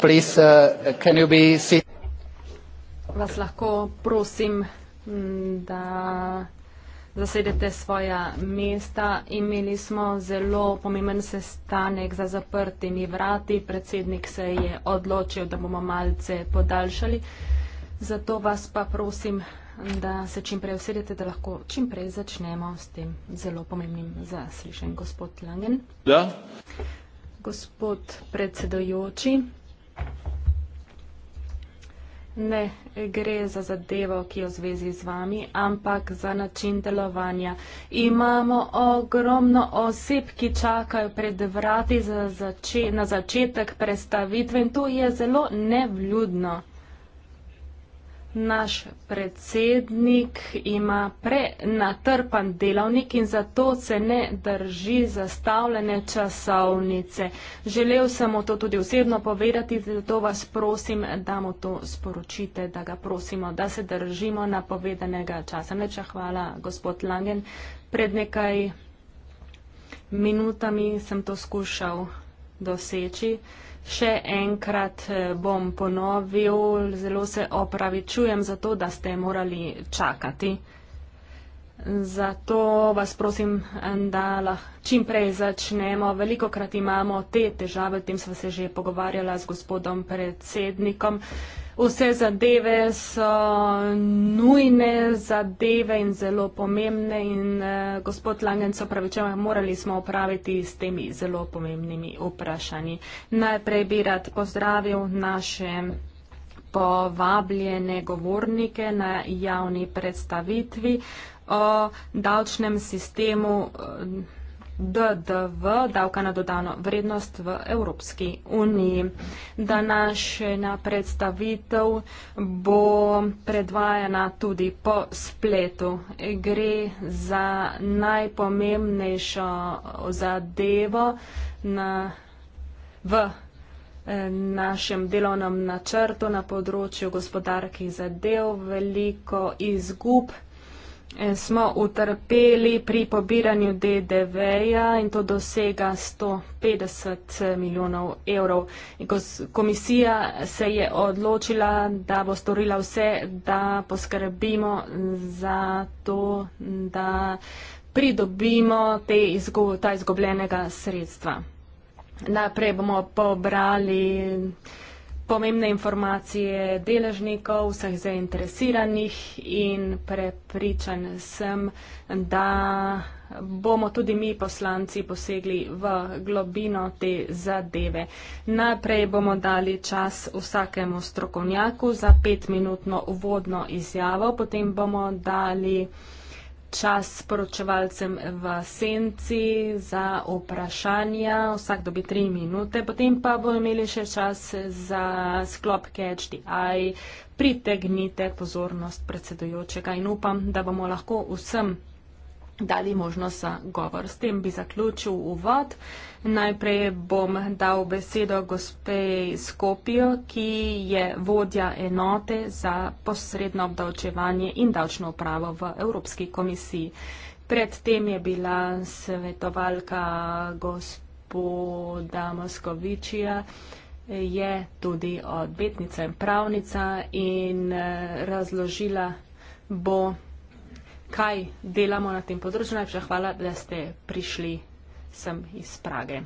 Please, uh, be... Vas lahko prosim, da zasedete svoja mesta. Imeli smo zelo pomemben sestanek za zaprtimi vrati. Predsednik se je odločil, da bomo malce podaljšali. Zato vas pa prosim, da se čim prej usedete, da lahko čim prej začnemo s tem zelo pomembnim zaslišen gospod Langen. Da. Ja. Gospod predsedojoči, Ne gre za zadevo, ki jo zvezi z vami, ampak za način delovanja. Imamo ogromno oseb, ki čakajo pred vrati za zač na začetek predstavitve in to je zelo nevljudno naš predsednik ima prenatrpan delavnik in zato se ne drži zastavljene časovnice. Želel sem mu to tudi osebno povedati, zato vas prosim, da mu to sporočite, da ga prosimo, da se držimo napovedanega časa. Neča hvala, gospod Langen. Pred nekaj minutami sem to skušal doseči. Še enkrat eh, bom ponovil, zelo se opravičujem za to, da ste morali čakati. Zato vas prosim, da lahko čim prej začnemo. Veliko krat imamo te težave, o tem sva se že pogovarjala z gospodom predsednikom. Vse zadeve so nujne zadeve in zelo pomembne in eh, gospod Langen, so pravičeva, morali smo opraviti s temi zelo pomembnimi vprašanji. Najprej bi rad pozdravil naše povabljene govornike na javni predstavitvi o davčnem sistemu eh, DDV, davka na dodano vrednost v Evropski uniji. Današnja predstavitev bo predvajana tudi po spletu. Gre za najpomembnejšo zadevo na, v eh, našem delovnem načrtu na področju gospodarkih zadev. Veliko izgub in smo utrpeli pri pobiranju DDV-ja in to dosega 150 milijonov evrov. Komisija se je odločila, da bo storila vse, da poskrbimo za to, da pridobimo te izgo, ta izgubljenega sredstva. Najprej bomo pobrali pomembne informacije deležnikov, vseh zainteresiranih in prepričan sem, da bomo tudi mi poslanci posegli v globino te zadeve. Najprej bomo dali čas vsakemu strokovnjaku za petminutno uvodno izjavo, potem bomo dali čas s poročevalcem v senci za vprašanja, vsak dobi tri minute, potem pa bomo imeli še čas za sklop KHDI. Pritegnite pozornost predsedujočega in upam, da bomo lahko vsem dali možnost za govor. S tem bi zaključil uvod. Najprej bom dal besedo gospe Skopijo, ki je vodja enote za posredno obdavčevanje in davčno upravo v Evropski komisiji. Predtem je bila svetovalka gospoda Moskovičija, je tudi odvetnica in pravnica in eh, razložila bo, kaj delamo na tem področju. Najprej hvala, da ste prišli sem iz Prage.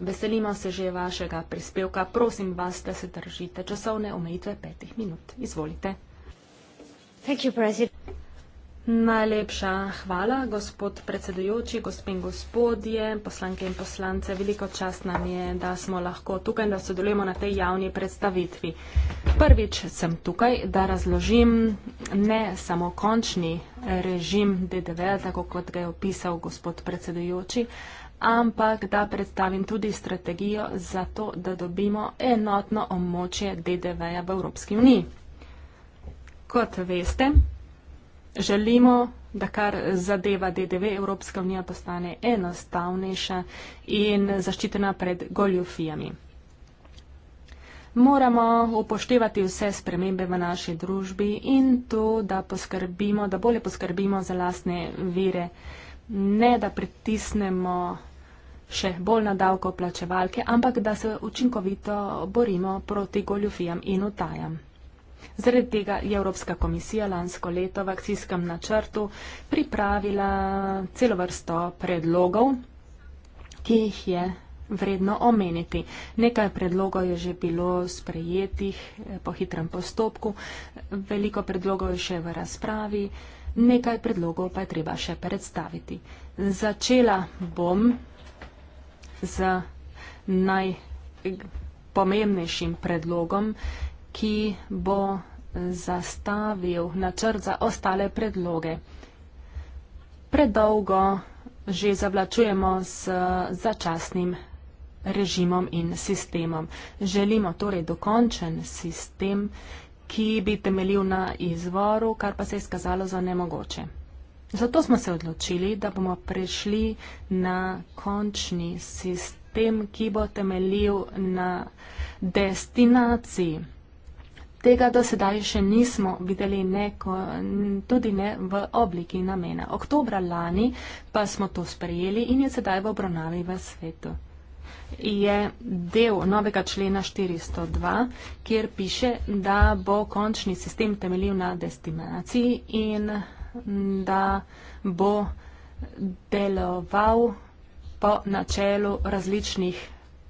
Veselimo se že vašega prispevka. Prosim vas, da se držite časovne omejitve petih minut. Izvolite. Thank you, President. Najlepša hvala, gospod predsedujoči, gospe in gospodje, poslanke in poslance. Veliko čast nam je, da smo lahko tukaj in da sodelujemo na tej javni predstavitvi. Prvič sem tukaj, da razložim ne samo končni režim DDV, tako kot ga je opisal gospod predsedujoči, ampak da predstavim tudi strategijo za to, da dobimo enotno območje DDV-ja v Evropski uniji. Kot veste, želimo, da kar zadeva DDV Evropska unija postane enostavnejša in zaščitena pred goljofijami. Moramo upoštevati vse spremembe v naši družbi in to, da, poskrbimo, da bolje poskrbimo za lastne vire, ne da pritisnemo še bolj na davkoplačevalke, ampak da se učinkovito borimo proti goljofijam in utajam. Zaradi tega je Evropska komisija lansko leto v akcijskem načrtu pripravila celo vrsto predlogov, ki jih je vredno omeniti. Nekaj predlogov je že bilo sprejetih eh, po hitrem postopku, veliko predlogov je še v razpravi, nekaj predlogov pa je treba še predstaviti. Začela bom z najpomembnejšim predlogom, ki bo zastavil načrt za ostale predloge. Predolgo že zavlačujemo z začasnim režimom in sistemom. Želimo torej dokončen sistem, ki bi temeljil na izvoru, kar pa se je skazalo za nemogoče. Zato smo se odločili, da bomo prešli na končni sistem, ki bo temeljil na destinaciji. Tega do sedaj še nismo videli neko, tudi ne v obliki namena. Oktobra lani pa smo to sprejeli in je sedaj v obravnavi v svetu. Je del novega člena 402, kjer piše, da bo končni sistem temeljil na destinaciji in da bo deloval po načelu različnih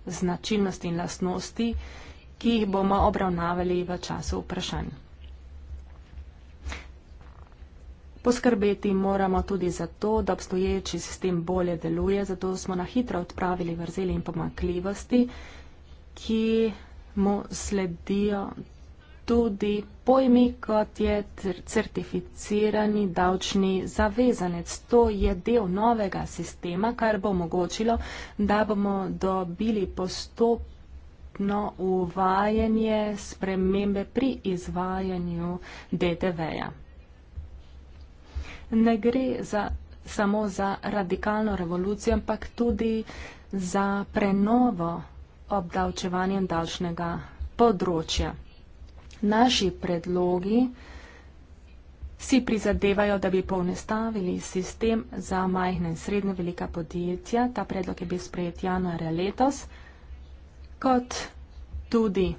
značilnosti in lasnosti ki jih bomo obravnavali v času vprašanj. Poskrbeti moramo tudi za to, da obstoječi sistem bolje deluje, zato smo na hitro odpravili vrzeli in pomakljivosti, ki mu sledijo tudi pojmi, kot je certificirani davčni zavezanec. To je del novega sistema, kar bo omogočilo, da bomo dobili postop dodatno uvajanje spremembe pri izvajanju DDV-ja. Ne gre za, samo za radikalno revolucijo, ampak tudi za prenovo obdavčevanja davčnega področja. Naši predlogi si prizadevajo, da bi povnestavili sistem za majhne in srednje velika podjetja. Ta predlog je bil sprejet januarja letos kot tudi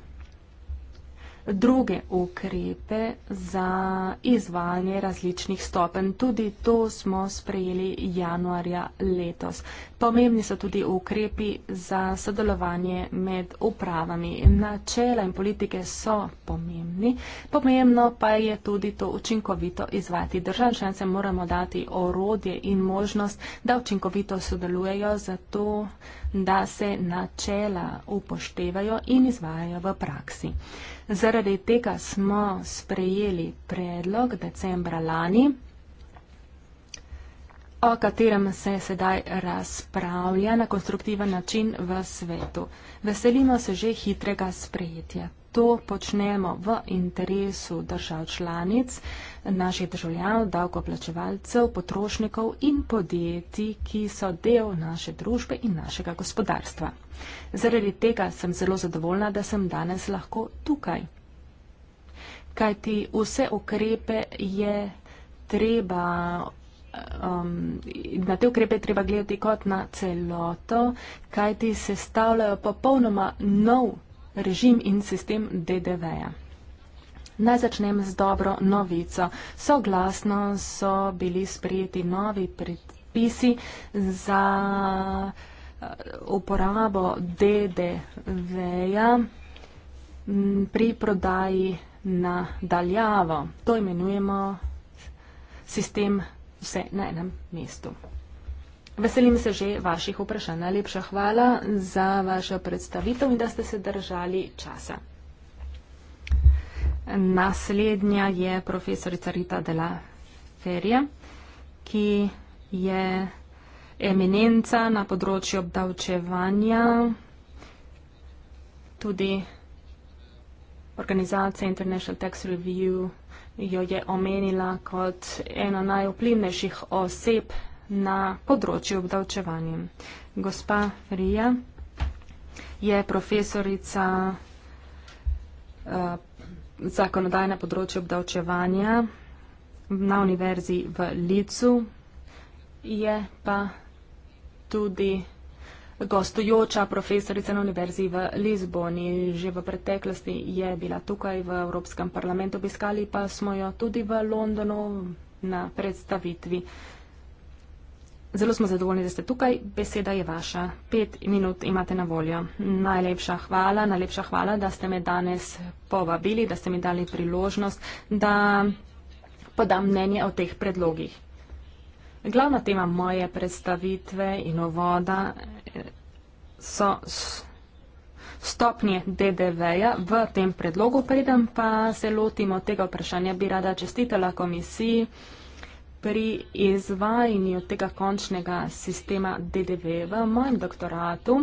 druge ukrepe za izvajanje različnih stopen. Tudi to smo sprejeli januarja letos. Pomembni so tudi ukrepi za sodelovanje med upravami. Načela in politike so pomembni, pomembno pa je tudi to učinkovito izvati. Državam članicam moramo dati orodje in možnost, da učinkovito sodelujejo, zato da se načela upoštevajo in izvajajo v praksi. Zaradi tega smo sprejeli predlog decembra lani, o katerem se sedaj razpravlja na konstruktiven način v svetu. Veselimo se že hitrega sprejetja. To počnemo v interesu držav članic, naših državljanov, davkoplačevalcev, potrošnikov in podjetij, ki so del naše družbe in našega gospodarstva. Zaradi tega sem zelo zadovoljna, da sem danes lahko tukaj. Kajti vse ukrepe je treba. Um, na te ukrepe treba gledati kot na celoto, kajti sestavljajo popolnoma nov režim in sistem DDV-ja. Naj začnem z dobro novico. Soglasno so bili sprejeti novi predpisi za eh, uporabo DDV-ja pri prodaji na daljavo. To imenujemo sistem vse na enem mestu. Veselim se že vaših vprašanj. Najlepša hvala za vašo predstavitev in da ste se držali časa. Naslednja je profesorica Rita Dela Ferija, ki je eminenca na področju obdavčevanja tudi organizacija International Tax Review jo je omenila kot eno najvplivnejših oseb na področju obdavčevanja. Gospa Rija je profesorica uh, zakonodaj na področju obdavčevanja na univerzi v Licu. Je pa tudi gostujoča profesorica na univerzi v Lizboni. Že v preteklosti je bila tukaj v Evropskem parlamentu, obiskali pa smo jo tudi v Londonu na predstavitvi Zelo smo zadovoljni, da ste tukaj. Beseda je vaša. Pet minut imate na voljo. Najlepša hvala, najlepša hvala, da ste me danes povabili, da ste mi dali priložnost, da podam mnenje o teh predlogih. Glavna tema moje predstavitve in ovoda eh, so stopnje DDV-ja v tem predlogu. Preden pa se lotimo tega vprašanja, bi rada čestitela komisiji pri izvajanju tega končnega sistema DDV v mojem doktoratu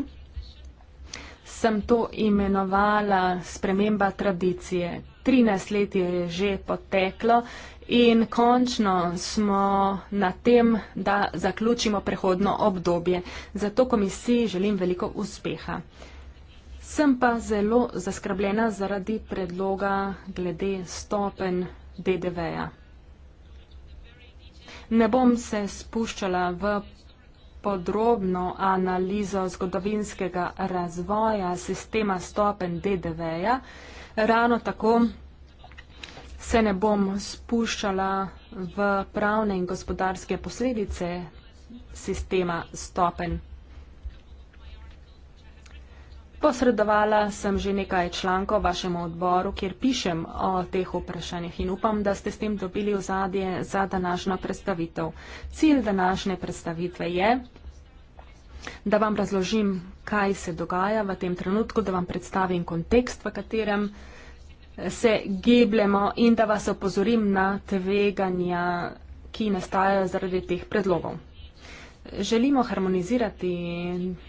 sem to imenovala sprememba tradicije. 13 let je že poteklo in končno smo na tem, da zaključimo prehodno obdobje. Zato komisiji želim veliko uspeha. Sem pa zelo zaskrbljena zaradi predloga glede stopen DDV-ja. Ne bom se spuščala v podrobno analizo zgodovinskega razvoja sistema stopen DDV-ja. Ravno tako se ne bom spuščala v pravne in gospodarske posledice sistema stopen DDV-ja. Posredovala sem že nekaj člankov vašemu odboru, kjer pišem o teh vprašanjih in upam, da ste s tem dobili ozadje za današnjo predstavitev. Cilj današnje predstavitve je, da vam razložim, kaj se dogaja v tem trenutku, da vam predstavim kontekst, v katerem se gibljemo in da vas opozorim na tveganja, ki nastajajo zaradi teh predlogov. Želimo harmonizirati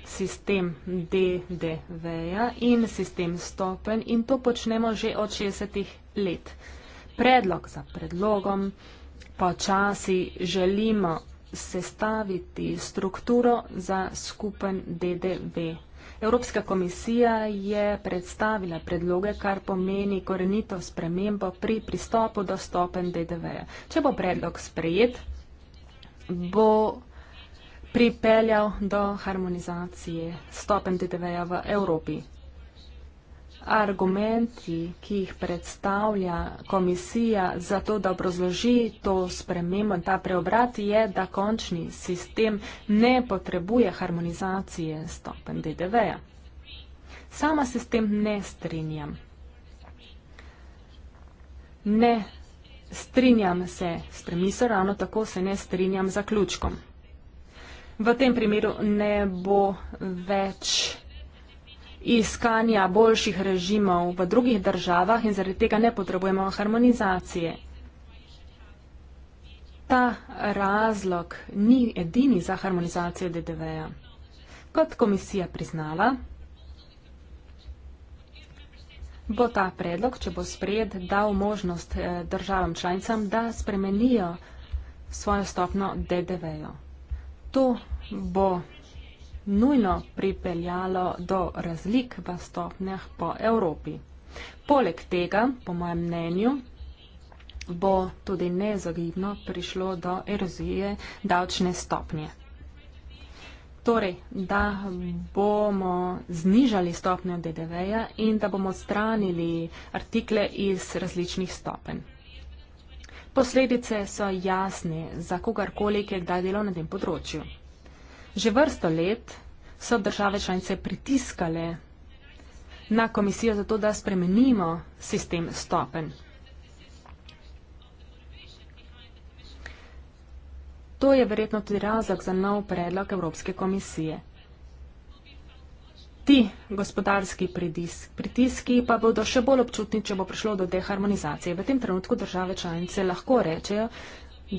sistem DDV-ja in sistem stopen in to počnemo že od 60 let. Predlog za predlogom, počasi želimo sestaviti strukturo za skupen DDV. Evropska komisija je predstavila predloge, kar pomeni korenito spremembo pri pristopu do stopen DDV-ja. Če bo predlog sprejet, bo predlog pripeljal do harmonizacije stopen DDV-ja v Evropi. Argumenti, ki jih predstavlja komisija za to, da obrazloži to spremembo in ta preobrat, je, da končni sistem ne potrebuje harmonizacije stopen DDV-ja. Sama sistem ne strinjam. Ne strinjam se s premisom, ravno tako se ne strinjam zaključkom v tem primeru ne bo več iskanja boljših režimov v drugih državah in zaradi tega ne potrebujemo harmonizacije. Ta razlog ni edini za harmonizacijo DDV-ja. Kot komisija priznala, bo ta predlog, če bo sprejet, dal možnost eh, državam članicam, da spremenijo svojo stopno DDV-jo. To bo nujno pripeljalo do razlik v stopnjah po Evropi. Poleg tega, po mojem mnenju, bo tudi nezagibno prišlo do erozije davčne stopnje. Torej, da bomo znižali stopnjo DDV-ja in da bomo stranili artikle iz različnih stopenj. Posledice so jasne za kogarkoli, ki je kdaj delal na tem področju. Že vrsto let so države članice pritiskale na komisijo za to, da spremenimo sistem stopen. To je verjetno tudi razlog za nov predlog Evropske komisije ti gospodarski pritiski pa bodo še bolj občutni, če bo prišlo do deharmonizacije. V tem trenutku države članice lahko rečejo,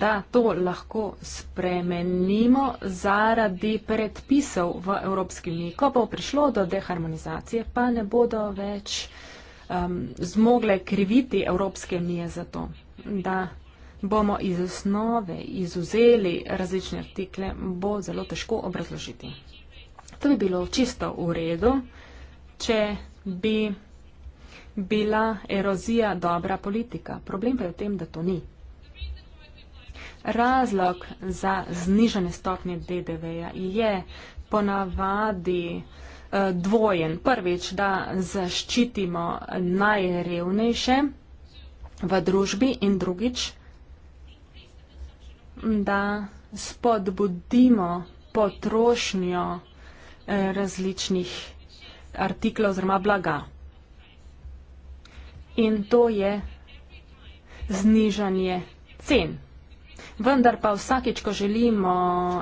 da to lahko spremenimo zaradi predpisov v Evropski uniji. Ko bo prišlo do deharmonizacije, pa ne bodo več um, zmogle kriviti Evropske unije za to, da bomo iz osnove izuzeli različne artikle, bo zelo težko obrazložiti. To bi bilo čisto v redu, če bi bila erozija dobra politika. Problem pa je v tem, da to ni. Razlog za znižanje stopnje DDV-ja je ponavadi eh, dvojen. Prvič, da zaščitimo najrevnejše v družbi in drugič, da spodbudimo potrošnjo različnih artiklov oziroma blaga. In to je znižanje cen. Vendar pa vsakič, ko želimo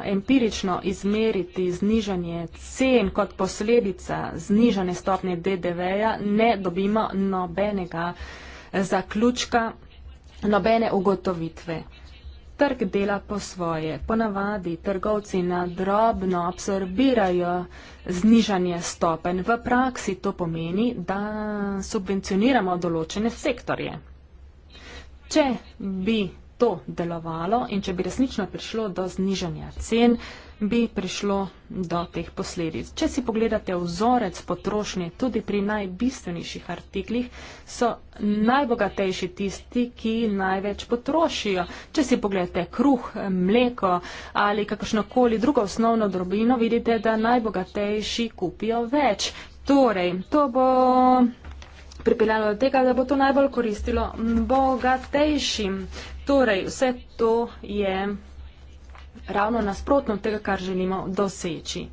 empirično izmeriti znižanje cen kot posledica znižane stopnje DDV-ja, ne dobimo nobenega zaključka, nobene ugotovitve trg dela po svoje. Ponavadi trgovci na drobno absorbirajo znižanje stopen. V praksi to pomeni, da subvencioniramo določene sektorje. Če bi to delovalo in če bi resnično prišlo do znižanja cen, bi prišlo do teh posledic. Če si pogledate vzorec potrošnje tudi pri najbistvenejših artiklih, so najbogatejši tisti, ki največ potrošijo. Če si pogledate kruh, mleko ali kakršnokoli drugo osnovno drobino, vidite, da najbogatejši kupijo več. Torej, to bo pripeljalo do tega, da bo to najbolj koristilo bogatejšim. Torej, vse to je ravno nasprotno tega, kar želimo doseči.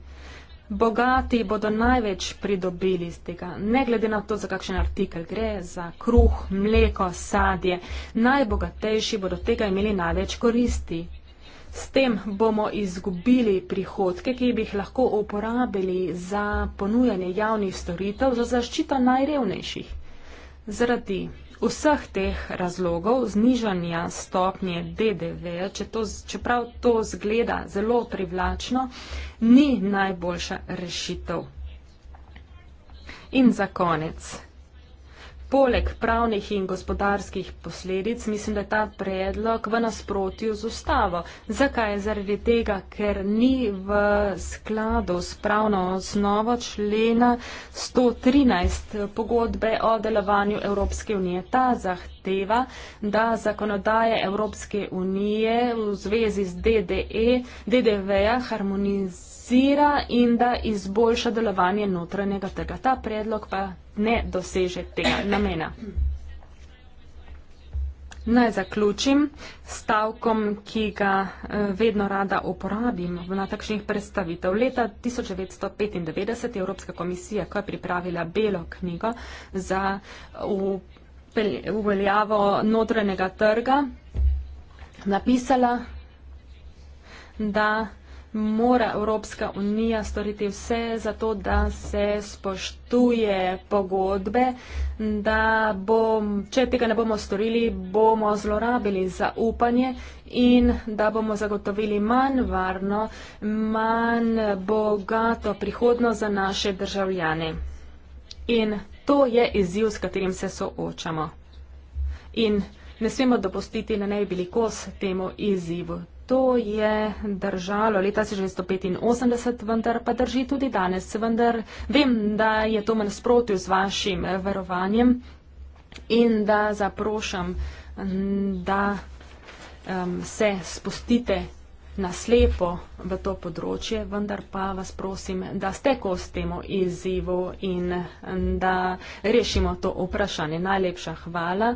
Bogati bodo največ pridobili iz tega, ne glede na to, za kakšen artikel gre, za kruh, mleko, sadje. Najbogatejši bodo tega imeli največ koristi. S tem bomo izgubili prihodke, ki bi jih lahko uporabili za ponujanje javnih storitev za zaščito najrevnejših. Zaradi vseh teh razlogov znižanja stopnje DDV, če to, čeprav to zgleda zelo privlačno, ni najboljša rešitev. In za konec Poleg pravnih in gospodarskih posledic mislim, da je ta predlog v nasprotju z ustavo. Zakaj? Zaradi tega, ker ni v skladu s pravno osnovo člena 113 pogodbe o delovanju Evropske unije. Ta zahteva, da zakonodaje Evropske unije v zvezi z DDE, DDV-ja harmonizira stabilizira in da izboljša delovanje notranjega trga. Ta predlog pa ne doseže tega namena. Naj zaključim stavkom, ki ga eh, vedno rada uporabim na takšnih predstavitev. Leta 1995 je Evropska komisija, ko je pripravila belo knjigo za uveljavo notranjega trga, napisala, da mora Evropska unija storiti vse za to, da se spoštuje pogodbe, da bom, če tega ne bomo storili, bomo zlorabili zaupanje in da bomo zagotovili manj varno, manj bogato prihodno za naše državljane. In to je izziv, s katerim se soočamo. In ne smemo dopustiti, da ne bi bili kos temu izzivu. To je držalo, leta 1985 vendar pa drži tudi danes. Vendar vem, da je to manj sprotil z vašim eh, verovanjem in da zaprošam, da um, se spustite naslepo v to področje, vendar pa vas prosim, da ste kost temu izzivu in da rešimo to vprašanje. Najlepša hvala.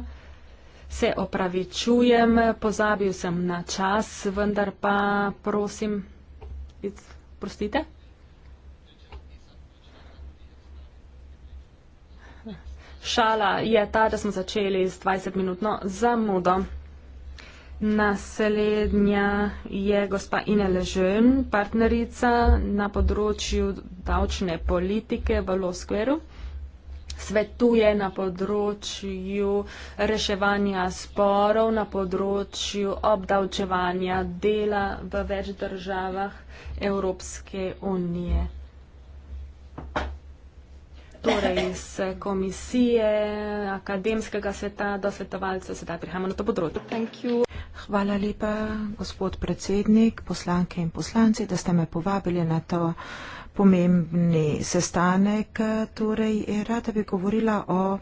Se opravičujem, pozabil sem na čas, vendar pa prosim, prostite. Šala je ta, da smo začeli z 20-minutno zamudo. Naslednja je gospa Ine Lejeune, partnerica na področju davčne politike v Losqueru svetuje na področju reševanja sporov, na področju obdavčevanja dela v več državah Evropske unije. Torej, iz komisije, akademskega sveta do svetovalcev, sedaj prihajamo na to področje. Hvala lepa, gospod predsednik, poslanke in poslanci, da ste me povabili na to pomembni sestanek. Torej, rada bi govorila o,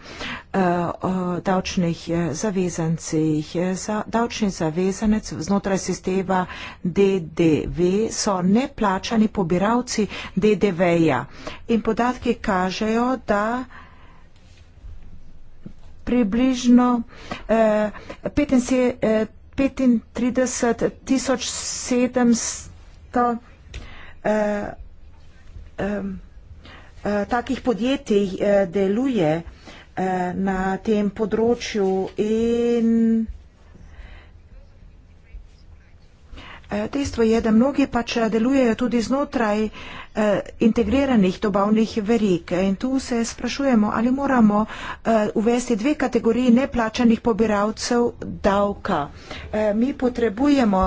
eh, o davčnih eh, zavezancih. Za, davčni zavezanec znotraj sistema DDV so neplačani pobiravci DDV-ja. In podatki kažejo, da približno eh, 75 eh, 35.700 eh, eh, takih podjetij eh, deluje na tem področju in Eh, dejstvo je, da mnogi pač eh, delujejo tudi znotraj eh, integriranih dobavnih verik. In tu se sprašujemo, ali moramo uvesti dve kategoriji neplačanih pobiralcev davka. Mi potrebujemo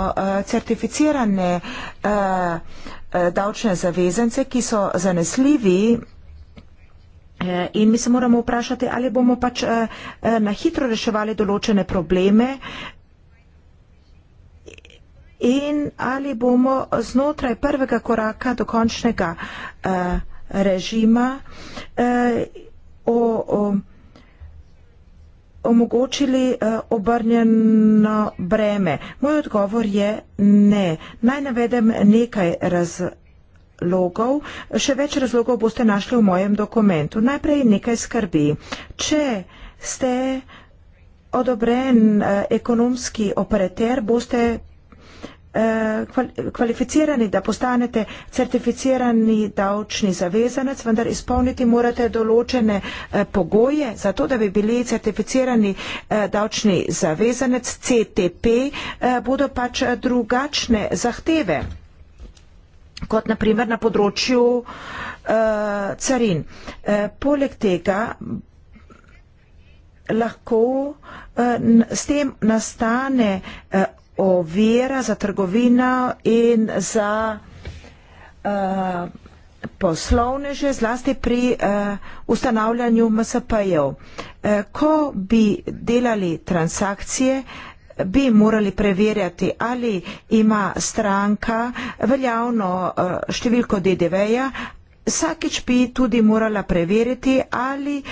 certificirane davčne zavezance, ki so zanesljivi. In mi se moramo vprašati, ali bomo pač na hitro reševali določene probleme in ali bomo znotraj prvega koraka do končnega uh, režima uh, o, o, omogočili uh, obrnjeno breme. Moj odgovor je ne. Naj navedem nekaj razlogov. Še več razlogov boste našli v mojem dokumentu. Najprej nekaj skrbi. Če ste odobren uh, ekonomski operater, boste Eh, kvalificirani, da postanete certificirani davčni zavezanec, vendar izpolniti morate določene eh, pogoje, zato da bi bili certificirani eh, davčni zavezanec CTP, bodo pač drugačne zahteve kot naprimer na področju uh, carin. Uh, poleg tega lahko uh, s tem nastane uh, ovira za trgovino in za uh, poslovneže, zlasti pri uh, ustanavljanju MSP-jev. Uh, eh, ko bi delali transakcije, bi morali preverjati, ali ima stranka veljavno uh, številko DDV-ja. Vsakič bi tudi morala preveriti, ali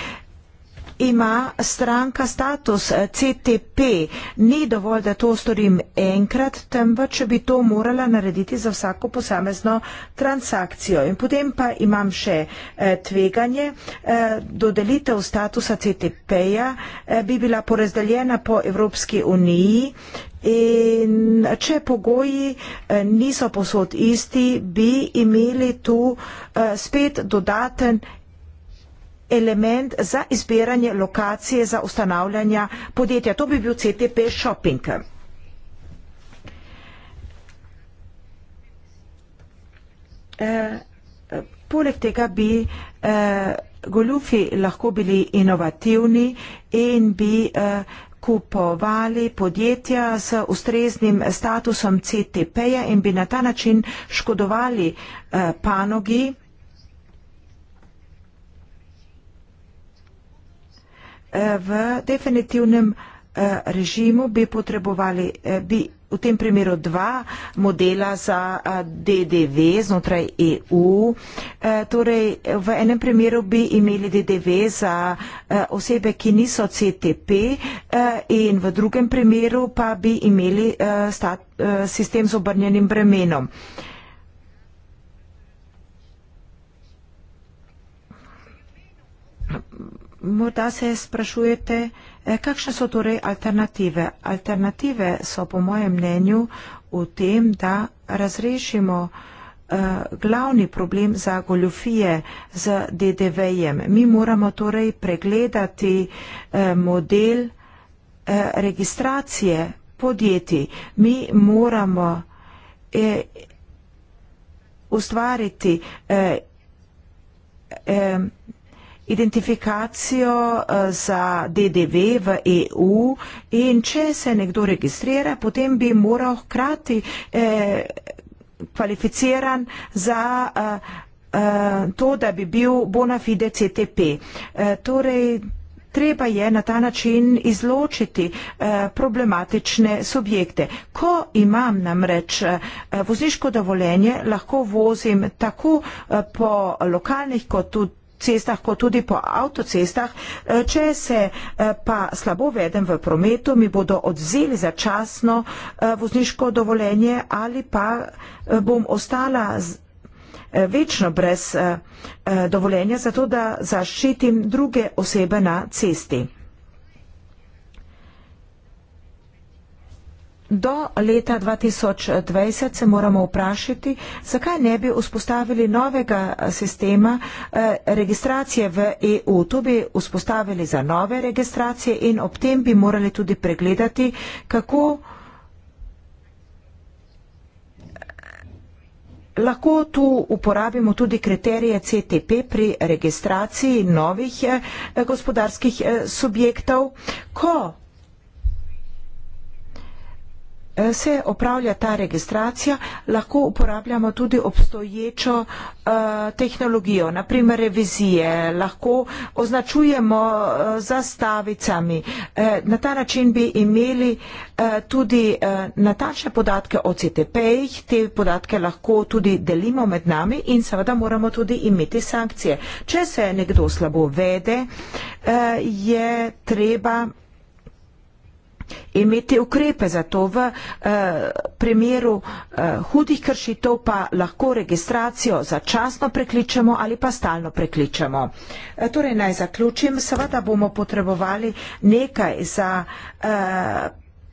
ima stranka status CTP. Ni dovolj, da to storim enkrat, temveč bi to morala narediti za vsako posamezno transakcijo. In potem pa imam še eh, tveganje. Eh, dodelitev statusa CTP-ja eh, bi bila porazdeljena po Evropski uniji. In če pogoji niso posod isti, bi imeli tu spet dodaten element za izbiranje lokacije za ustanavljanje podjetja. To bi bil CTP Shopping. Eh, poleg tega bi eh, goljufi lahko bili inovativni in bi eh, kupovali podjetja s ustreznim statusom CTP-ja in bi na ta način škodovali panogi, Eh, v definitivnem eh, režimu bi potrebovali, eh, bi v tem primeru dva modela za DDV znotraj EU. Torej, v enem primeru bi imeli DDV za osebe, ki niso CTP in v drugem primeru pa bi imeli sistem z obrnjenim bremenom. Morda se sprašujete, eh, kakšne so torej alternative. Alternative so po mojem mnenju v tem, da razrešimo eh, glavni problem za goljofije z DDV-jem. Mi moramo torej pregledati eh, model registracije podjetij. Mi moramo ustvariti eh, eh, identifikacijo eh, za DDV v EU in če se nekdo registrira, potem bi moral hkrati eh, kvalificiran za eh, eh to, da bi bil bona fide CTP. Eh, torej, treba je na ta način izločiti eh, problematične subjekte. Ko imam namreč eh, vozniško dovoljenje, lahko vozim tako eh, po lokalnih kot tudi cestah kot tudi po avtocestah. E, če se e, pa slabo vedem v prometu, mi bodo odzeli začasno e, vozniško dovoljenje ali pa bom ostala večno brez dovoljenja za to, da zaščitim druge osebe na cesti. Do leta 2020 se moramo vprašati, zakaj ne bi vzpostavili novega sistema eh, registracije v EU. To bi vzpostavili za nove registracije in ob tem bi morali tudi pregledati, kako eh, lahko tu uporabimo tudi kriterije CTP pri registraciji novih eh, gospodarskih subjektov. Ko se opravlja ta registracija, lahko uporabljamo tudi obstoječo uh, tehnologijo, naprimer revizije, lahko označujemo uh, zastavicami. Uh, na ta način bi imeli uh, tudi uh, natančne podatke o CTP-jih, te podatke lahko tudi delimo med nami in seveda moramo tudi imeti sankcije. Če se nekdo slabo vede, uh, je treba imeti ukrepe za to. V eh, primeru eh, hudih kršitev pa lahko registracijo začasno prekličemo ali pa stalno prekličemo. Eh, torej naj zaključim, seveda bomo potrebovali nekaj za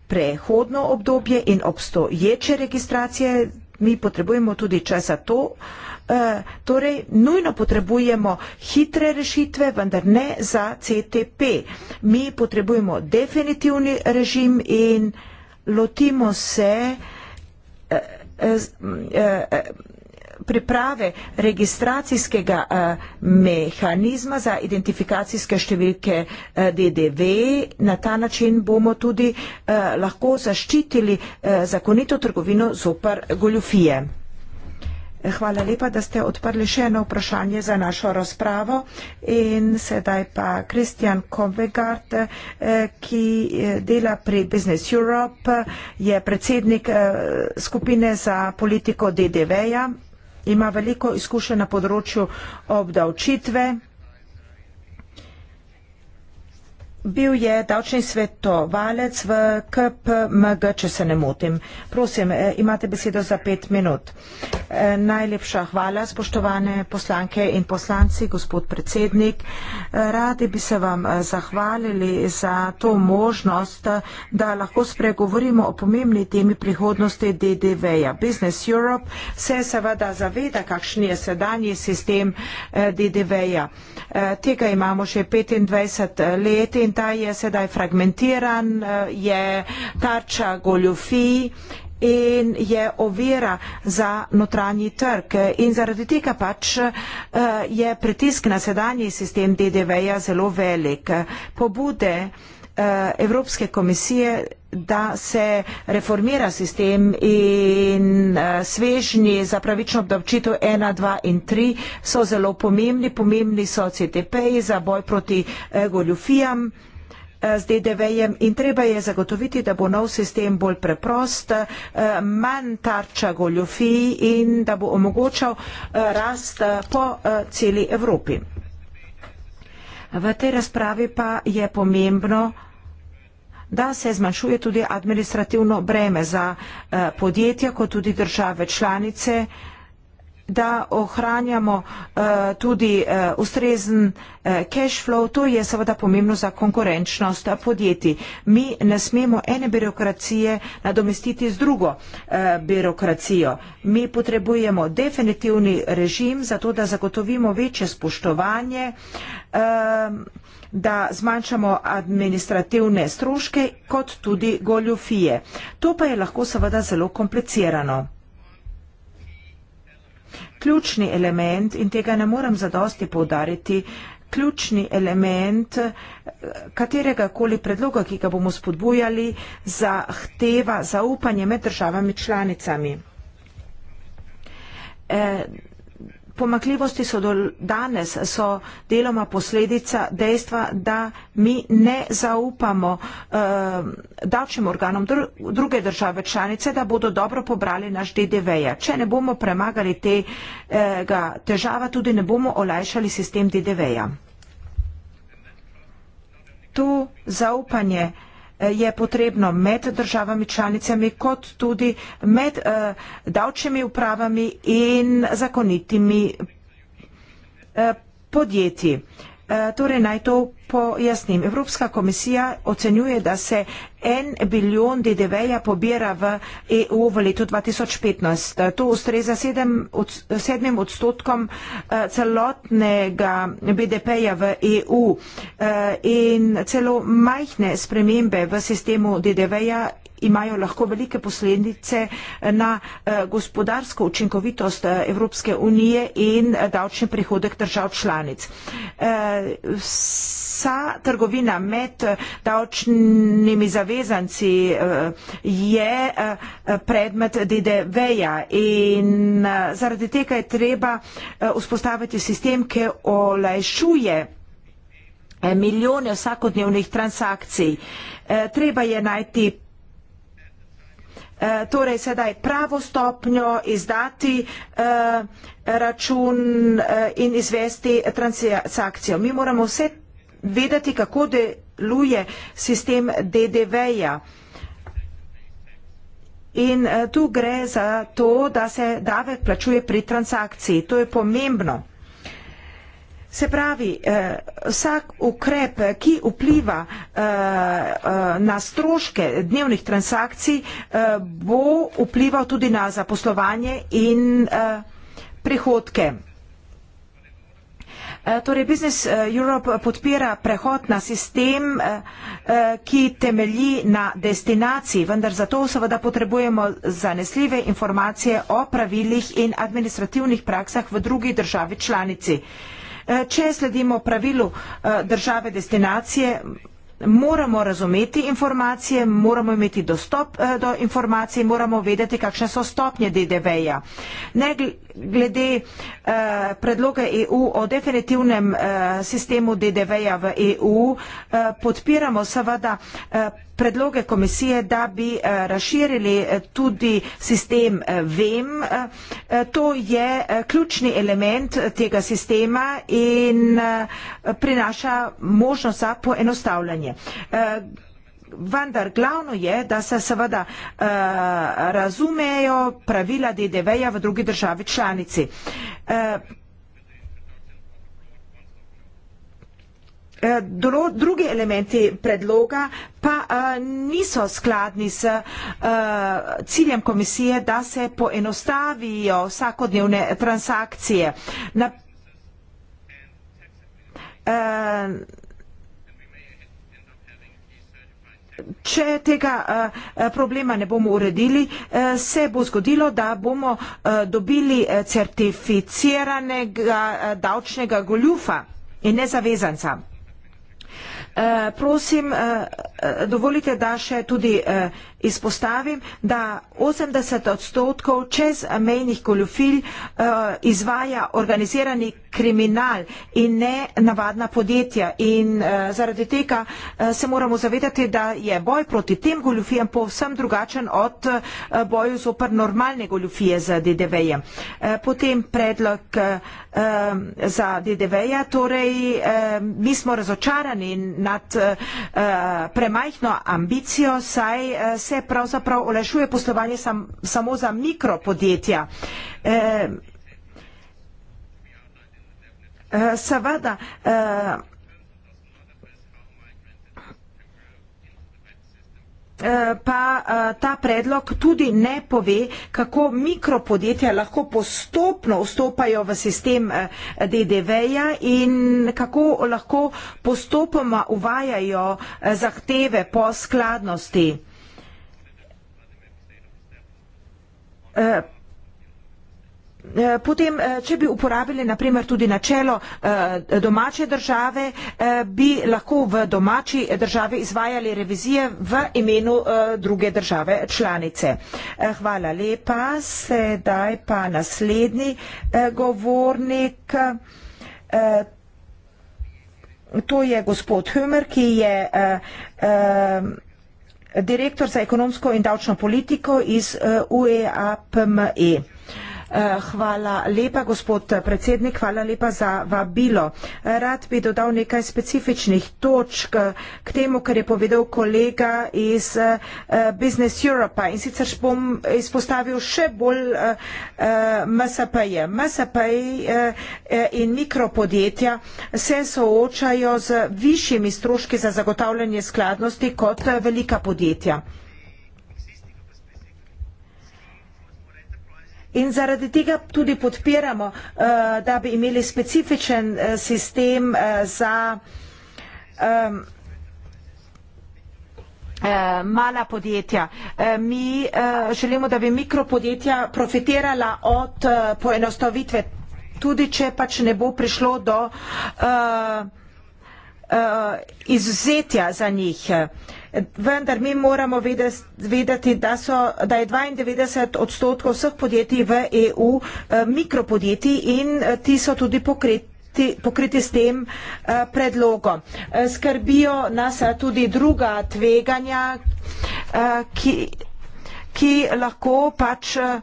prehodno obdobje in obstoječe registracije. Mi potrebujemo tudi čas za to, uh, Eh, torej nujno potrebujemo hitre rešitve, vendar ne za CTP. Mi potrebujemo definitivni režim in lotimo se eh, eh, priprave registracijskega mehanizma za identifikacijske številke DDV. Na ta način bomo tudi lahko zaščitili zakonito trgovino zopr goljufije. Hvala lepa, da ste odprli še eno vprašanje za našo razpravo. In sedaj pa Kristjan Kovegard, eh, ki eh, dela pri Business Europe, je predsednik eh, skupine za politiko DDV-ja, ima veliko izkušenj na področju obdavčitve. bil je davčni svetovalec v KPMG, če se ne motim. Prosim, eh, imate besedo za pet minut. Eh, najlepša hvala, spoštovane poslanke in poslanci, gospod predsednik. Eh, radi bi se vam zahvalili za to možnost, da lahko spregovorimo o pomembni temi prihodnosti DDV-ja. Business Europe se seveda zaveda, kakšen je sedanji sistem DDV-ja. Tega imamo že 25 let in ta je sedaj fragmentiran, eh, je tarča goljofij in je ovira za notranji trg. In zaradi tega pač eh, je pritisk na sedanji sistem DDV-ja zelo velik. Pobude Eh, Evropske komisije, da se reformira sistem in eh, svežnji za pravično obdavčitev 1, 2 in 3 so zelo pomembni. Pomembni so CTP-ji za boj proti eh, goljufijam z DDV-jem in treba je zagotoviti, da bo nov sistem bolj preprost, manj tarča goljufij in da bo omogočal rast po celi Evropi. V tej razpravi pa je pomembno, da se zmanjšuje tudi administrativno breme za eh, podjetja, kot tudi države članice, da ohranjamo uh, tudi uh, ustrezen uh, cash flow. To je seveda pomembno za konkurenčnost podjetij. Mi ne smemo ene birokracije nadomestiti z drugo uh, birokracijo. Mi potrebujemo definitivni režim za to, da zagotovimo večje spoštovanje. Uh, da zmanjšamo administrativne stroške, kot tudi goljofije. To pa je lahko seveda zelo komplicirano ključni element in tega ne morem zadosti povdariti, ključni element eh, katerega koli predloga, ki ga bomo spodbujali, zahteva zaupanje med državami članicami. E, pomakljivosti so do danes so deloma posledica dejstva, da mi ne zaupamo uh, davčnim organom dr druge države članice, da bodo dobro pobrali naš DDV. -ja. Če ne bomo premagali tega težava, tudi ne bomo olajšali sistem DDV. -ja. To zaupanje uh, je potrebno med državami članicami kot tudi med uh, davčnimi upravami in zakonitimi uh, podjetji. Uh, Eh, torej naj to pojasnim. Evropska komisija ocenjuje, da se en bilijon DDV-ja pobira v EU v letu 2015. To ustreza sedem, od, sedmim odstotkom eh, celotnega BDP-ja v EU. Eh, in celo majhne spremembe v sistemu DDV-ja imajo lahko velike posledice na eh, gospodarsko učinkovitost eh, Evropske unije in eh, davčni prihodek držav članic. Vsa trgovina med davčnimi zavezanci je predmet DDV-ja in zaradi tega je treba vzpostaviti sistem, ki olajšuje milijone vsakodnevnih transakcij. Treba je najti Eh, torej sedaj pravo stopnjo izdati eh, račun eh, in izvesti transakcijo. Mi moramo vse vedeti, kako deluje sistem DDV-ja. In tu gre za to, da se davek plačuje pri transakciji. To je pomembno. Se pravi, eh, vsak ukrep, ki vpliva eh, eh, na stroške dnevnih transakcij, eh, bo vplival tudi na zaposlovanje in eh, prihodke. Eh, torej, Business eh, Europe podpira prehod na sistem, ki temelji na destinaciji, vendar zato seveda potrebujemo zanesljive informacije o pravilih in administrativnih praksah v drugi državi članici. Eh, če sledimo pravilu eh, države destinacije, moramo razumeti informacije, moramo imeti dostop eh, do informacij, moramo vedeti, kakšne so stopnje DDV-ja. Ne glede predloga EU o definitivnem sistemu DDV-ja v EU, podpiramo seveda predloge komisije, da bi eh, razširili eh, tudi sistem eh, VEM. To je ključni element tega sistema in prinaša možnost za poenostavljanje. Vendar glavno je, da se seveda uh, razumejo pravila DDV-ja v drugi državi članici. Uh, Eh, drugi elementi predloga pa eh, niso skladni s eh, ciljem komisije, da se poenostavijo vsakodnevne transakcije. Če tega problema ne bomo uredili, se bo zgodilo, da bomo dobili certificiranega davčnega goljufa in nezavezanca. Eh, prosim, eh, eh, dovolite, da še tudi izpostavim, da 80 odstotkov čez mejnih koljofilj izvaja organizirani kriminal in ne navadna podjetja. In uh, zaradi tega uh, se moramo zavedati, da je boj proti tem goljufijem povsem drugačen od uh, boju zopr normalne goljufije za DDV-je. Uh, potem predlog uh, za DDV-je, torej uh, mi smo razočarani nad uh, premajhno ambicijo, saj uh, se pravzaprav olešuje poslovanje sam, samo za mikropodjetja. Uh, Eh, seveda eh, eh, pa ta predlog tudi ne pove, kako mikropodjetja lahko postopno vstopajo v sistem DDV-ja in kako lahko postopoma uvajajo zahteve po skladnosti. Eh, potem, eh, če bi uporabili naprimer tudi načelo eh, domače države, bi lahko v domači državi izvajali revizije v imenu druge države članice. Hvala lepa. Sedaj pa naslednji govornik. To je gospod Hömer, ki je direktor za ekonomsko in davčno politiko iz UEAPME. Uh, Eh, hvala lepa, gospod predsednik, hvala lepa za vabilo. Rad bi dodal nekaj specifičnih točk eh, k temu, kar je povedal kolega iz eh, Business Europa in sicer bom izpostavil še bolj MSP-je. MSP in mikropodjetja se soočajo z višjimi stroški za zagotavljanje skladnosti kot velika podjetja. In zaradi tega tudi podpiramo, eh, da bi imeli specifičen eh, sistem eh, za mala podjetja. Mi želimo, da bi mikropodjetja profitirala od poenostavitve, tudi če pač ne bo prišlo do izvzetja za njih vendar mi moramo vedeti, da, so, da je 92 odstotkov vseh podjetij v EU eh, mikropodjetij in eh, ti so tudi pokriti pokriti s tem eh, predlogom. Eh, skrbijo nas eh, tudi druga tveganja, eh, ki, ki lahko pač eh,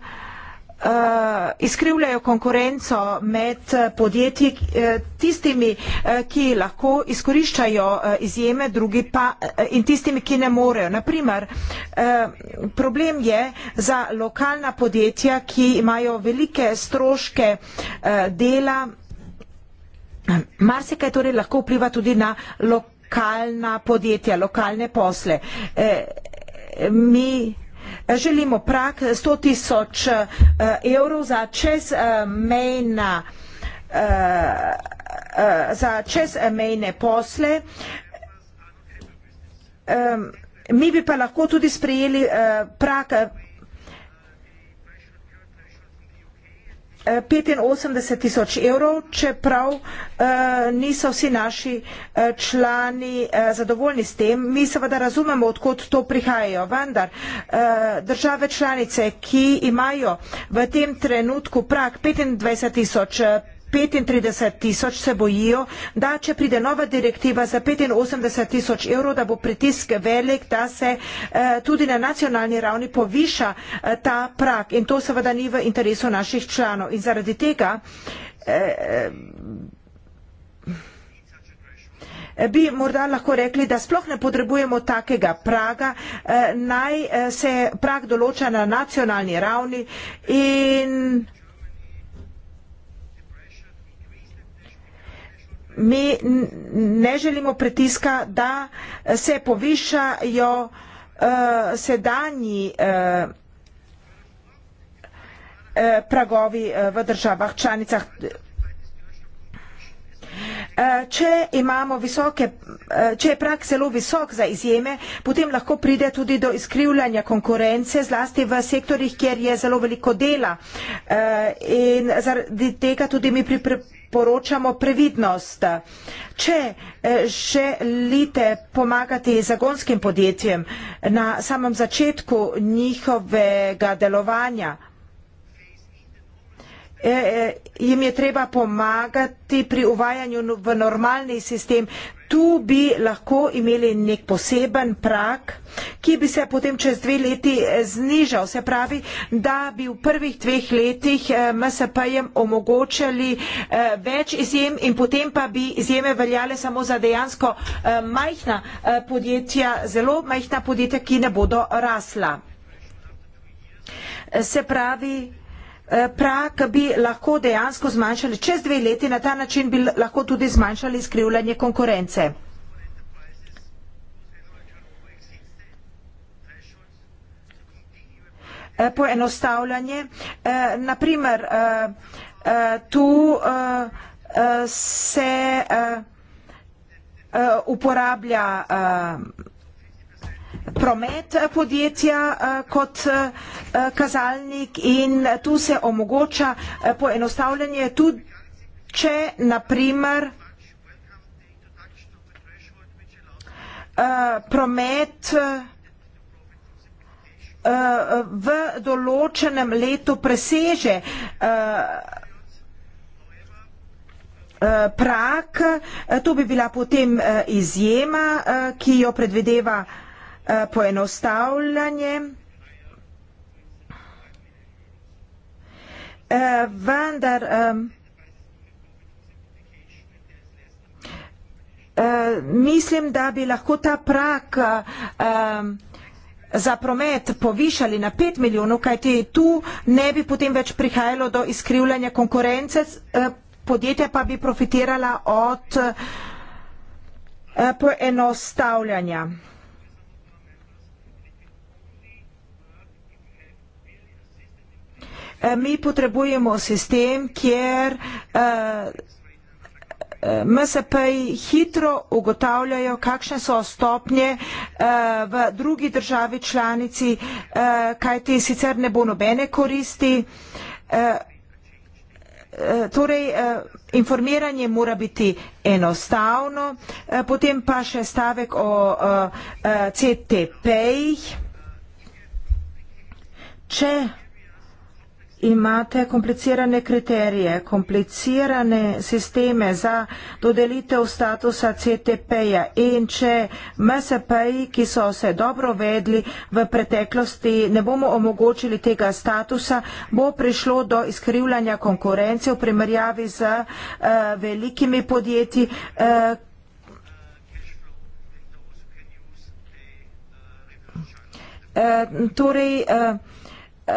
uh, izkrivljajo konkurenco med eh, podjetji uh, tistimi, uh, ki lahko izkoriščajo uh, izjeme, drugi pa uh, in tistimi, ki ne morejo. Naprimer, uh, problem je za lokalna podjetja, ki imajo velike stroške uh, dela. Marsikaj torej lahko vpliva tudi na lokalna podjetja, lokalne posle. E, mi želimo prak 100 tisoč eh, evrov za čezmejna eh, eh, za čezmejne posle. Mi bi pa lahko tudi sprejeli prak 85 tisoč evrov, čeprav eh, niso vsi naši eh, člani eh, zadovoljni s tem. Mi seveda razumemo, odkot to prihajajo, vendar države članice, ki imajo v tem trenutku prak 25 tisoč 35 tisoč se bojijo, da če pride nova direktiva za 85 tisoč evrov, da bo pritisk velik, da se eh, tudi na nacionalni ravni poviša eh, ta prak. In to seveda ni v interesu naših članov. In zaradi tega eh, bi morda lahko rekli, da sploh ne potrebujemo takega praga, naj se prag določa na nacionalni ravni in mi ne želimo pritiska, da se povišajo uh, sedanji uh, pragovi v državah članicah. Če, imamo visoke, če je prak zelo visok za izjeme, potem lahko pride tudi do izkrivljanja konkurence, zlasti v sektorjih, kjer je zelo veliko dela. In zaradi tega tudi mi pripravljamo poročamo previdnost. Če eh, želite pomagati zagonskim podjetjem na samem začetku njihovega delovanja, Eh, eh, jim je treba pomagati pri uvajanju no-, v normalni sistem. Tu bi lahko imeli nek poseben prak, ki bi se potem čez dve leti eh, znižal. Se pravi, da bi v prvih dveh letih MSP-jem omogočali več izjem in potem pa bi izjeme veljale samo za dejansko majhna podjetja, zelo majhna podjetja, ki ne bodo rasla. Se pravi, Eh, prak bi lahko dejansko zmanjšali, čez dve leti na ta način bi lahko tudi zmanjšali skrivljanje konkurence. Eh, poenostavljanje, eh, naprimer, tu se uporablja vsega, promet eh, podjetja eh, kot eh, kazalnik in tu se omogoča poenostavljanje tudi, če naprimer promet v določenem letu preseže prak, to bi bila potem izjema, ki jo predvedeva vsega, Eh, poenostavljanje, eh, vendar eh, mislim, da bi lahko ta prak za promet povišali na 5 milijonov, kajti tu ne bi potem več prihajalo do izkrivljanja konkurence, podjetja pa bi profitirala od poenostavljanja. Eh, mi potrebujemo sistem, kjer uh, eh, eh, MSP hitro ugotavljajo, kakšne so stopnje uh, v drugi državi članici, uh, kaj ti sicer ne bo nobene koristi. Uh, Torej, informiranje mora biti enostavno, potem pa še stavek o CTP-jih. Če imate komplicirane kriterije, komplicirane sisteme za dodelitev statusa CTP-ja in če MSP-ji, ki so se dobro vedli v preteklosti, ne bomo omogočili tega statusa, bo prišlo do izkrivljanja konkurence v primerjavi z uh, velikimi podjetji. Uh, Uh, torej, uh, uh,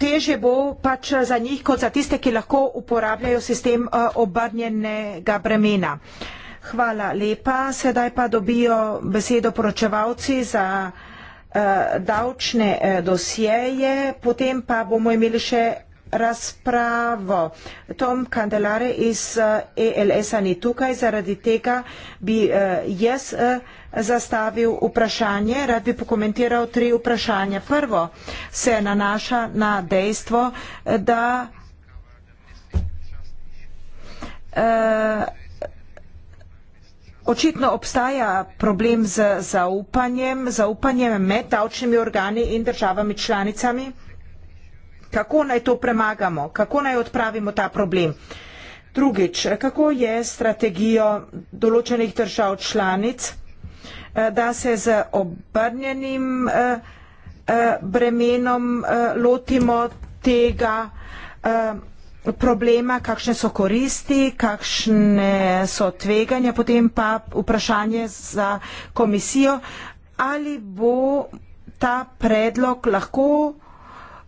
teže bo pač za njih, kot za tiste, ki lahko uporabljajo sistem eh, obrnjenega bremena. Hvala lepa. Sedaj pa dobijo besedo poročevalci za eh, davčne eh, dosjeje, potem pa bomo imeli še razpravo. Tom Kandelare iz ELS-a eh, e ni tukaj, zaradi tega bi eh, jaz eh, zastavil vprašanje. Rad bi pokomentiral tri vprašanja. Prvo se nanaša na dejstvo, da očitno obstaja problem z zaupanjem, zaupanjem med davčnimi organi in državami članicami kako naj to premagamo, kako naj odpravimo ta problem. Drugič, kako je strategijo določenih držav članic, eh, da se z obrnjenim eh, eh, bremenom lotimo tega problema, kakšne so koristi, kakšne so tveganja, potem pa vprašanje za komisijo, ali bo ta predlog lahko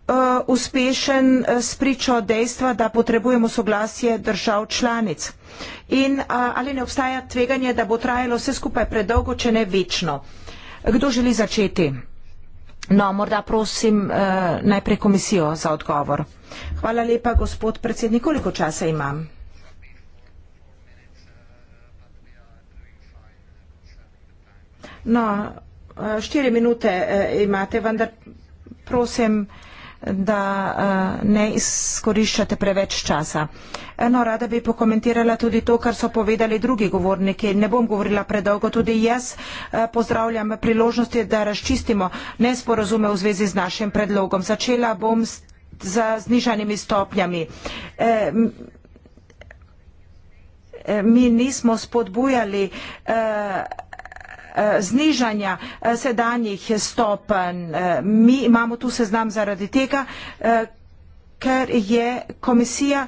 Eh, uspešen eh, spričo dejstva, da potrebujemo soglasje držav članic. In eh, ali ne obstaja tveganje, da bo trajalo vse skupaj predolgo, če ne večno? Kdo želi začeti? No, morda prosim najprej komisijo za odgovor. Hvala lepa, gospod predsednik. Koliko časa imam? No, štiri minute imate, vendar prosim, da eh, ne izkoriščate preveč časa. Eno rada bi pokomentirala tudi to, kar so povedali drugi govorniki. Ne bom govorila predolgo, tudi jaz eh, pozdravljam priložnosti, da razčistimo nesporazume v zvezi z našim predlogom. Začela bom s, z znižanimi stopnjami. E, mi nismo spodbujali e, Eh, znižanja eh, sedanjih stopenj. Eh, mi imamo tu seznam zaradi tega, ker je komisija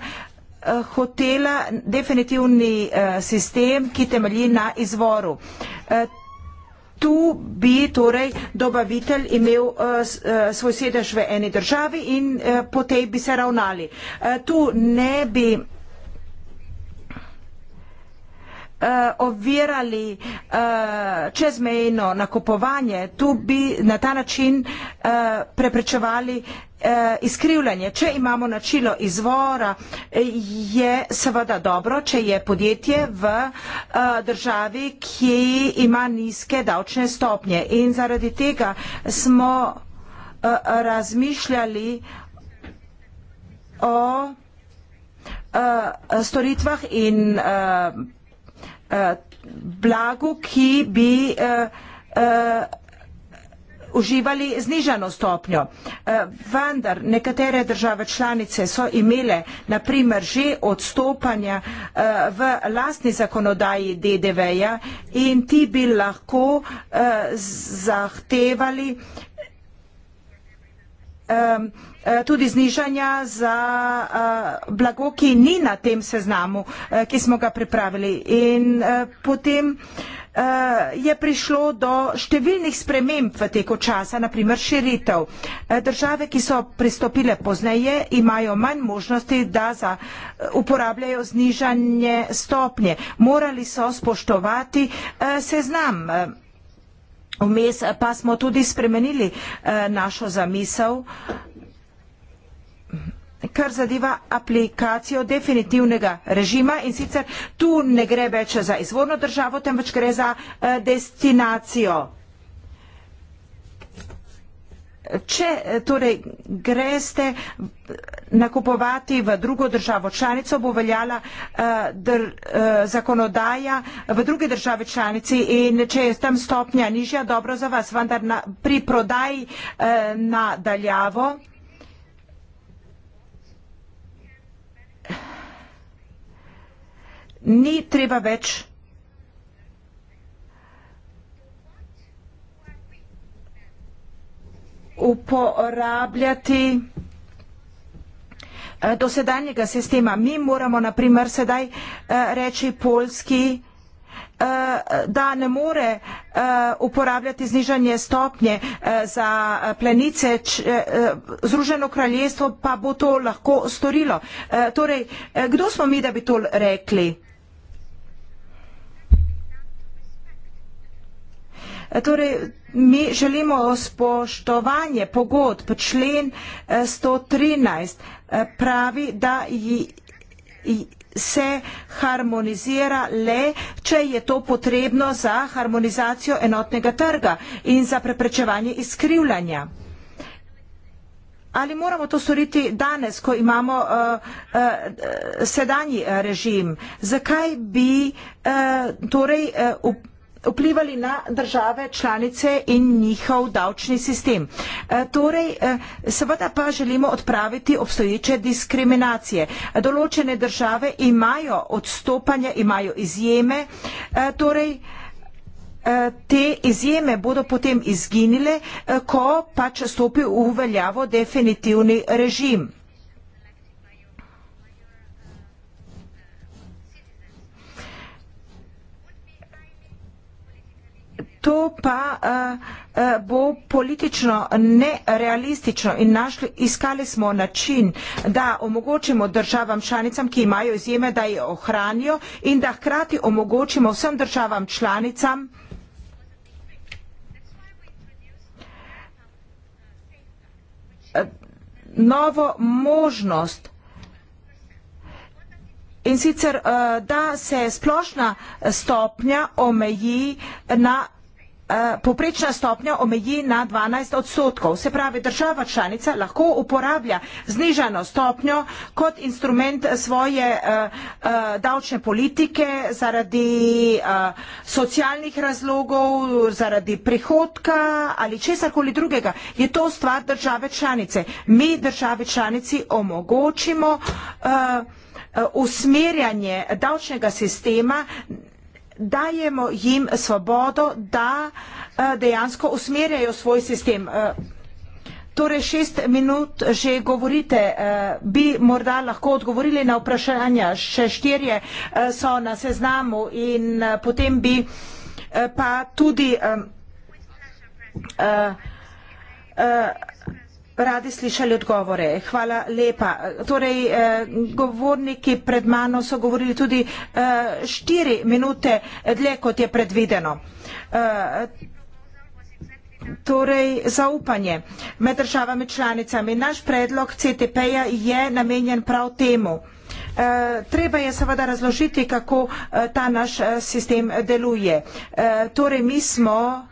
hotela definitivni sistem, ki temelji na izvoru. Tu bi torej dobavitelj imel svoj sedež v eni državi in po tej bi se ravnali. Tu ne bi uh, ovirali uh, čezmejno nakupovanje, tu bi na ta način uh, preprečevali uh, izkrivljanje. Če imamo načilo izvora, je seveda dobro, če je podjetje v uh, državi, ki ima nizke davčne stopnje. In zaradi tega smo uh, razmišljali o storitvah in uh, blagu, ki bi eh, eh, uživali znižano stopnjo. Eh, vendar nekatere države članice so imele naprimer že odstopanja v lastni zakonodaji DDV-ja in ti bi lahko zahtevali Eh, tudi znižanja za eh, blago, ki ni na tem seznamu, eh, ki smo ga pripravili. In potem je prišlo do številnih sprememb v teku časa, naprimer širitev. Države, ki so pristopile pozneje, imajo manj možnosti, da uporabljajo znižanje stopnje. Morali so spoštovati seznam Vmes pa smo tudi spremenili eh, našo zamisel, kar zadeva aplikacijo definitivnega režima in sicer tu ne gre več za izvorno državo, temveč gre za eh, destinacijo. Če torej greste nakupovati v drugo državo članico, bo veljala uh, dr, uh, zakonodaja v druge države članici in če je tam stopnja nižja, dobro za vas, vendar na, pri prodaji uh, na daljavo. Ni treba več. uporabljati eh, dosedanjega sistema. Mi moramo naprimer sedaj eh, reči polski, eh, da ne more uporabljati znižanje stopnje za plenice, Združeno kraljestvo pa bo to lahko storilo. Torej, kdo smo mi, da bi to rekli? E, torej, mi želimo spoštovanje pogod, člen 113 e, e, pravi, da se harmonizira le, če je to potrebno za harmonizacijo enotnega trga in za preprečevanje izkrivljanja. Ali moramo to storiti danes, ko imamo uh, uh, sedanji režim? Zakaj bi uh, torej uh, vplivali na države članice in njihov davčni sistem. E, torej, e, seveda pa želimo odpraviti obstoječe diskriminacije. Določene države imajo odstopanja, imajo izjeme, e, torej te izjeme bodo potem izginile, ko pač stopi v veljavo definitivni režim. to pa uh, uh, bo politično nerealistično in našli, iskali smo način, da omogočimo državam članicam, ki imajo izjeme, da jih ohranijo in da hkrati omogočimo vsem državam članicam, eh, novo možnost in sicer, da se splošna stopnja omeji na Eh, povprečna stopnja omeji na 12 odstotkov. Se pravi, država članica lahko uporablja znižano stopnjo kot instrument svoje eh, eh, davčne politike zaradi socialnih razlogov, zaradi prihodka ali česarkoli drugega. Je to stvar države članice. Mi države članici omogočimo usmerjanje davčnega sistema dajemo jim svobodo, da eh, dejansko usmerjajo svoj sistem. Eh, torej šest minut že govorite, eh, bi morda lahko odgovorili na vprašanja, še štirje so na seznamu in potem bi pa tudi radi slišali odgovore. Hvala lepa. Torej, eh, govorniki pred mano so govorili tudi eh, štiri minute dlje, kot je predvideno. Eh, torej, zaupanje med državami članicami. Naš predlog CTP-ja je namenjen prav temu. Treba je seveda razložiti, kako ta naš sistem deluje. Torej, mi smo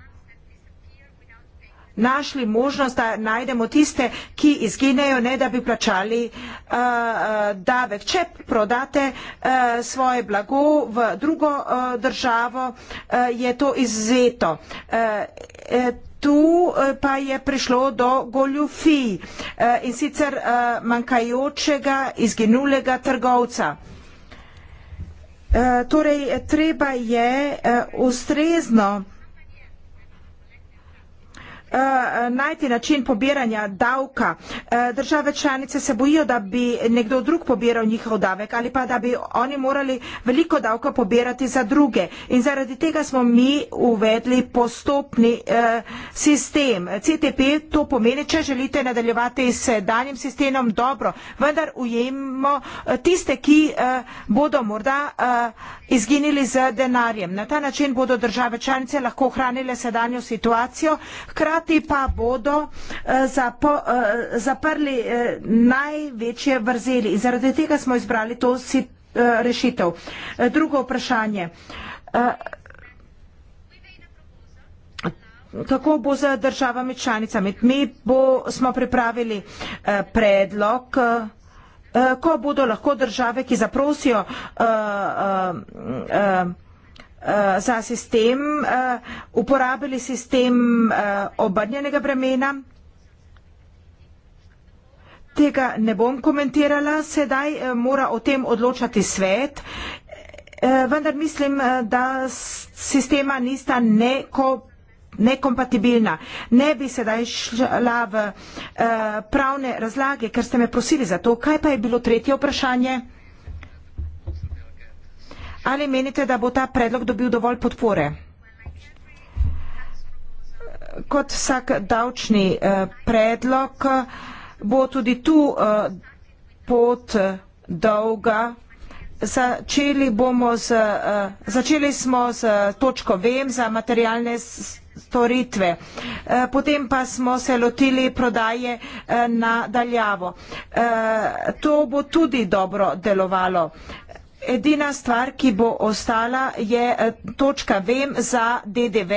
našli možnost, da najdemo tiste, ki izginejo, ne da bi plačali uh, davek. Če prodate uh, svoje blago v drugo uh, državo, uh, je to izzeto. Uh, tu pa je prišlo do goljufij uh, in sicer uh, manjkajočega, izginulega trgovca. Uh, torej, treba je uh, ustrezno Eh, najti način pobiranja davka. Eh, države članice se bojijo, da bi nekdo drug pobiral njihov davek ali pa da bi oni morali veliko davka pobirati za druge. In zaradi tega smo mi uvedli postopni eh, sistem. CTP to pomeni, če želite nadaljevati s danjim sistemom, dobro, vendar ujemimo tiste, ki bodo morda izginili z denarjem. Na ta način bodo države članice lahko ohranile sedanjo situacijo. Hkrati Hkrati pa bodo uh, zapo, uh, zaprli uh, največje vrzeli in zaradi tega smo izbrali to si, uh, rešitev. Uh, drugo vprašanje. Uh, Kako bo z državami članicami? Mi bo, smo pripravili eh, predlog, eh, ko bodo lahko države, ki zaprosijo eh, eh, uh, za sistem, uh, uporabili sistem uh, obrnjenega bremena. Tega ne bom komentirala, sedaj mora o tem odločati svet, vendar mislim, da sistema nista neko, nekompatibilna. Ne bi sedaj šla v pravne razlage, ker ste me prosili za to. Kaj pa je bilo tretje vprašanje? Ali menite, da bo ta predlog dobil dovolj podpore? Kot vsak davčni eh, predlog eh, bo tudi tu eh, pot dolga. Začeli, bomo z, začeli smo z točko vem za materialne storitve. Potem pa smo se lotili prodaje na daljavo. To bo tudi dobro delovalo. Edina stvar, ki bo ostala, je eh, točka vem za DDV,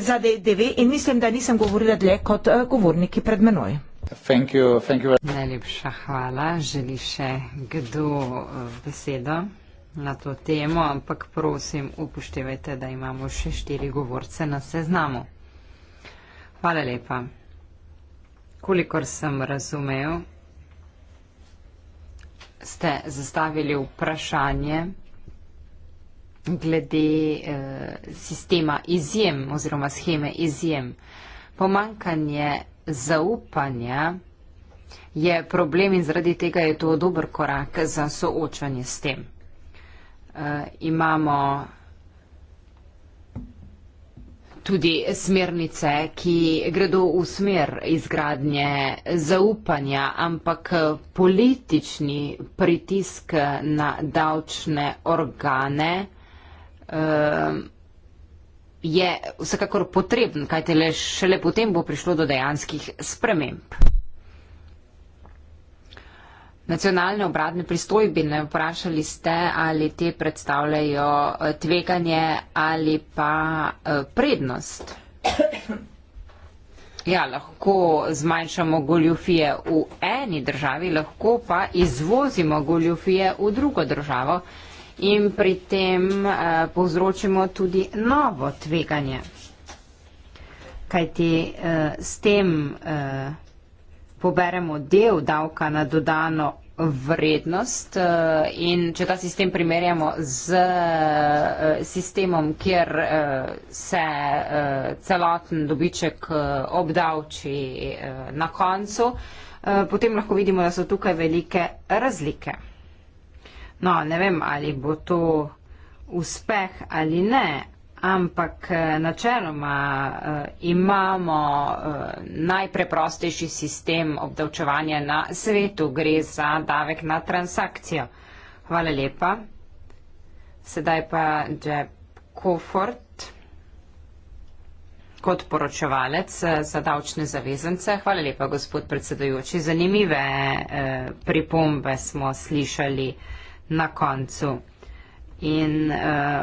za DDV in mislim, da nisem govorila dlje kot eh, govorniki pred menoj. Thank you, thank you. Najlepša hvala. Želi še kdo eh, besedo na to temo, ampak prosim, upoštevajte, da imamo še štiri govorce na seznamu. Hvala lepa. Kolikor sem razumel, ste zastavili vprašanje glede eh, sistema izjem oziroma scheme izjem. Pomankanje zaupanja je problem in zaradi tega je to dober korak za soočanje s tem. Eh, imamo tudi smernice, ki gredo v smer izgradnje zaupanja, ampak politični pritisk na davčne organe eh, je vsekakor potreben, kajte le šele potem bo prišlo do dejanskih sprememb nacionalne obradne pristojbine, vprašali ste, ali te predstavljajo eh, tveganje ali pa eh, prednost. Ja, lahko zmanjšamo goljufije v eni državi, lahko pa izvozimo goljufije v drugo državo in pri tem eh, povzročimo tudi novo tveganje. Kajti s tem poberemo del davka na dodano vrednost eh, in če ta sistem primerjamo z eh, sistemom, kjer eh, se celoten dobiček obdavči na koncu, potem lahko vidimo, da so tukaj velike razlike. No, ne vem, ali bo to uspeh ali ne, ampak eh, načeloma eh, imamo eh, najpreprostejši sistem obdavčevanja na svetu, gre za davek na transakcijo. Hvala lepa. Sedaj pa Jeb Kofort kot poročevalec za davčne zavezance. Hvala lepa, gospod predsedujoči. Zanimive pripombe smo slišali na koncu. In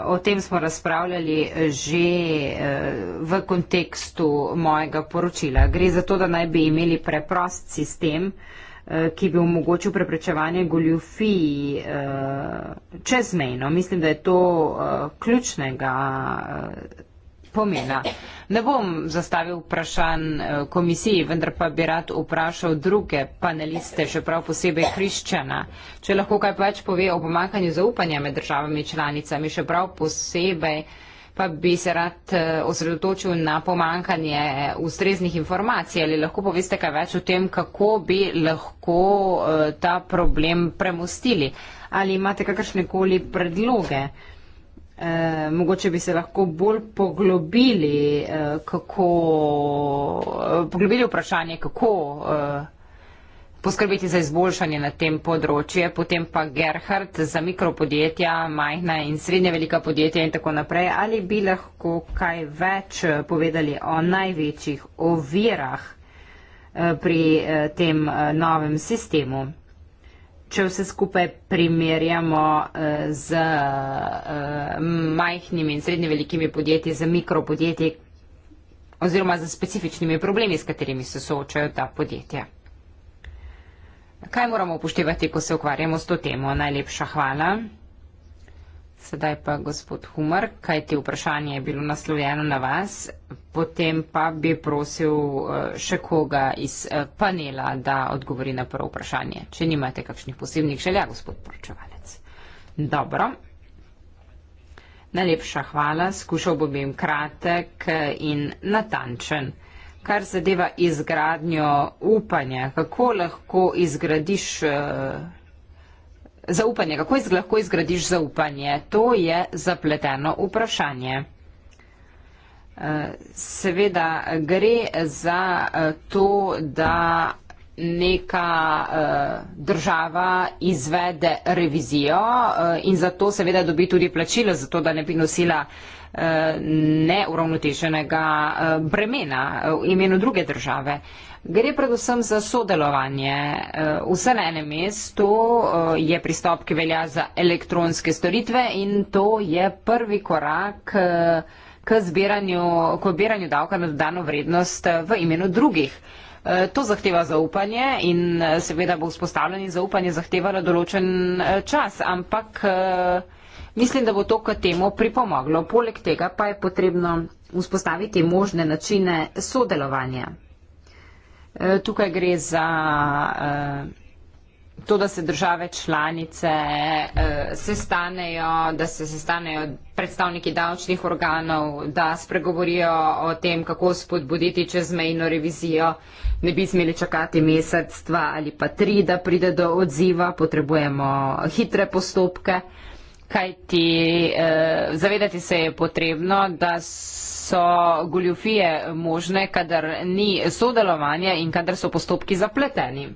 uh, o tem smo razpravljali že uh, v kontekstu mojega poročila. Gre za to, da naj bi imeli preprost sistem, uh, ki bi omogočil preprečevanje goljufij uh, čezmejno. Mislim, da je to uh, ključnega. Uh, spomina. Ne bom zastavil vprašanj eh, komisiji, vendar pa bi rad vprašal druge paneliste, še prav posebej Hriščana. Če lahko kaj pač pove o pomankanju zaupanja med državami članicami, še prav posebej pa bi se rad eh, osredotočil na pomankanje ustreznih informacij. Ali lahko poveste kaj več o tem, kako bi lahko eh, ta problem premustili? Ali imate kakršne koli predloge? Eh, mogoče bi se lahko bolj poglobili, eh, kako, eh, poglobili vprašanje, kako eh, poskrbeti za izboljšanje na tem področju. Potem pa Gerhard za mikropodjetja, majhna in srednja velika podjetja in tako naprej. Ali bi lahko kaj več eh, povedali o največjih ovirah eh, pri eh, tem eh, novem sistemu? če vse skupaj primerjamo eh, z eh, majhnimi in srednje velikimi podjetji, z mikropodjetji oziroma z specifičnimi problemi, s katerimi se soočajo ta podjetja. Kaj moramo upoštevati, ko se ukvarjamo s to temo? Najlepša hvala. Sedaj pa gospod Humar, kaj ti vprašanje je bilo naslovljeno na vas, potem pa bi prosil eh, še koga iz eh, panela, da odgovori na prvo vprašanje, če nimate kakšnih posebnih želja, gospod poročevalec. Dobro. Najlepša hvala, skušal bom biti kratek eh, in natančen. Kar zadeva izgradnjo upanja, kako lahko izgradiš zaupanje, kako iz, lahko izgradiš zaupanje, to je zapleteno vprašanje. Eh, seveda gre za eh, to, da neka eh, država izvede revizijo in za to seveda dobi tudi plačilo, zato da ne bi nosila neuravnoteženega bremena v imenu druge države. Gre predvsem za sodelovanje. Eh, vse na enem mestu eh, je pristop, ki velja za elektronske storitve in to je prvi korak eh, k zbiranju, k obiranju davka na dodano vrednost v imenu drugih. To zahteva zaupanje in seveda bo vzpostavljanje zaupanja zahtevalo določen čas, ampak mislim, da bo to k temu pripomoglo. Poleg tega pa je potrebno vzpostaviti možne načine sodelovanja. Eh, tukaj gre za eh, to, da se države članice eh, sestanejo, da se sestanejo predstavniki davčnih organov, da spregovorijo o tem, kako spodbuditi čezmejno revizijo. Ne bi smeli čakati mesec, dva ali pa tri, da pride do odziva, potrebujemo hitre postopke. Kajti eh, zavedati se je potrebno, da so goljufije možne, kadar ni sodelovanja in kadar so postopki zapleteni.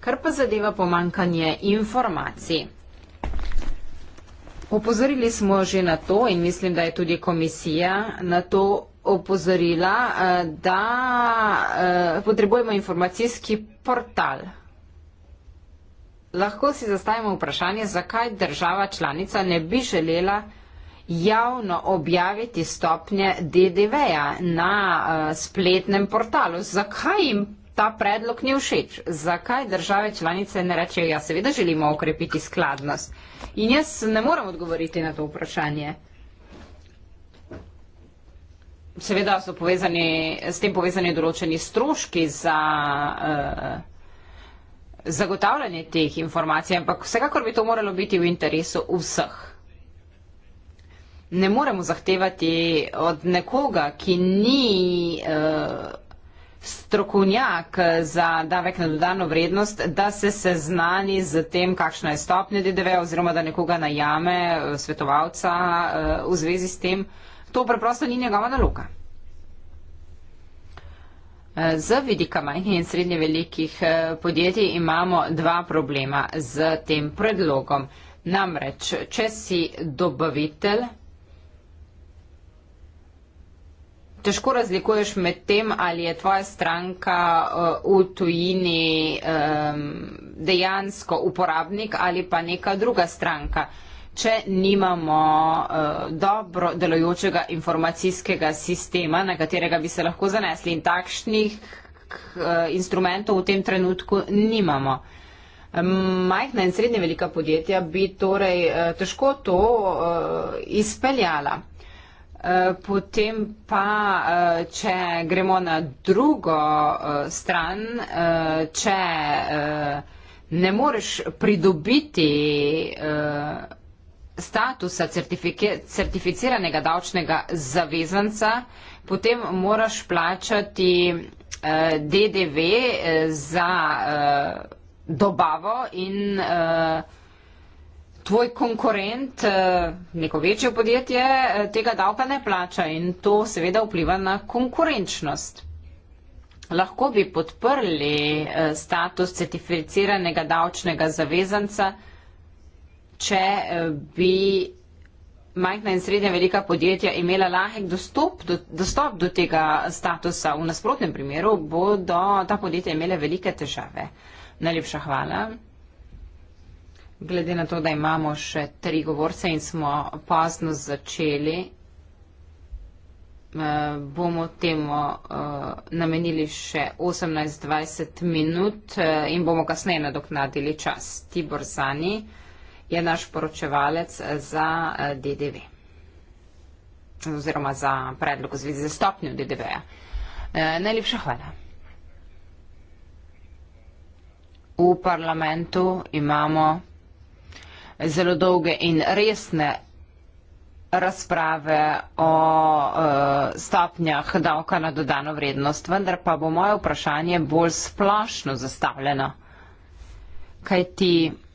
Kar pa zadeva pomankanje informacij. Opozorili smo že na to in mislim, da je tudi komisija na to opozorila, eh, da eh, potrebujemo informacijski portal. Lahko si zastavimo vprašanje, zakaj država članica ne bi želela javno objaviti stopnje DDV-ja na uh, spletnem portalu. Zakaj jim ta predlog ni všeč? Zakaj države članice ne rečejo, ja seveda želimo okrepiti skladnost? In jaz ne morem odgovoriti na to vprašanje. Seveda so povezani, s tem povezani določeni stroški za. Uh, zagotavljanje teh informacij, ampak vsekakor bi to moralo biti v interesu vseh. Ne moremo zahtevati od nekoga, ki ni uh, strokovnjak za davek na dodano vrednost, da se seznani z tem, kakšna je stopnja DDV oziroma da nekoga najame, eh, svetovalca uh, v zvezi s tem. To preprosto ni njegova naloga. Z vidika majhnih in srednje velikih eh, podjetij imamo dva problema z tem predlogom. Namreč, če si dobavitelj, težko razlikuješ med tem, ali je tvoja stranka eh, v tujini eh, dejansko uporabnik ali pa neka druga stranka če nimamo uh, dobro delojočega informacijskega sistema, na katerega bi se lahko zanesli. In takšnih uh, instrumentov v tem trenutku nimamo. Eh, majhna in srednje velika podjetja bi torej uh, težko to uh, izpeljala. Potem pa, če gremo na drugo stran, če ne moreš pridobiti statusa certificiranega davčnega zavezanca, potem moraš plačati eh, DDV eh, za eh, dobavo in eh, tvoj konkurent, eh, neko večje podjetje, eh, tega davka ne plača in to seveda vpliva na konkurenčnost. Lahko bi podprli eh, status certificiranega davčnega zavezanca, če eh, bi majhna in srednja velika podjetja imela lahek dostop do, dostop do tega statusa. V nasprotnem primeru bodo ta podjetja imele velike težave. Najlepša hvala. Glede na to, da imamo še tri govorce in smo pozno začeli, eh, bomo temu eh, namenili še 18-20 minut in bomo kasneje nadoknadili čas. Tibor Zani je naš poročevalec za eh, DDV oziroma za predlog v zvezi z stopnjo DDV-ja. Eh, najlepša hvala. V parlamentu imamo zelo dolge in resne razprave o eh, stopnjah davka na dodano vrednost, vendar pa bo moje vprašanje bolj splošno zastavljeno, kajti vprašanje,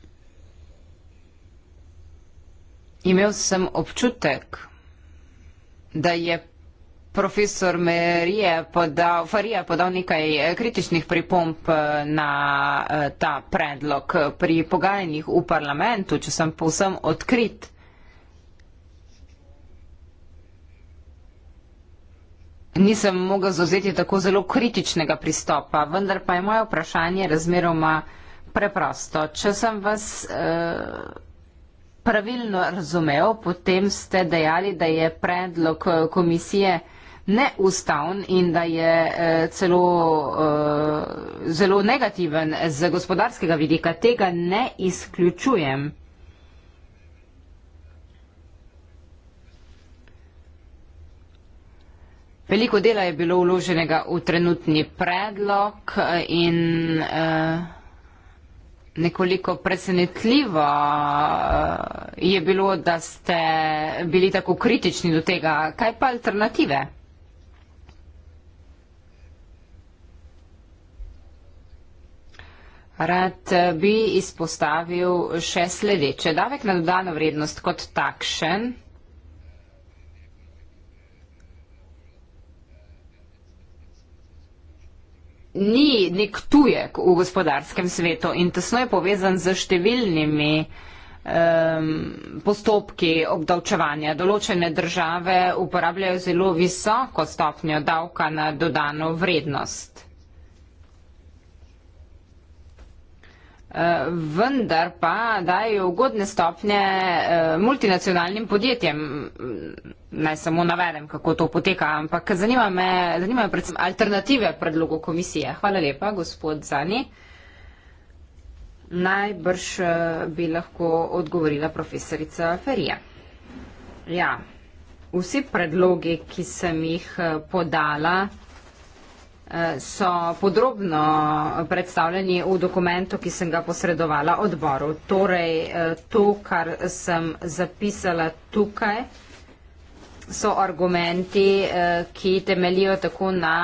Imel sem občutek, da je profesor Merije podal, Farija podal nekaj eh, kritičnih pripomp eh, na eh, ta predlog pri pogajanjih v parlamentu, če sem povsem odkrit. Nisem mogel zauzeti tako zelo kritičnega pristopa, vendar pa je moje vprašanje razmeroma preprosto. Če sem vas. Uh, pravilno razumev, potem ste dejali, da je predlog eh, komisije neustavn in da je eh, celo eh, zelo negativen z gospodarskega vidika. Tega ne izključujem. Veliko dela je bilo uloženega v trenutni predlog in uh, nekoliko presenetljivo eh, je bilo, da ste bili tako kritični do tega. Kaj pa alternative? Rad eh, bi izpostavil še sledeče. Davek na dodano vrednost kot takšen ni nek tujek v gospodarskem svetu in tesno je povezan z številnimi um, postopki obdavčevanja. Določene države uporabljajo zelo visoko stopnjo davka na dodano vrednost. Eh, vendar pa dajo ugodne stopnje eh, multinacionalnim podjetjem. Naj samo navedem, kako to poteka, ampak zanima me, zanima me predvsem alternative predlogu komisije. Hvala lepa, gospod Zani. Najbrž eh, bi lahko odgovorila profesorica Ferija. Ja, vsi predlogi, ki sem jih podala, so podrobno predstavljeni v dokumentu, ki sem ga posredovala odboru. Torej, eh, to, kar sem zapisala tukaj, so argumenti, eh, ki temelijo tako na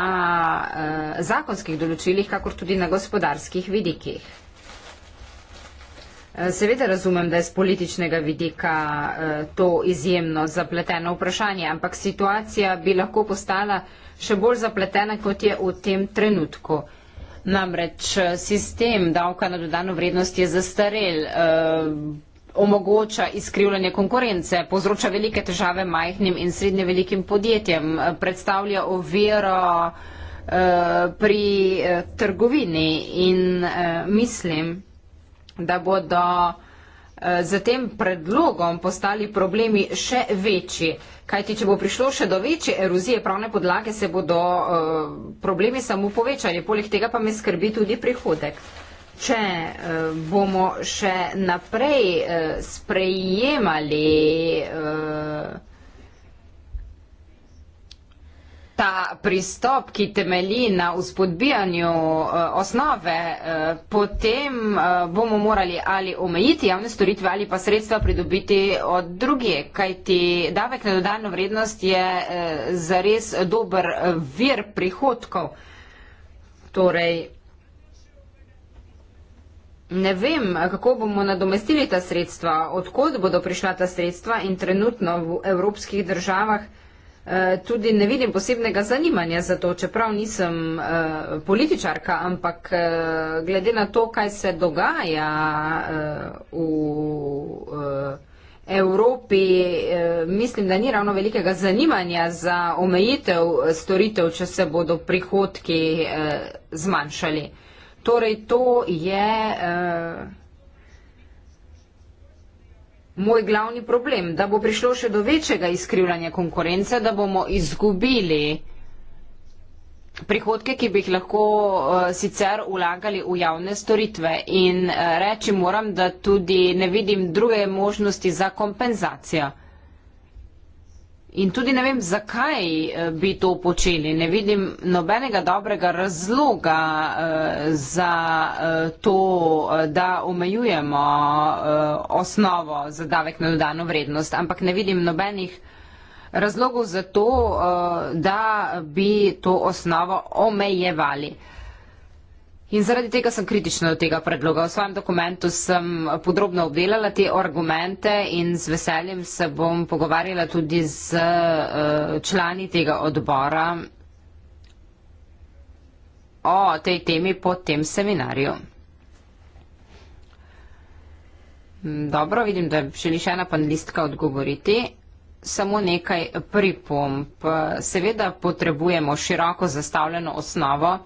eh, zakonskih določilih, kakor tudi na gospodarskih vidikih. Eh, seveda razumem, da je z političnega vidika eh, to izjemno zapleteno vprašanje, ampak situacija bi lahko postala še bolj zapletena, kot je v tem trenutku. Namreč eh, sistem davka na dodano vrednost je zastarel, omogoča izkrivljanje konkurence, povzroča velike težave majhnim in srednje velikim podjetjem, predstavlja oviro pri trgovini in mislim, da bodo eh, z tem predlogom postali problemi še večji. Kajti, če bo prišlo še do večje erozije pravne podlage, se bodo eh, problemi samo povečali. Poleg tega pa me skrbi tudi prihodek. Če eh, bomo še naprej sprejemali ta pristop, ki temelji na uspodbijanju uh, eh, osnove, uh, potem uh, bomo morali ali omejiti javne storitve ali pa sredstva pridobiti od druge, kajti davek na dodano vrednost je uh, zares dober uh, vir prihodkov. Torej, Ne vem, kako bomo nadomestili ta sredstva, odkud bodo prišla ta sredstva in trenutno v evropskih državah Eh, tudi ne vidim posebnega zanimanja za to, čeprav nisem eh, političarka, ampak eh, glede na to, kaj se dogaja v Evropi, mislim, da ni ravno velikega zanimanja za omejitev storitev, če se bodo prihodki zmanjšali. Torej, to je moj glavni problem, da bo prišlo še do večjega izkrivljanja konkurence, da bomo izgubili prihodke, ki bi jih lahko uh, sicer ulagali v javne storitve. In uh, reči moram, da tudi ne vidim druge možnosti za kompenzacijo. In tudi ne vem, zakaj eh, bi to počeli. Ne vidim nobenega dobrega razloga eh, za eh, to, da omejujemo osnovo za davek na dodano vrednost, ampak ne vidim nobenih razlogov za to, da bi to osnovo omejevali. In zaradi tega sem kritična do tega predloga. V svojem dokumentu sem podrobno obdelala te argumente in z veseljem se bom pogovarjala tudi z eh, člani tega odbora o tej temi po tem seminarju. Mm, dobro, vidim, da želi še ena panelistka odgovoriti. Samo nekaj pripomp. Seveda potrebujemo široko zastavljeno osnovo,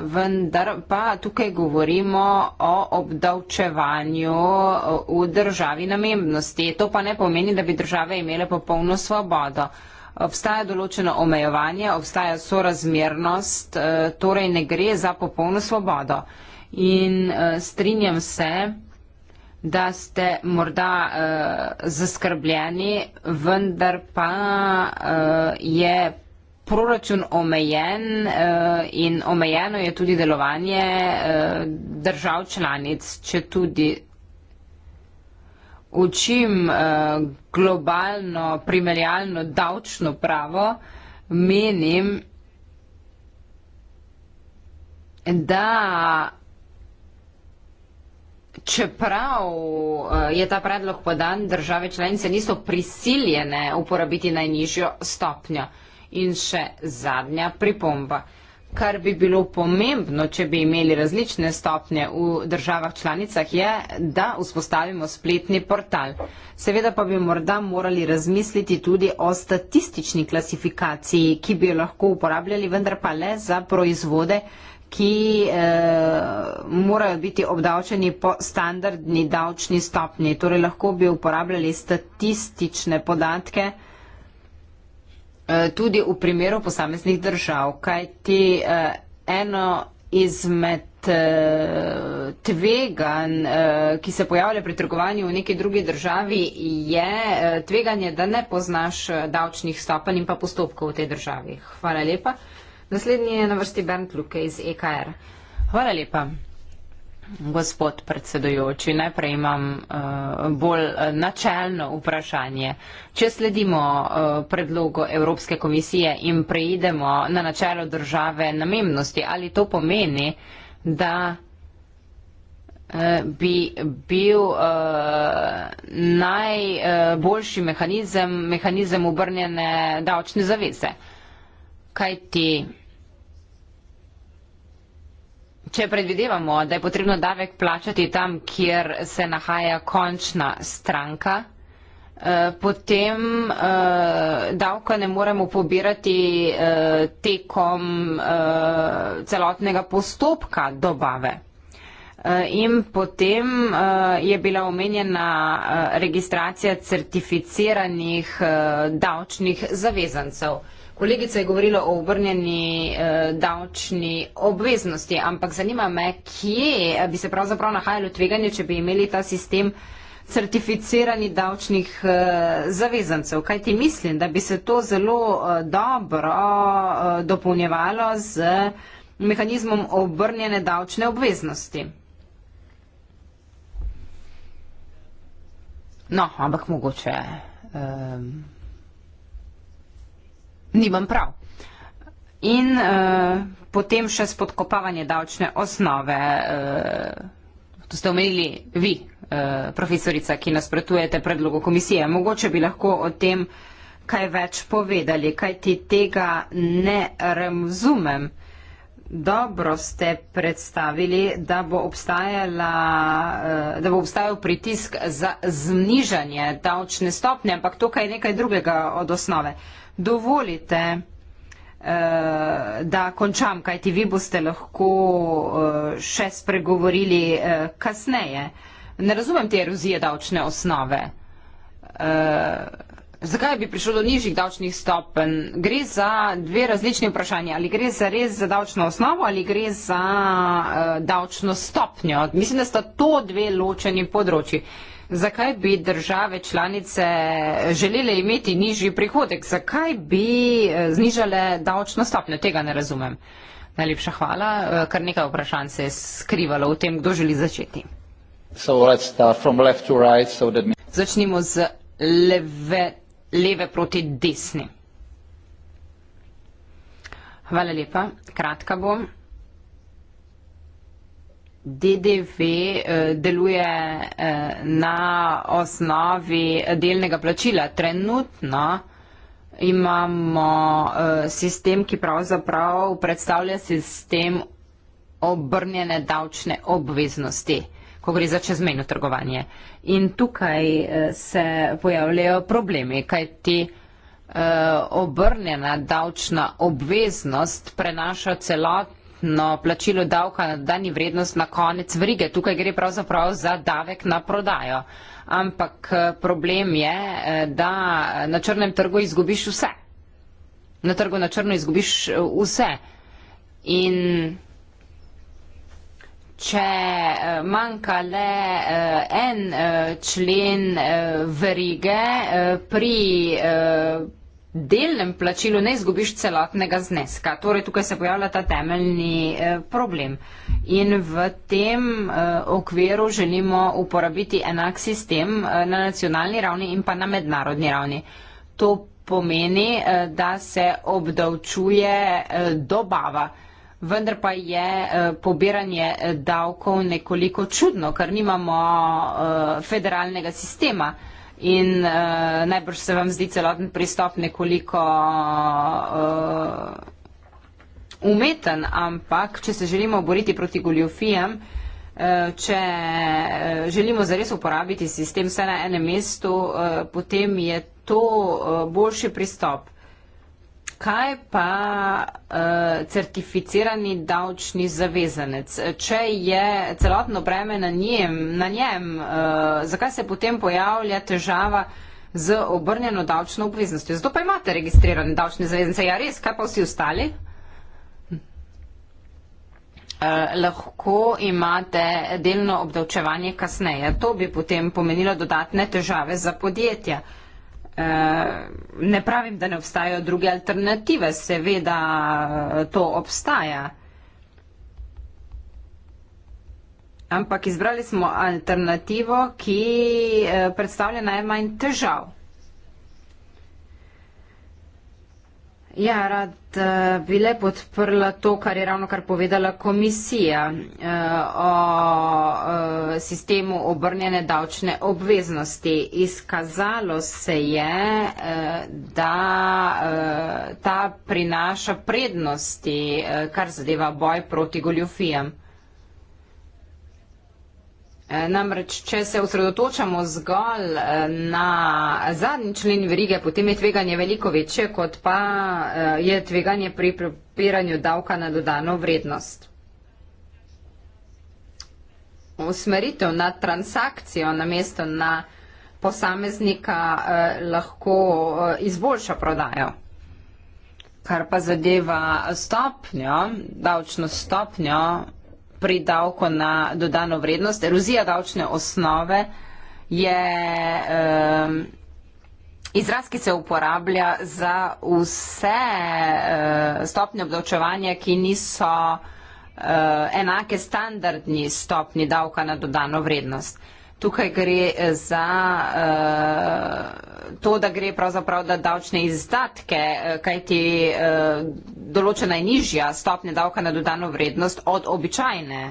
vendar pa tukaj govorimo o obdavčevanju v državi namembnosti. To pa ne pomeni, da bi države imele popolno svobodo. Obstaja določeno omejevanje, obstaja sorazmernost, e, torej ne gre za popolno svobodo. In e, strinjam se, da ste morda e, zaskrbljeni, vendar pa je proračun omejen eh, in omejeno je tudi delovanje eh, držav članic, če tudi učim eh, globalno primerjalno davčno pravo, menim, da čeprav je ta predlog podan, države članice niso prisiljene uporabiti najnižjo stopnjo. In še zadnja pripomba. Kar bi bilo pomembno, če bi imeli različne stopnje v državah članicah, je, da vzpostavimo spletni portal. Seveda pa bi morda morali razmisliti tudi o statistični klasifikaciji, ki bi jo lahko uporabljali, vendar pa le za proizvode, ki e, morajo biti obdavčeni po standardni davčni stopni. Torej lahko bi uporabljali statistične podatke. Eh, tudi v primeru posameznih držav, kaj ti eh, eno izmed eh, tvegan, ki se pojavlja pri trgovanju v neki drugi državi, je tveganje, da ne poznaš davčnih stopenj in pa postopkov v tej državi. Hvala lepa. Naslednji je na vrsti Bernd Luke iz EKR. Hvala lepa. Gospod predsedujoči, najprej imam uh, bolj eh, načelno vprašanje. Če sledimo uh, predlogu Evropske komisije in preidemo na načelo države namennosti, ali to pomeni, da uh, bi bil uh, najboljši uh, mehanizem, mehanizem obrnjene davčne zavese? Kaj ti? Če predvidevamo, da je potrebno davek plačati tam, kjer se nahaja končna stranka, eh, potem eh, davka ne moremo pobirati eh, tekom celotnega postopka dobave. In potem je bila omenjena registracija certificiranih davčnih zavezancev. Kolegica je govorila o obrnjeni eh, davčni obveznosti, ampak zanima me, kje bi se pravzaprav nahajalo tveganje, če bi imeli ta sistem certificiranih davčnih eh, zavezancev. Kaj ti mislim, da bi se to zelo eh, dobro eh, dopolnjevalo z mehanizmom obrnjene davčne obveznosti? No, ampak mogoče. Eh, nimam prav. In uh, potem še spodkopavanje davčne osnove. Uh, to ste omenili vi, uh, profesorica, ki nasprotujete predlogu komisije. Mogoče bi lahko o tem kaj več povedali, kaj ti tega ne razumem. Dobro ste predstavili, da bo, da bo obstajal pritisk za znižanje davčne stopnje, ampak tukaj je nekaj drugega od osnove dovolite, eh, da končam, kajti vi boste lahko eh, še spregovorili eh, kasneje. Ne razumem te erozije davčne osnove. Zakaj bi prišlo do nižjih davčnih stopenj? Gre za dve različne vprašanje. Ali gre za res za davčno osnovo ali gre za davčno stopnjo? Mislim, da sta to dve ločeni področji. Zakaj bi države članice želele imeti nižji prihodek? Zakaj bi eh, znižale davčno stopnjo? Tega ne razumem. Najlepša hvala. Eh, kar nekaj vprašanj se je skrivalo v tem, kdo želi začeti. Right, so me... Začnimo z leve, leve proti desni. Hvala lepa. Kratka bom. DDV eh, deluje eh, na osnovi delnega plačila. Trenutno imamo eh, sistem, ki pravzaprav predstavlja sistem obrnjene davčne obveznosti, ko gre za čezmejno trgovanje. In tukaj se pojavljajo problemi, kajti obrnjena davčna obveznost prenaša celotno no, plačilo davka na dani vrednost na konec vrige. Tukaj gre pravzaprav za davek na prodajo. Ampak eh, problem je, eh, da na črnem trgu izgubiš vse. Na trgu na črno izgubiš eh, vse. In če manjka le en člen verige pri delnem plačilu ne izgubiš celotnega zneska. Torej, tukaj se pojavlja ta temeljni eh, problem. In v tem eh, okviru želimo uporabiti enak sistem eh, na nacionalni ravni in pa na mednarodni ravni. To pomeni, eh, da se obdavčuje eh, dobava. Vendar pa je eh, pobiranje eh, davkov nekoliko čudno, ker nimamo eh, federalnega sistema in uh, najbrž se vam zdi celoten pristop nekoliko uh, umeten, ampak če se želimo boriti proti goljofijam, uh, eh, če želimo zares uporabiti sistem vse na enem mestu, uh, potem je to uh, boljši pristop kaj pa uh, certificirani davčni zavezanec? Če je celotno breme na njem, na njem uh, zakaj se potem pojavlja težava z obrnjeno davčno obveznostjo? Zato pa imate registrirane davčne zavezance. Ja, res, kaj pa vsi ostali? Uh, lahko imate delno obdavčevanje kasneje. To bi potem pomenilo dodatne težave za podjetja. Uh, Eh, ne pravim, da ne obstajajo druge alternative, seveda eh, to obstaja. Ampak izbrali smo alternativo, ki eh, predstavlja najmanj težav. Ja, rad eh, bi le podprla to, kar je ravno kar povedala komisija eh, o eh, sistemu obrnjene davčne obveznosti. Izkazalo se je, da ta prinaša prednosti, kar zadeva boj proti goljofijam. Eh, namreč, če se osredotočamo zgolj eh, na zadnji člen verige, potem je tveganje veliko večje, kot pa eh, je tveganje pri prepiranju davka na dodano vrednost. Usmeritev na transakcijo namesto na posameznika lahko izboljša prodajo. Kar pa zadeva stopnjo, davčno stopnjo, pri davku na dodano vrednost. Erozija davčne osnove je um, izraz, ki se uporablja za vse uh, stopnje obdavčevanja, ki niso uh, enake standardni stopni davka na dodano vrednost. Uh, tukaj gre eh, za uh, to, da gre pravzaprav za davčne izdatke, eh, kajti uh, določena je nižja stopnja davka na dodano vrednost od običajne.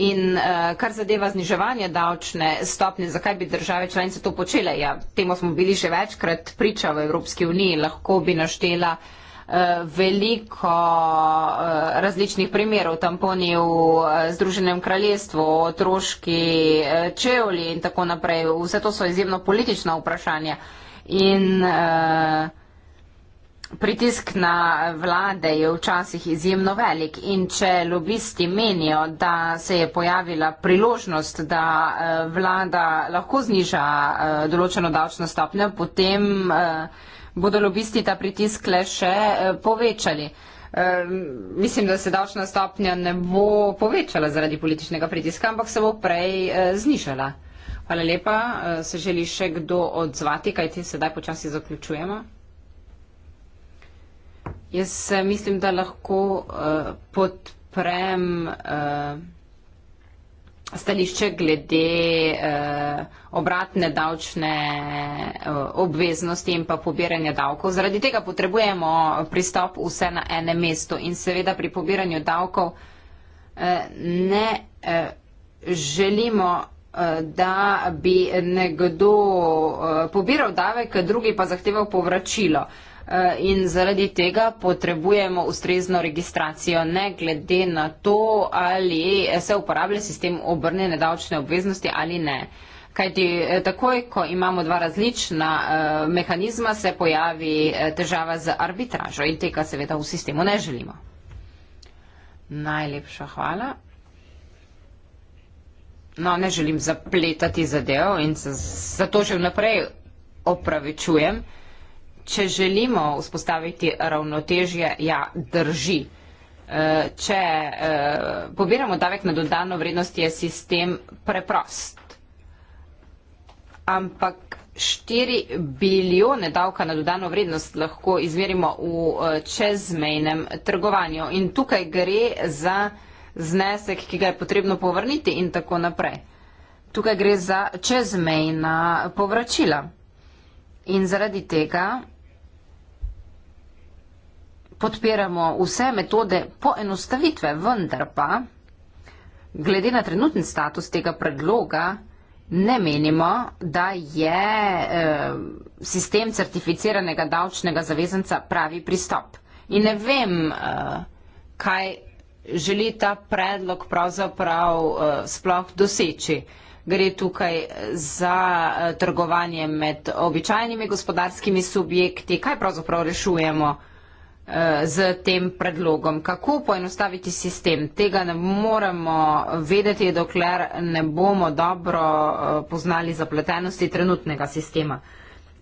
In uh, kar zadeva zniževanje davčne stopnje, zakaj bi države članice to počele? Ja, temu smo bili še večkrat priča v Evropski uniji, lahko bi naštela uh, Eh, veliko eh, različnih primerov, tamponi v eh, Združenem kraljestvu, otroški čevlji in tako naprej. Vse to so izjemno politična vprašanja. In pritisk na vlade je včasih izjemno velik in če lobisti menijo, da se je pojavila priložnost, da vlada lahko zniža določeno davčno stopnjo, potem bodo lobisti ta pritisk le še eh, povečali. Ehm, mislim, da se davčna stopnja ne bo povečala zaradi političnega pritiska, ampak se bo prej eh, znižala. Hvala lepa. Eh, se želi še kdo odzvati, kaj ti sedaj počasi zaključujemo? Jaz mislim, da lahko podprem stališče glede eh, obratne davčne eh, obveznosti in pa pobiranja davkov. Zaradi tega potrebujemo pristop vse na enem mestu in seveda pri pobiranju davkov eh, ne eh, želimo eh, da bi nekdo eh, pobiral davek, drugi pa zahteval povračilo. Eh, in zaradi tega potrebujemo ustrezno registracijo, ne glede na to, ali se uporablja sistem obrne nedavčne obveznosti ali ne. Kajti eh, takoj, ko imamo dva različna uh, mehanizma, se pojavi težava z arbitražo in tega seveda v sistemu ne želimo. Najlepša hvala. No, ne želim zapletati zadev in se, zato že vnaprej opravičujem če želimo vzpostaviti ravnotežje, ja, drži. Eh, če eh, pobiramo davek na dodano vrednost, je sistem preprost. Ampak 4 bilijone davka na dodano vrednost lahko izmerimo v eh, čezmejnem trgovanju. In tukaj gre za znesek, ki ga je potrebno povrniti in tako naprej. Tukaj gre za čezmejna povračila. In zaradi tega podpiramo vse metode poenostavitve, vendar pa glede na trenutni status tega predloga ne menimo, da je eh, sistem certificiranega davčnega zavezanca pravi pristop. In ne vem, eh, kaj želi ta predlog pravzaprav eh, sploh doseči. Gre tukaj eh, za eh, trgovanje med običajnimi gospodarskimi subjekti, kaj pravzaprav rešujemo z tem predlogom. Kako poenostaviti sistem? Tega ne moremo vedeti, dokler ne bomo dobro eh, poznali zapletenosti trenutnega sistema.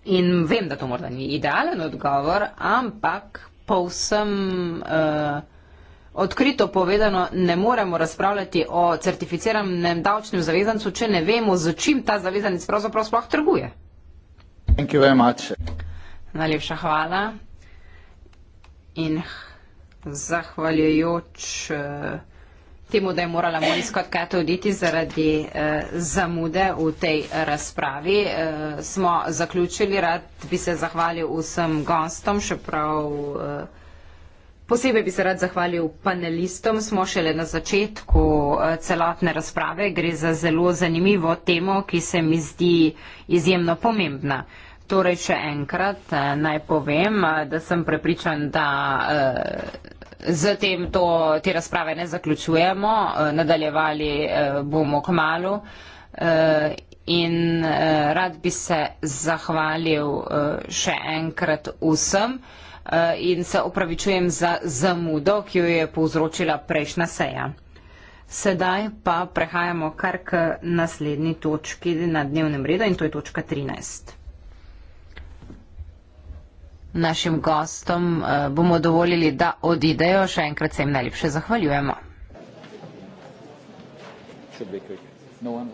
In vem, da to morda ni idealen odgovor, ampak povsem eh, odkrito povedano, ne moremo razpravljati o certificiranem davčnem zavezancu, če ne vemo, z čim ta zavezanec pravzaprav sploh trguje. Najlepša hvala in zahvaljujoč uh, temu, da je morala moj skotkati oditi zaradi uh, zamude v tej razpravi, uh, smo zaključili, rad bi se zahvalil vsem gostom, še prav. Uh, Posebej bi se rad zahvalil panelistom. Smo šele na začetku celotne razprave. Gre za zelo zanimivo temo, ki se mi zdi izjemno pomembna. Torej, še enkrat eh, naj povem, eh, da sem prepričan, da z eh, tem to, te razprave ne zaključujemo, nadaljevali bomo k malu in rad bi se zahvalil še enkrat vsem in se opravičujem za zamudo, ki jo je povzročila prejšnja seja. Sedaj pa prehajamo kar k naslednji točki na dnevnem redu in to je točka 13. Našim gostom eh, bomo dovolili, da odidejo. Še enkrat se jim najlepše zahvaljujemo. No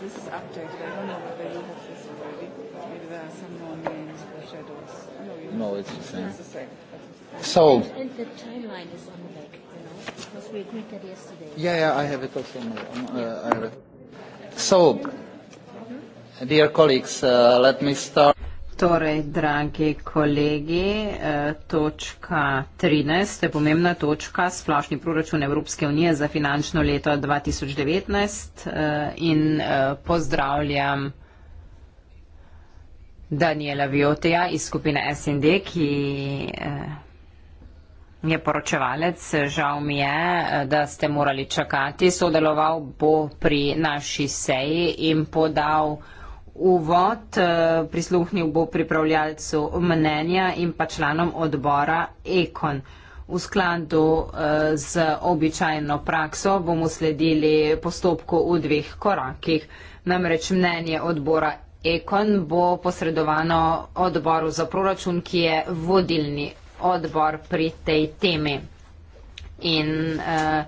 this is updated. I don't know whether you have this already. Maybe there are some more names in the shadows. No, it's the same. It's the same. Sold. And the timeline is on the back, because we agreed that yesterday. Yeah, yeah, I have it also. Uh, so, dear colleagues, uh, let me start. Torej, dragi kolegi, uh, točka 13, to je pomembna točka, splošni proračun Evropske unije za finančno leto 2019 in pozdravljam Daniela Viotija iz skupine SND, ki eh, je poročevalec. Žal mi je, eh, da ste morali čakati. Sodeloval bo pri naši seji in podal uvod. Eh, prisluhnil bo pripravljalcu mnenja in pa članom odbora Ekon. V skladu z običajno prakso bomo sledili postopku v dveh korakih. Namreč mnenje odbora Ekon bo posredovano odboru za proračun, ki je vodilni odbor pri tej temi. In eh,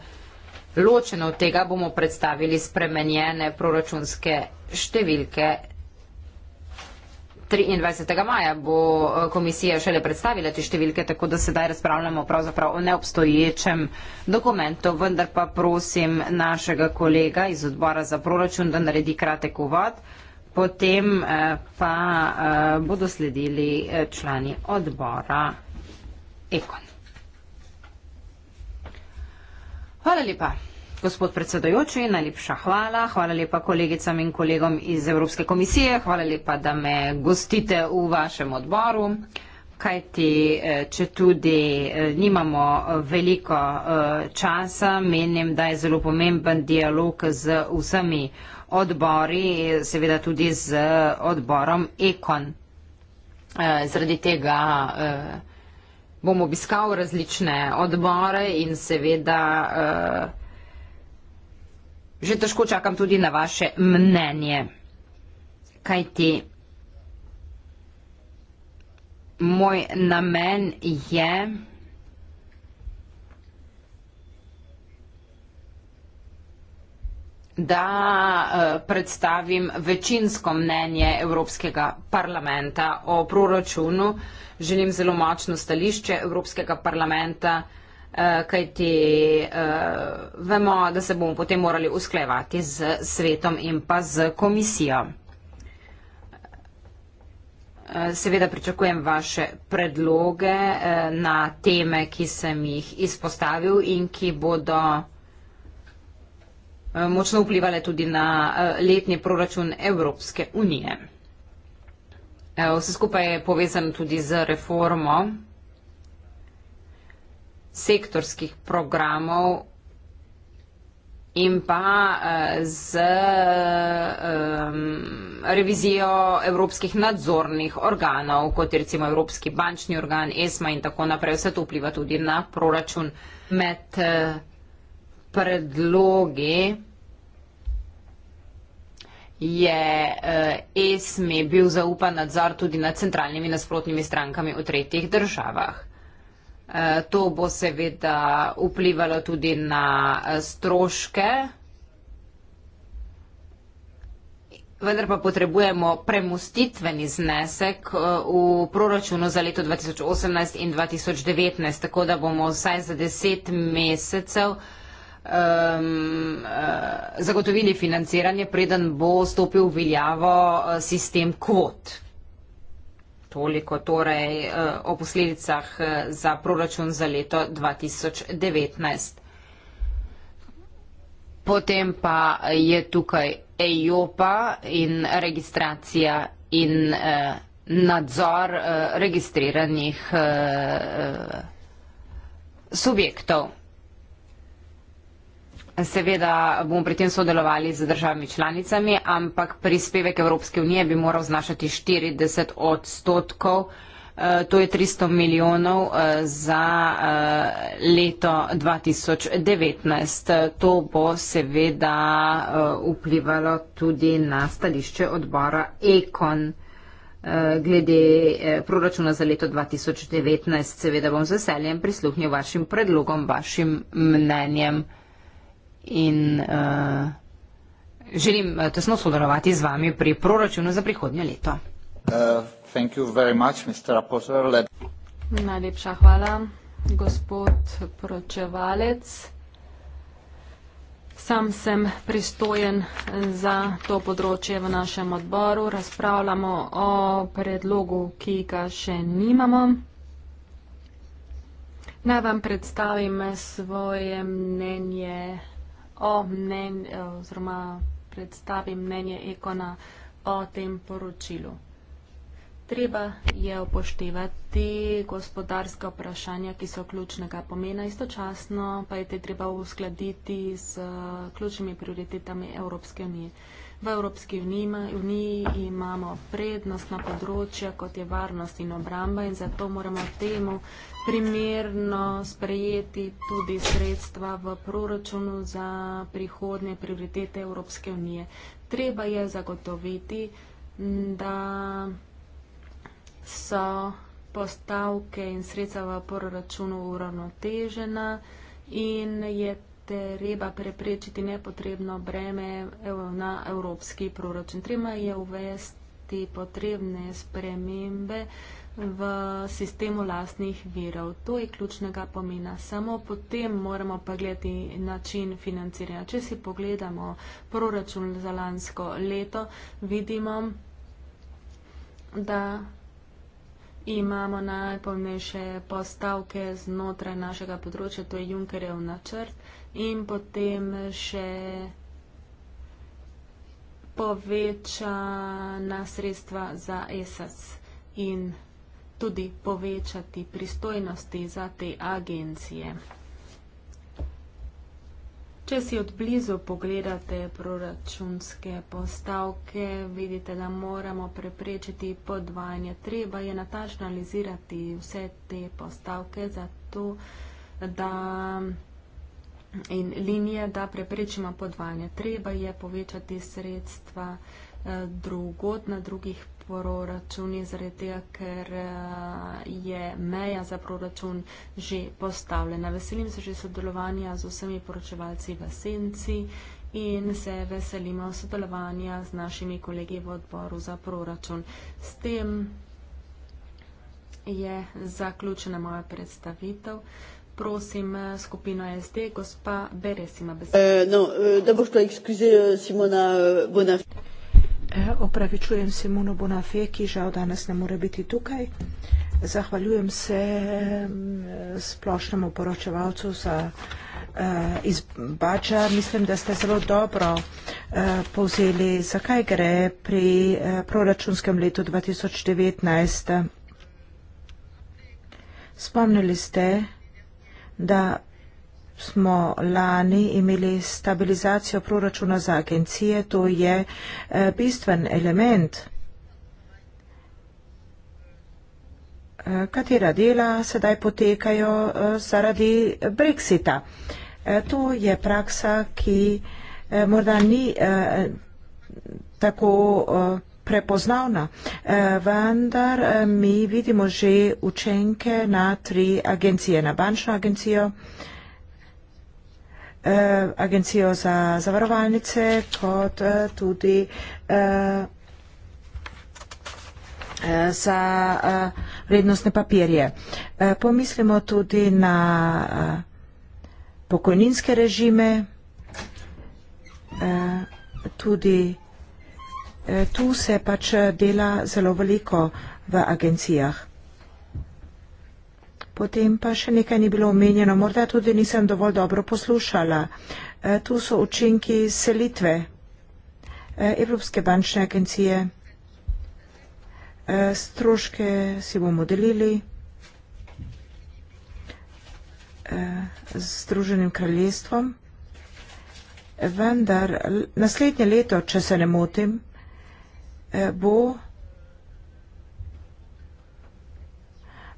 ločeno od tega bomo predstavili spremenjene proračunske številke. 23. maja bo eh, komisija šele predstavila te številke, tako da sedaj razpravljamo pravzaprav o neobstoječem dokumentu, vendar pa prosim našega kolega iz odbora za proračun, da naredi kratek uvod. Eh, Potem eh, pa eh, bodo sledili eh, člani odbora Ekon. Hvala lepa, gospod predsedojoči, najlepša hvala. Hvala lepa kolegicam in kolegom iz Evropske komisije. Hvala lepa, da me gostite v vašem odboru. Kajti, če tudi nimamo veliko časa, menim, da je zelo pomemben dialog z vsemi odbori, seveda tudi z odborom Ekon. Eh, Zradi tega eh, bom obiskal različne odbore in seveda eh, že težko čakam tudi na vaše mnenje. Kaj ti? Moj namen je... da eh, predstavim večinsko mnenje Evropskega parlamenta o proračunu. Želim zelo močno stališče Evropskega parlamenta, eh, kajti eh, vemo, da se bomo potem morali usklevati z svetom in pa z komisijo. Seveda pričakujem vaše predloge na teme, ki sem jih izpostavil in ki bodo Eh, močno vplivale tudi na eh, letni proračun Evropske unije. Eh, vse skupaj je povezano tudi z reformo sektorskih programov in pa z um, revizijo evropskih nadzornih organov, kot je recimo Evropski bančni organ, ESMA in tako naprej. Vse to vpliva tudi na proračun med. Uh, predlogi je eh, ESME bil zaupan nadzor tudi nad centralnimi nasprotnimi strankami v tretjih državah. Eh, to bo seveda vplivalo tudi na eh, stroške, vendar pa potrebujemo premustitveni znesek v proračunu za leto 2018 in 2019, tako da bomo vsaj za deset mesecev vsega, um, uh, zagotovili financiranje, preden bo stopil v veljavo uh, sistem kvot. Toliko torej uh, o posledicah uh, za proračun za leto 2019. Potem pa je tukaj EIOPA in registracija in eh, nadzor eh, registriranih eh, subjektov. Seveda bomo pri tem sodelovali z državami članicami, ampak prispevek Evropske unije bi moral znašati 40 odstotkov, eh, to je 300 milijonov eh, za eh, leto 2019. To bo seveda vplivalo tudi na stališče odbora Ekon glede proračuna za leto 2019. Seveda bom z veseljem prisluhnil vašim predlogom, vašim mnenjem in uh, želim eh, tesno sodelovati z vami pri proračunu za prihodnje leto. Uh, Najlepša hvala, gospod poročevalec. Sam sem pristojen za to področje v našem odboru. Razpravljamo o predlogu, ki ga še nimamo. Naj vam predstavim svoje mnenje o mnenju eh, oziroma predstavi mnenje Ekona o tem poročilu. Treba je upoštevati gospodarska vprašanja, ki so ključnega pomena, istočasno pa je te treba uskladiti z eh, ključnimi prioritetami Evropske unije. V Evropski uniji imamo prednostna področja, kot je varnost in obramba in zato moramo temu primerno sprejeti tudi sredstva v proračunu za prihodnje prioritete Evropske unije. Treba je zagotoviti, da so postavke in sredstva v proračunu uravnotežena in je treba preprečiti nepotrebno breme na evropski proračun. Treba je uvesti potrebne spremembe v sistemu lastnih virov. To je ključnega pomena. Samo potem moramo pa gledati način financiranja. Če si pogledamo proračun za lansko leto, vidimo, da imamo najpomnejše postavke znotraj našega področja, to je Junkerjev načrt in potem še povečana sredstva za ESAS in tudi povečati pristojnosti za te agencije. Če si odblizu pogledate proračunske postavke, vidite, da moramo preprečiti podvajanje. Treba je natačno analizirati vse te postavke, zato da in linije, da preprečimo podvajanje. Treba je povečati sredstva eh, drugot na drugih proračuni, zaradi tega, ker eh, je meja za proračun že postavljena. Veselim se že sodelovanja z vsemi poročevalci v Senci in se veselimo sodelovanja z našimi kolegi v odboru za proračun. S tem je zaključena moja predstavitev prosim eh, skupino SD, gospa Beres ima besedo. Eh, no, eh, da boš to ekskluzi eh, Simona eh, Bonafe. Eh, opravičujem Simono Bonafe, ki žal danes ne more biti tukaj. Zahvaljujem se mm, eh, splošnemu poročevalcu za eh, izbača. Mislim, da ste zelo dobro eh, povzeli, zakaj gre pri eh, proračunskem letu 2019. Spomnili ste, da smo lani imeli stabilizacijo proračuna za agencije, to je eh, bistven element. Eh, katera dela sedaj potekajo eh, zaradi Brexita. To je praksa, ki morda ni tako prepoznavna. Eh, vendar eh, mi vidimo že učenke na tri agencije. Na bančno agencijo, eh, agencijo za zavarovalnice, kot tudi za vrednostne papirje. Pomislimo tudi na pokojninske režime, tudi na Eh, tu se pač eh, dela zelo veliko v agencijah. Potem pa še nekaj ni bilo omenjeno, morda tudi nisem dovolj dobro poslušala. Eh, tu so učinki selitve Evropske bančne agencije. Stroške si bomo delili z Združenim kraljestvom, vendar naslednje leto, če se ne motim, bo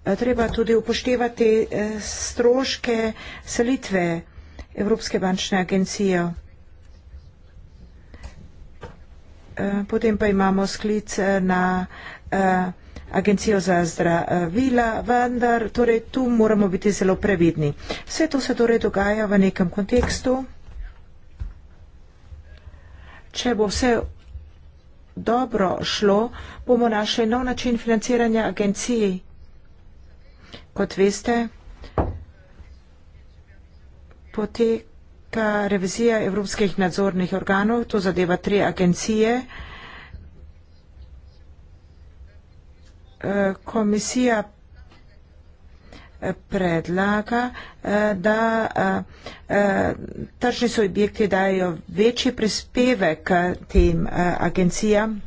eh, treba tudi upoštevati eh, stroške selitve Evropske bančne agencije. Eh, potem pa imamo sklic na agencijo za zdravila, vendar torej tu moramo biti zelo previdni. Vse to se torej dogaja v nekem kontekstu. Če bo vse dobro šlo, bomo našli nov način financiranja agenciji. Kot veste, poteka revizija evropskih nadzornih organov, to zadeva tri agencije. Eh, komisija predlaga, eh, da eh, eh, tržni subjekti dajo večji prispevek tem agencijam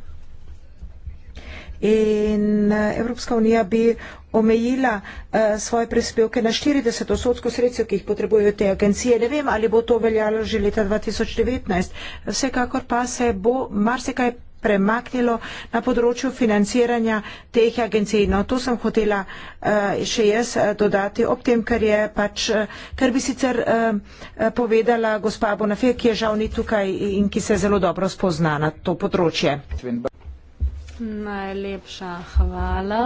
in Evropska unija bi omejila uh, svoje prispevke na 40 odstotkov sredstev, ki jih potrebujejo te agencije. Ne vem, ali bo to veljalo že leta 2019. Vsekakor pa se bo marsikaj premaknilo na področju financiranja teh agencij. No, to sem hotela uh, še jaz uh, dodati ob tem, kar, je, pač, uh, kar bi sicer uh, povedala gospa Bonafe, ki je žal ni tukaj in ki se zelo dobro spozna na to področje. Najlepša hvala.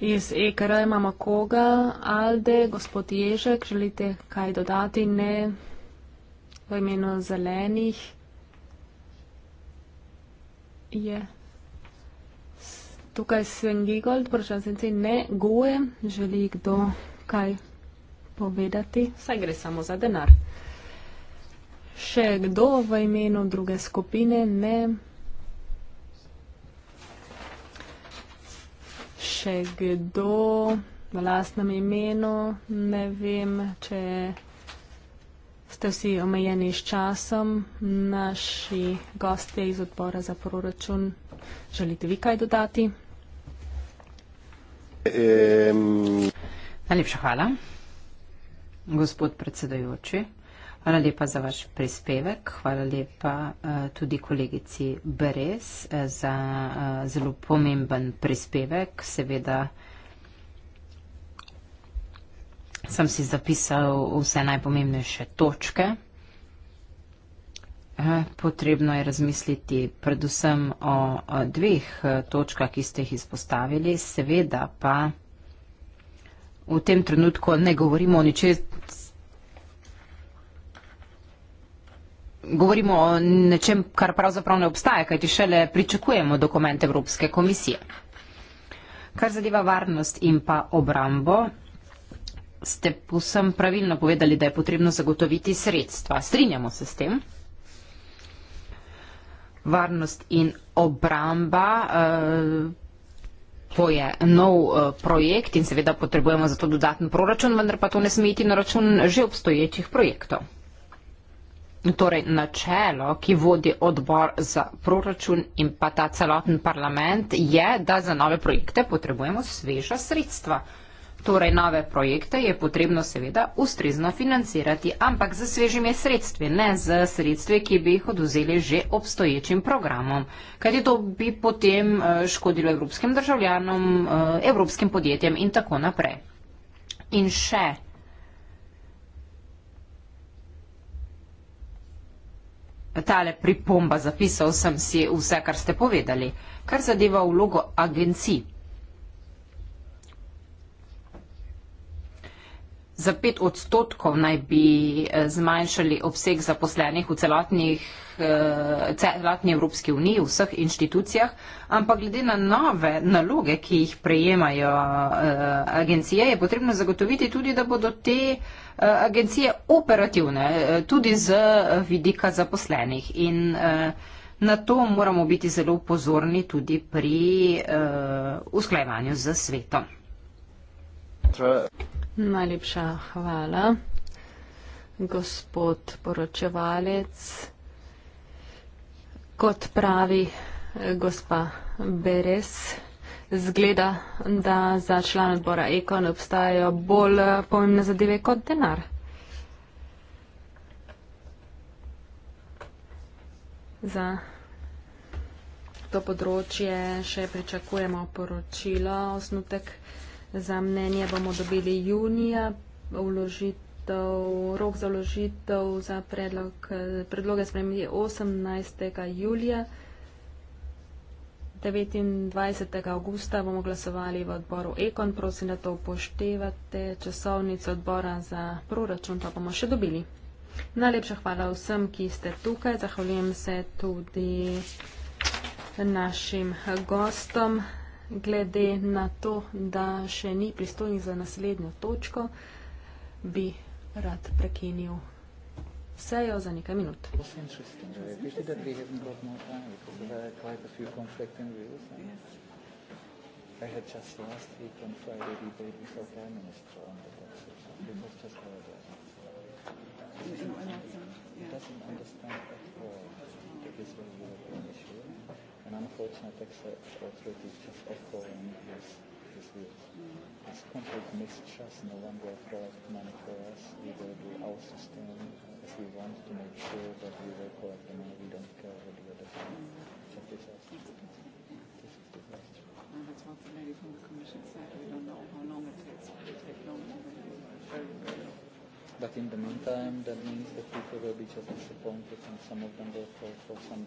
Iz EKR imamo koga? Alde, gospod Ježek, želite kaj dodati? Ne. V imenu zelenih je tukaj Sven Gigold, vprašan sem se ne goje, želi kdo kaj povedati. Saj gre samo za denar. Še kdo v imenu druge skupine ne? Še kdo v lastnem imenu ne vem, če je ste vsi omejeni s časom. Naši gostje iz odbora za proračun, želite vi kaj dodati? Um. Najlepša hvala, gospod predsedajoči. Hvala lepa za vaš prispevek, hvala lepa uh, tudi kolegici Beres uh, za uh, zelo pomemben prispevek. Seveda uh, sem si zapisal vse najpomembnejše točke. Eh, potrebno je razmisliti predvsem o dveh eh, točkah, ki ste jih izpostavili. Seveda pa v tem trenutku ne govorimo o ničem, govorimo o nečem, kar pravzaprav ne obstaja, kajti šele pričakujemo dokument Evropske komisije. Kar zadeva varnost in pa obrambo, ste posem pravilno povedali, da je potrebno zagotoviti sredstva. Strinjamo se s tem. Varnost in obramba. Uh, To je nov uh, projekt in seveda potrebujemo za to dodatni proračun, vendar pa to ne sme iti na račun že obstoječih projektov. Torej, načelo, ki vodi odbor za proračun in pa ta celoten parlament, je, da za nove projekte potrebujemo sveža sredstva. Uh, Torej, nove projekte je potrebno seveda ustrezno financirati, ampak z svežimi sredstvi, ne z sredstvi, ki bi jih oduzeli že obstoječim programom. Kaj to bi potem eh, škodilo evropskim državljanom, eh, evropskim podjetjem in tako naprej. In še. Tale pripomba zapisal sem si vse, kar ste povedali. Kar zadeva vlogo agencij, za pet odstotkov naj bi eh, zmanjšali obseg zaposlenih v celotnih eh, celotni Evropski uniji, v vseh inštitucijah, ampak glede na nove naloge, ki jih prejemajo eh, agencije, je potrebno zagotoviti tudi, da bodo te agencije operativne, tudi z vidika zaposlenih. In na to moramo biti zelo pozorni tudi pri usklajevanju z svetom. Trve. Najlepša hvala. Gospod poročevalec, kot pravi eh, gospa Beres, zgleda, da za član odbora Ekon obstajajo bolj eh, pomembne zadeve kot denar. Za to področje še pričakujemo poročilo, osnutek. Za mnenje bomo dobili junija, vložitev, rok za vložitev za predlog, predloge spremljajo 18. julija. 29. augusta bomo glasovali v odboru Ekon, prosim, da to upoštevate. Časovnico odbora za proračun pa bomo še dobili. Najlepša hvala vsem, ki ste tukaj. Zahvaljujem se tudi našim gostom glede na to, da še ni pristojni za naslednjo točko, bi rad prekinil sejo za nekaj minut. I doesn't understand at all that this was your permission and unfortunately it takes a truth is just echoing his his words. This complete mistrust in the one way of God money for us, either the our system if we want to make sure that we will collect the money, we don't care what the other thing. So this is and it's hard for maybe from the commission side. We don't know how long it takes. It will take long. But in the meantime, that means that people will be just disappointed, and some of them will call for some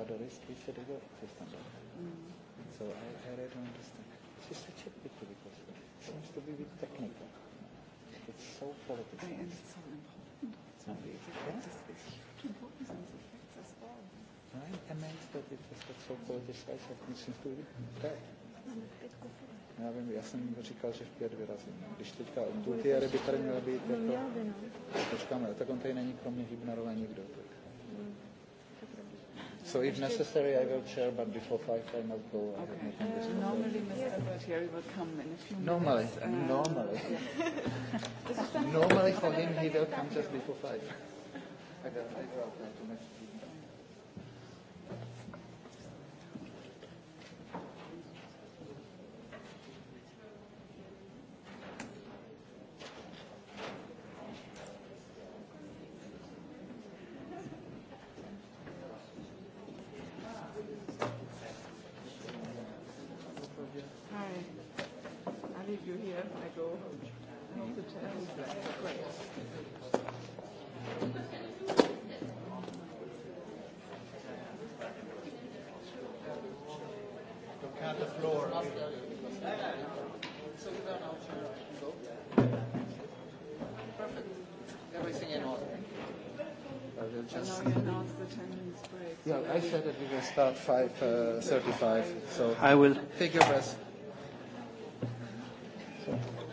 but the rest is the river system. Mm. So I, I really don't understand. It's just such a picture because it seems to be a bit technical. It's so politics. And it's so important. I'm amazed that it has got so politicized. I think it seems to be okay. Já ja, vím, já jsem říkal, že v pět vyrazím. Když teďka tu ty by tady měla být, no, jako... No. Počkáme, tak on tady není kromě Hybnarové nikdo. Tak. So if necessary, I will chair, but before five, I must go. Okay. Uh, normally, Mr. Bertieri will come in a few normally, minutes. Normally, uh, normally. normally for him, he will come just before five. I dropped that to Mr. just announce the 10 minutes break. Yeah, I said that we will start 5:35. Uh, I will- Take your rest.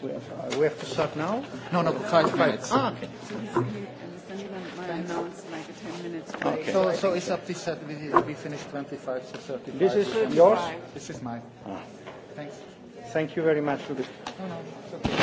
We have, uh, we have to start now? No, no, five minutes. Ah, okay. Excuse me, Mr. Chairman, my announce, like, a 10 minutes break. Okay. It's up to you. We finish 25-35. This is yours? This is mine. Ah. Thanks. Thank you very much for this. No, no, it's okay.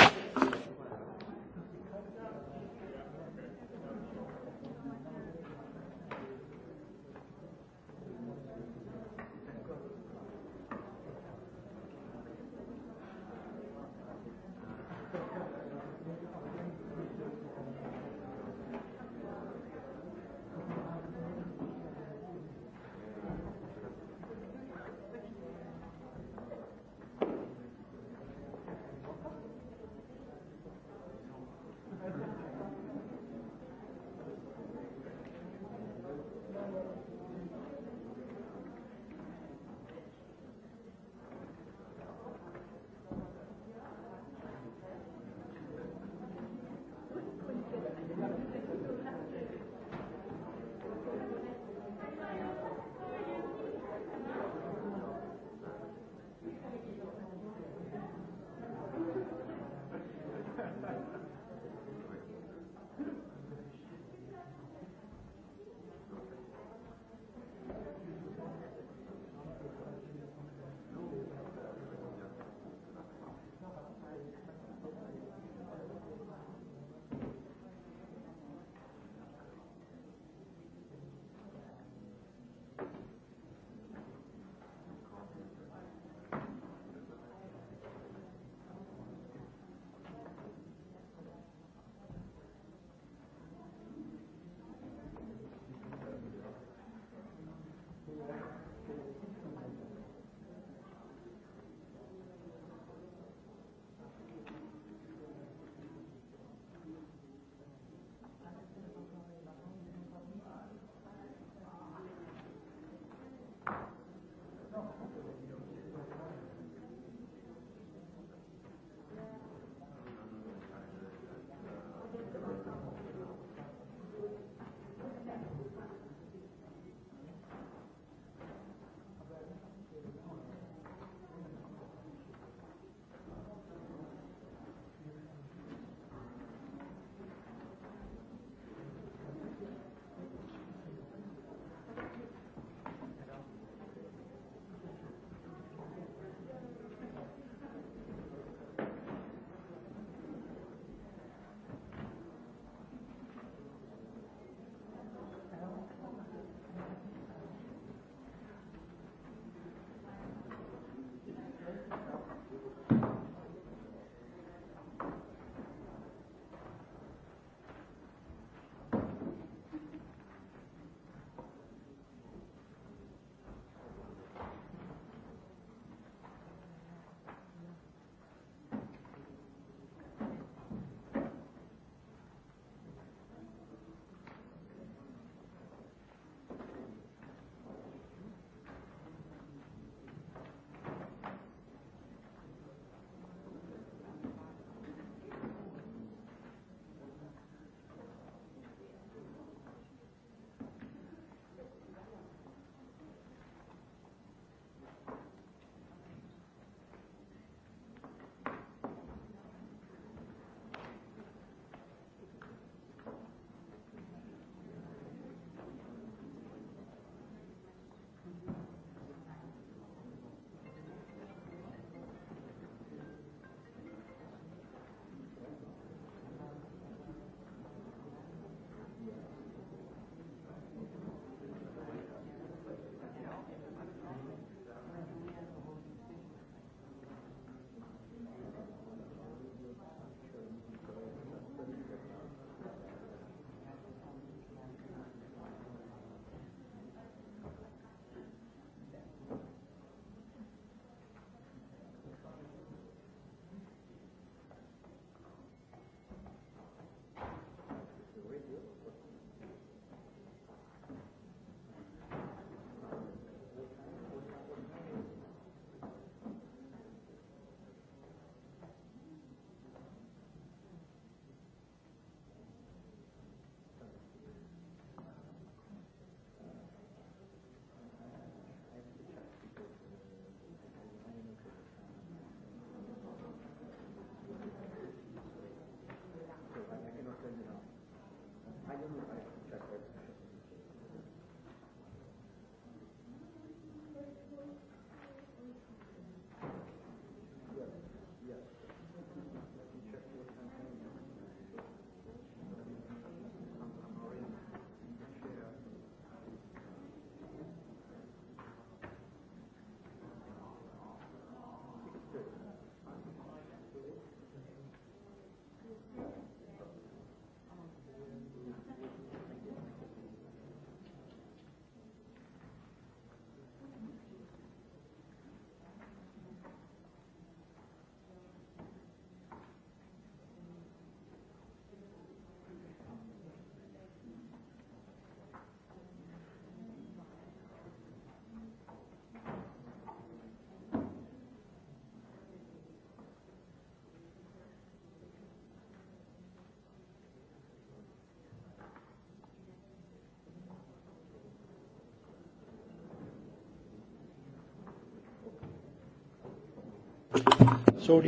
Um,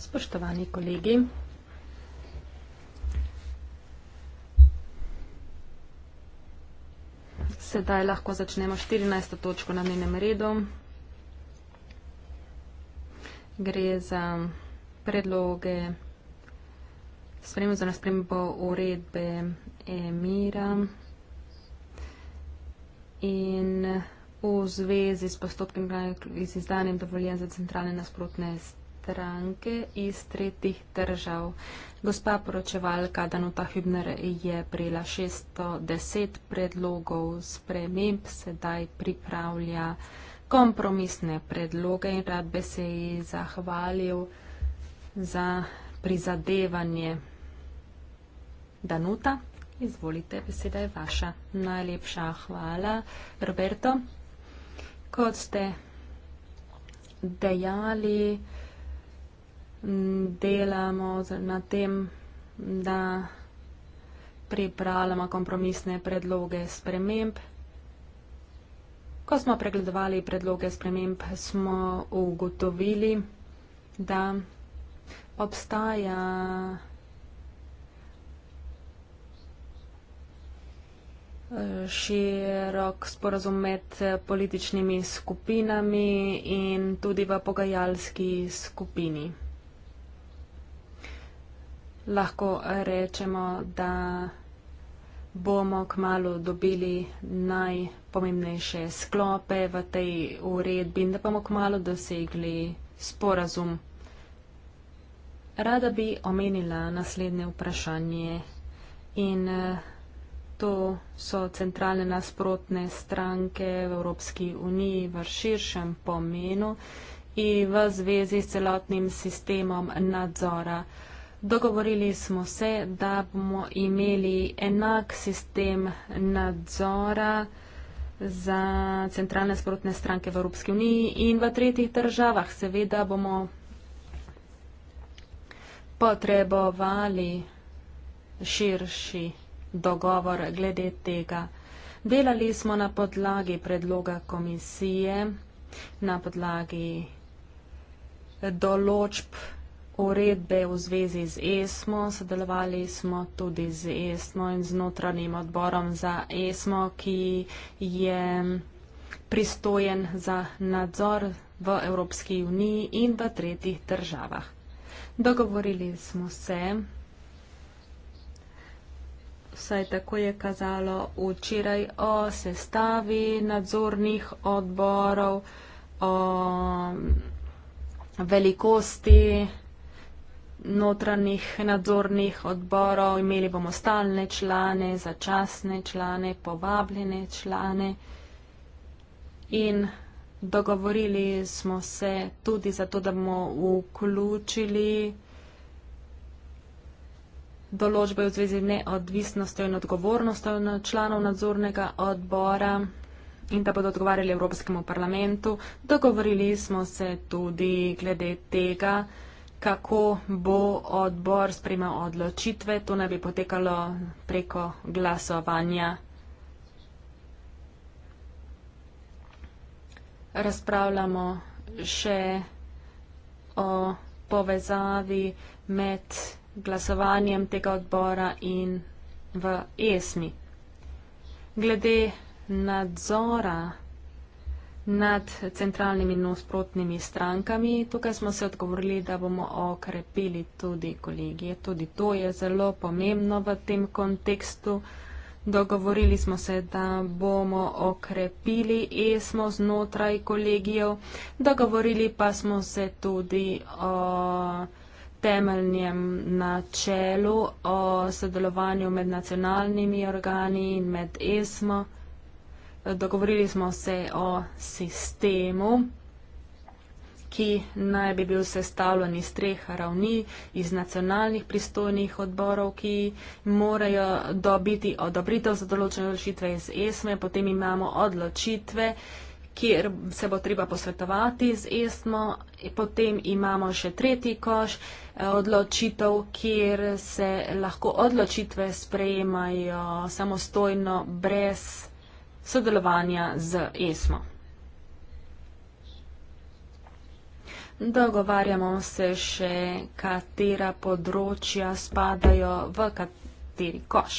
Spoštovani kolegi, sedaj lahko začnemo 14. točko na njenem redu. Gre za predloge spremembo za naspremembo uredbe emira in v zvezi s postopkom iz izdanjem dovoljen za centralne nasprotne stranke iz tretjih držav. Gospa poročevalka Danuta Hübner je prijela 610 predlogov sprememb, sedaj pripravlja kompromisne predloge in rad bi se ji zahvalil za prizadevanje. Danuta, izvolite, beseda je vaša. Najlepša hvala. Roberto kot ste dejali, delamo na tem, da pripravljamo kompromisne predloge sprememb. Ko smo pregledovali predloge sprememb, smo ugotovili, da obstaja širok sporazum med političnimi skupinami in tudi v pogajalski skupini. Lahko rečemo, da bomo k malu dobili najpomembnejše sklope v tej uredbi in da bomo k malu dosegli sporazum. Rada bi omenila naslednje vprašanje in uh, to so centralne nasprotne stranke v Evropski uniji v širšem pomenu in v zvezi s celotnim sistemom nadzora. Dogovorili smo se, da bomo imeli enak sistem nadzora za centralne sprotne stranke v Evropski uniji in v tretjih državah. Seveda bomo potrebovali širši dogovor glede tega. Delali smo na podlagi predloga komisije, na podlagi določb uredbe v zvezi z ESMO. Sodelovali smo tudi z ESMO in z notranjim odborom za ESMO, ki je pristojen za nadzor v Evropski uniji in v tretjih državah. Dogovorili smo se, vsaj tako je kazalo včeraj o sestavi nadzornih odborov, o velikosti notranjih nadzornih odborov. Imeli bomo stalne člane, začasne člane, povabljene člane in dogovorili smo se tudi zato, da bomo vključili določbe v zvezi z neodvisnostjo in odgovornostjo članov nadzornega odbora in da bodo odgovarjali Evropskemu parlamentu. Dogovorili smo se tudi glede tega, kako bo odbor sprejemal odločitve. To naj bi potekalo preko glasovanja. Razpravljamo še o povezavi med glasovanjem tega odbora in v ESMI. Glede nadzora nad centralnimi in nasprotnimi strankami, tukaj smo se odgovorili, da bomo okrepili tudi kolegije. Tudi to je zelo pomembno v tem kontekstu. Dogovorili smo se, da bomo okrepili ESMO znotraj kolegijev. Dogovorili pa smo se tudi o temeljnem načelu o sodelovanju med nacionalnimi organi in med ESMO. Dogovorili smo se o sistemu, ki naj bi bil sestavljen iz treh ravni, iz nacionalnih pristojnih odborov, ki morajo dobiti odobritev za določene rešitve iz ESME, potem imamo odločitve kjer se bo treba posvetovati z ESMO. Potem imamo še tretji koš eh, odločitev, kjer se lahko odločitve sprejemajo samostojno, brez sodelovanja z ESMO. Dogovarjamo se še, katera področja spadajo v kateri koš.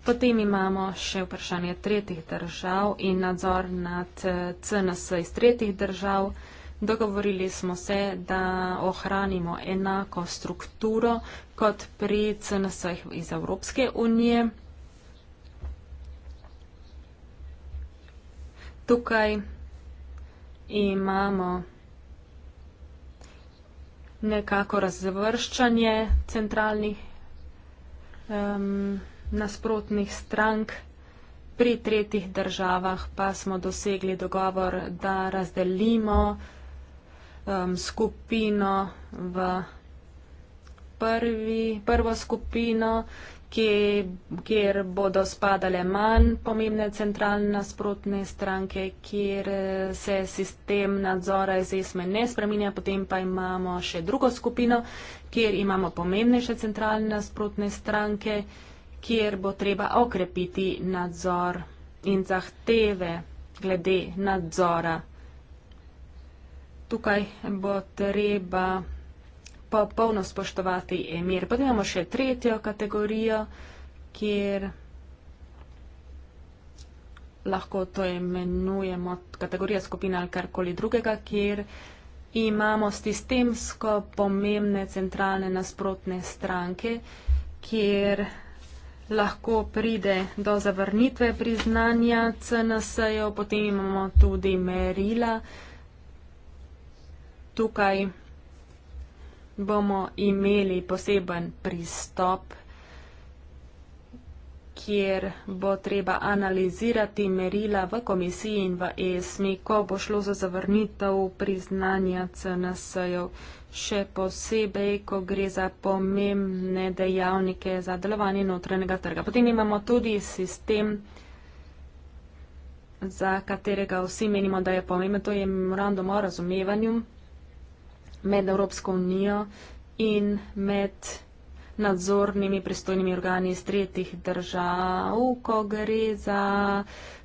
Potem imamo še vprašanje tretjih držav in nadzor nad eh, CNS iz tretjih držav. Dogovorili smo se, da ohranimo enako strukturo kot pri CNS iz Evropske unije. Tukaj imamo nekako razvrščanje centralnih. Um, nasprotnih strank. Pri tretjih državah pa smo dosegli dogovor, da razdelimo um, skupino v prvi, prvo skupino, ki, kjer bodo spadale manj pomembne centralne nasprotne stranke, kjer se sistem nadzora iz ESME ne spreminja, potem pa imamo še drugo skupino, kjer imamo pomembnejše centralne nasprotne stranke kjer bo treba okrepiti nadzor in zahteve glede nadzora. Tukaj bo treba popolno spoštovati emir. Potem imamo še tretjo kategorijo, kjer lahko to imenujemo kategorija skupina ali karkoli drugega, kjer imamo sistemsko pomembne centralne nasprotne stranke, kjer lahko pride do zavrnitve priznanja CNS-jev, potem imamo tudi merila. Tukaj bomo imeli poseben pristop kjer bo treba analizirati merila v komisiji in v ESMI, ko bo šlo za zavrnitev priznanja CNS-jev, še posebej, ko gre za pomembne dejavnike za delovanje notranjega trga. Potem imamo tudi sistem, za katerega vsi menimo, da je pomemben, to je memorandum o razumevanju med Evropsko unijo in med nadzornimi pristojnimi organi iz tretjih držav, ko gre za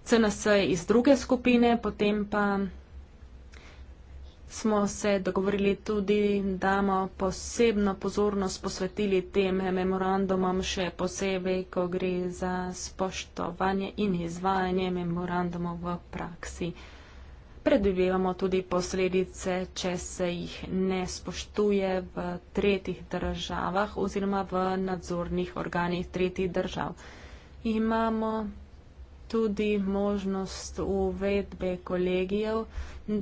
CNS iz druge skupine, potem pa smo se dogovorili tudi, da bomo posebno pozornost posvetili tem memorandumom, še posebej, ko gre za spoštovanje in izvajanje memorandumov v praksi predvidevamo tudi posledice, če se jih ne spoštuje v tretjih državah oziroma v nadzornih organih tretjih držav. Imamo tudi možnost uvedbe kolegijev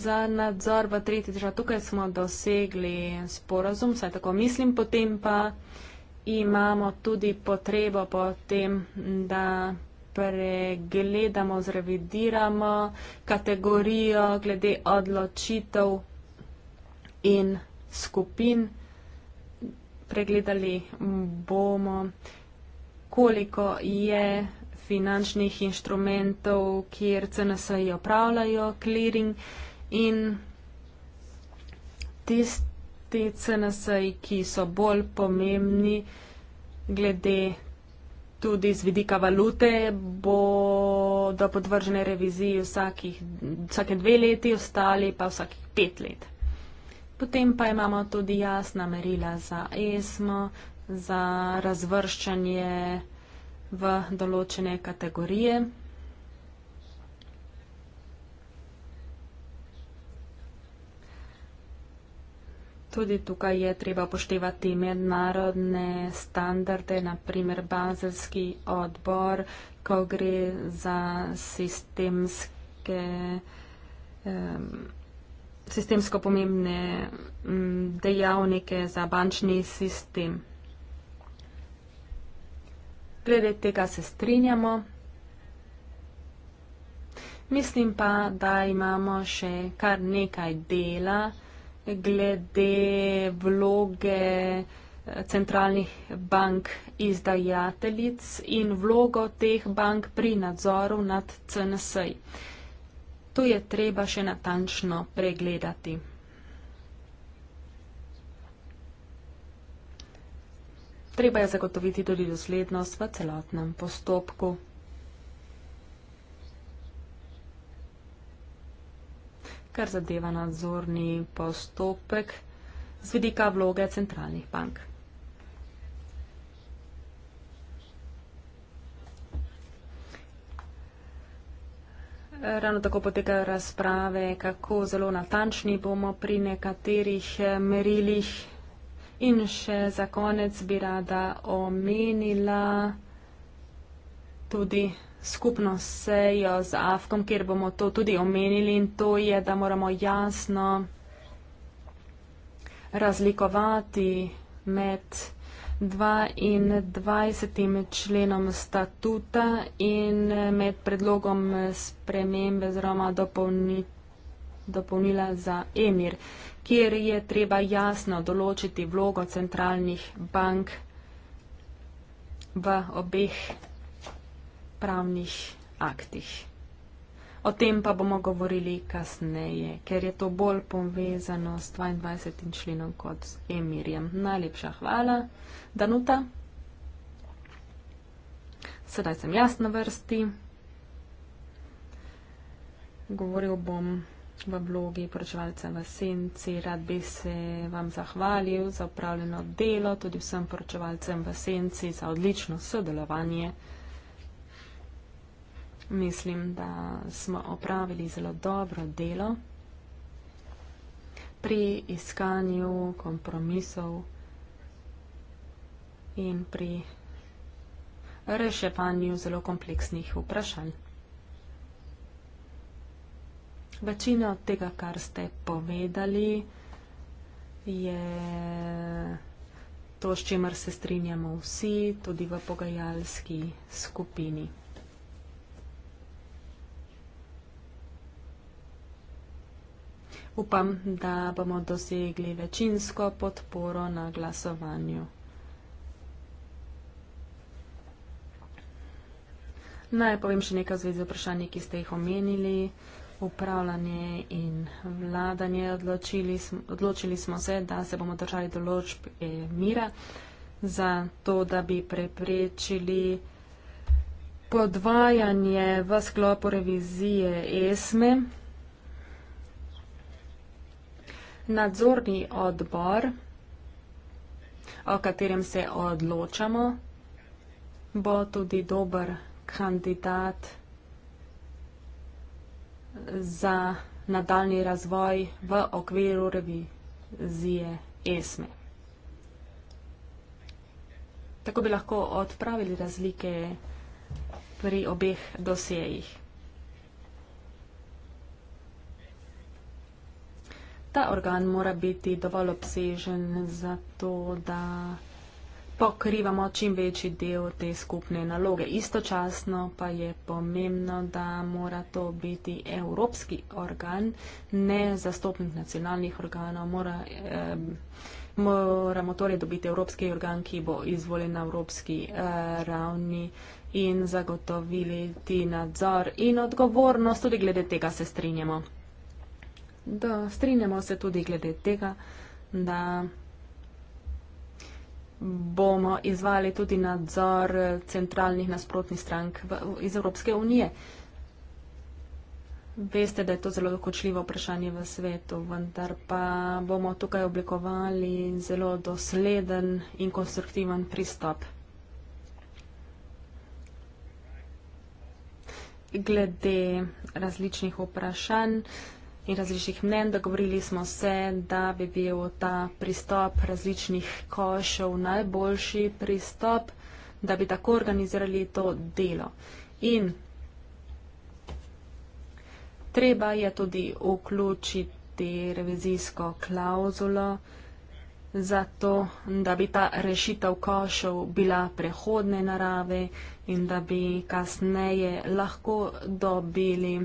za nadzor v tretji državi. Tukaj smo dosegli sporazum, saj tako mislim, potem pa imamo tudi potrebo po tem, da pregledamo, zrevidiramo kategorijo glede odločitev in skupin. Pregledali bomo, koliko je finančnih inštrumentov, kjer CNS-ji opravljajo clearing in tisti CNS-ji, ki so bolj pomembni glede tudi z vidika valute bodo podvržene reviziji vsakih, vsake dve leti, ostali pa vsakih pet let. Potem pa imamo tudi jasna merila za ESMO, za razvrščanje v določene kategorije. Tudi tukaj je treba upoštevati mednarodne standarde, naprimer bazelski odbor, ko gre za sistemske, sistemsko pomembne dejavnike za bančni sistem. Glede tega se strinjamo. Mislim pa, da imamo še kar nekaj dela glede vloge eh, centralnih bank izdajateljic in vlogo teh bank pri nadzoru nad CNS. -i. To je treba še natančno pregledati. Treba je zagotoviti tudi doslednost v celotnem postopku. kar zadeva nadzorni postopek z vidika vloge centralnih bank. Ravno tako potekajo razprave, kako zelo natančni bomo pri nekaterih eh, merilih. In še za konec bi rada omenila tudi skupno sejo z AFKOM, kjer bomo to tudi omenili in to je, da moramo jasno razlikovati med 22. členom statuta in med predlogom spremembe oziroma dopolni, dopolnila za emir, kjer je treba jasno določiti vlogo centralnih bank v obeh pravnih aktih. O tem pa bomo govorili kasneje, ker je to bolj povezano s 22. členom kot s Emirjem. Najlepša hvala, Danuta. Sedaj sem jaz na vrsti. Govoril bom v vlogi poročevalca v senci. Rad bi se vam zahvalil za upravljeno delo, tudi vsem poročevalcem v senci za odlično sodelovanje. Mislim, da smo opravili zelo dobro delo pri iskanju kompromisov in pri reševanju zelo kompleksnih vprašanj. Večina od tega, kar ste povedali, je to, s čimer se strinjamo vsi, tudi v pogajalski skupini. Upam, da bomo dosegli večinsko podporo na glasovanju. Naj povem še nekaj zvezi vprašanji, ki ste jih omenili. Upravljanje in vladanje. Odločili, odločili smo se, da se bomo držali določb eh, mira za to, da bi preprečili podvajanje v sklopu revizije ESME nadzorni odbor, o katerem se odločamo, bo tudi dober kandidat za nadaljni razvoj v okviru revizije ESME. Tako bi lahko odpravili razlike pri obeh dosejih. ta organ mora biti dovolj obsežen za to, da pokrivamo čim večji del te skupne naloge. Istočasno pa je pomembno, da mora to biti evropski organ, ne zastopnik nacionalnih organov. Mora, eh, moramo torej dobiti evropski organ, ki bo izvoljen na evropski eh, ravni in zagotovili ti nadzor in odgovornost, tudi glede tega se strinjamo da strinjamo se tudi glede tega, da bomo izvali tudi nadzor centralnih nasprotnih strank v, iz Evropske unije. Veste, da je to zelo dokočljivo vprašanje v svetu, vendar pa bomo tukaj oblikovali zelo dosleden in konstruktiven pristop. Glede različnih vprašanj in različnih mnen. Dogovorili smo se, da bi bil ta pristop različnih košev najboljši pristop, da bi tako organizirali to delo. In treba je tudi vključiti revizijsko klauzulo za to, da bi ta rešitev košev bila prehodne narave in da bi kasneje lahko dobili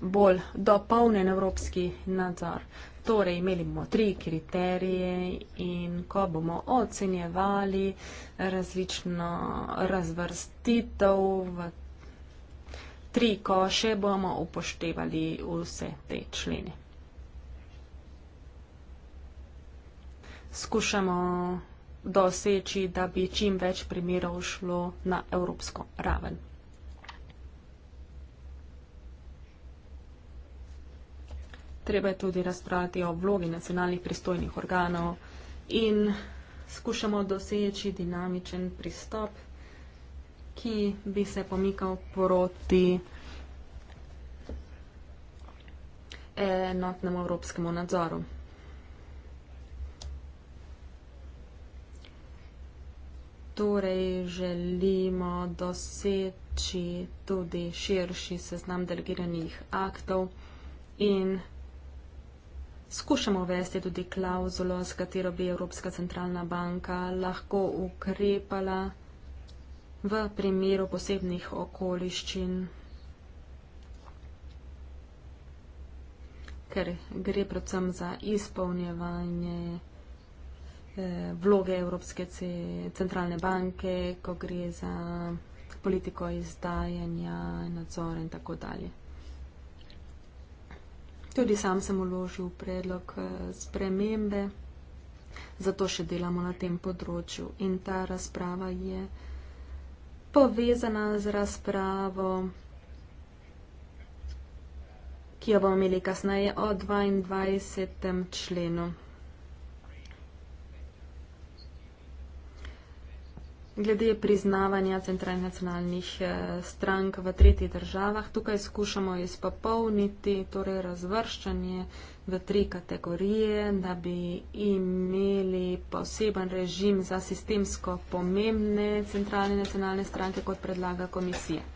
bolj dopolnen evropski nadzor. Torej, imeli bomo tri kriterije in ko bomo ocenjevali različno razvrstitev v tri koše, bomo upoštevali vse te člene. Skušamo doseči, da bi čim več primerov šlo na evropsko raven. treba je tudi razpravljati o vlogi nacionalnih pristojnih organov in skušamo doseči dinamičen pristop, ki bi se pomikal proti enotnemu evropskemu nadzoru. Torej želimo doseči tudi širši seznam delegiranih aktov in skušamo uvesti tudi klauzulo, s katero bi Evropska centralna banka lahko ukrepala v primeru posebnih okoliščin, ker gre predvsem za izpolnjevanje eh, vloge Evropske centralne banke, ko gre za politiko izdajanja, nadzor in tako dalje. Tudi sam sem uložil predlog eh, spremembe, zato še delamo na tem področju. In ta razprava je povezana z razpravo, ki jo bomo imeli kasneje o 22. členu. glede priznavanja centralnih nacionalnih eh, strank v tretjih državah. Tukaj skušamo izpopolniti torej razvrščanje v tri kategorije, da bi imeli poseben režim za sistemsko pomembne centralne nacionalne stranke, kot predlaga komisija.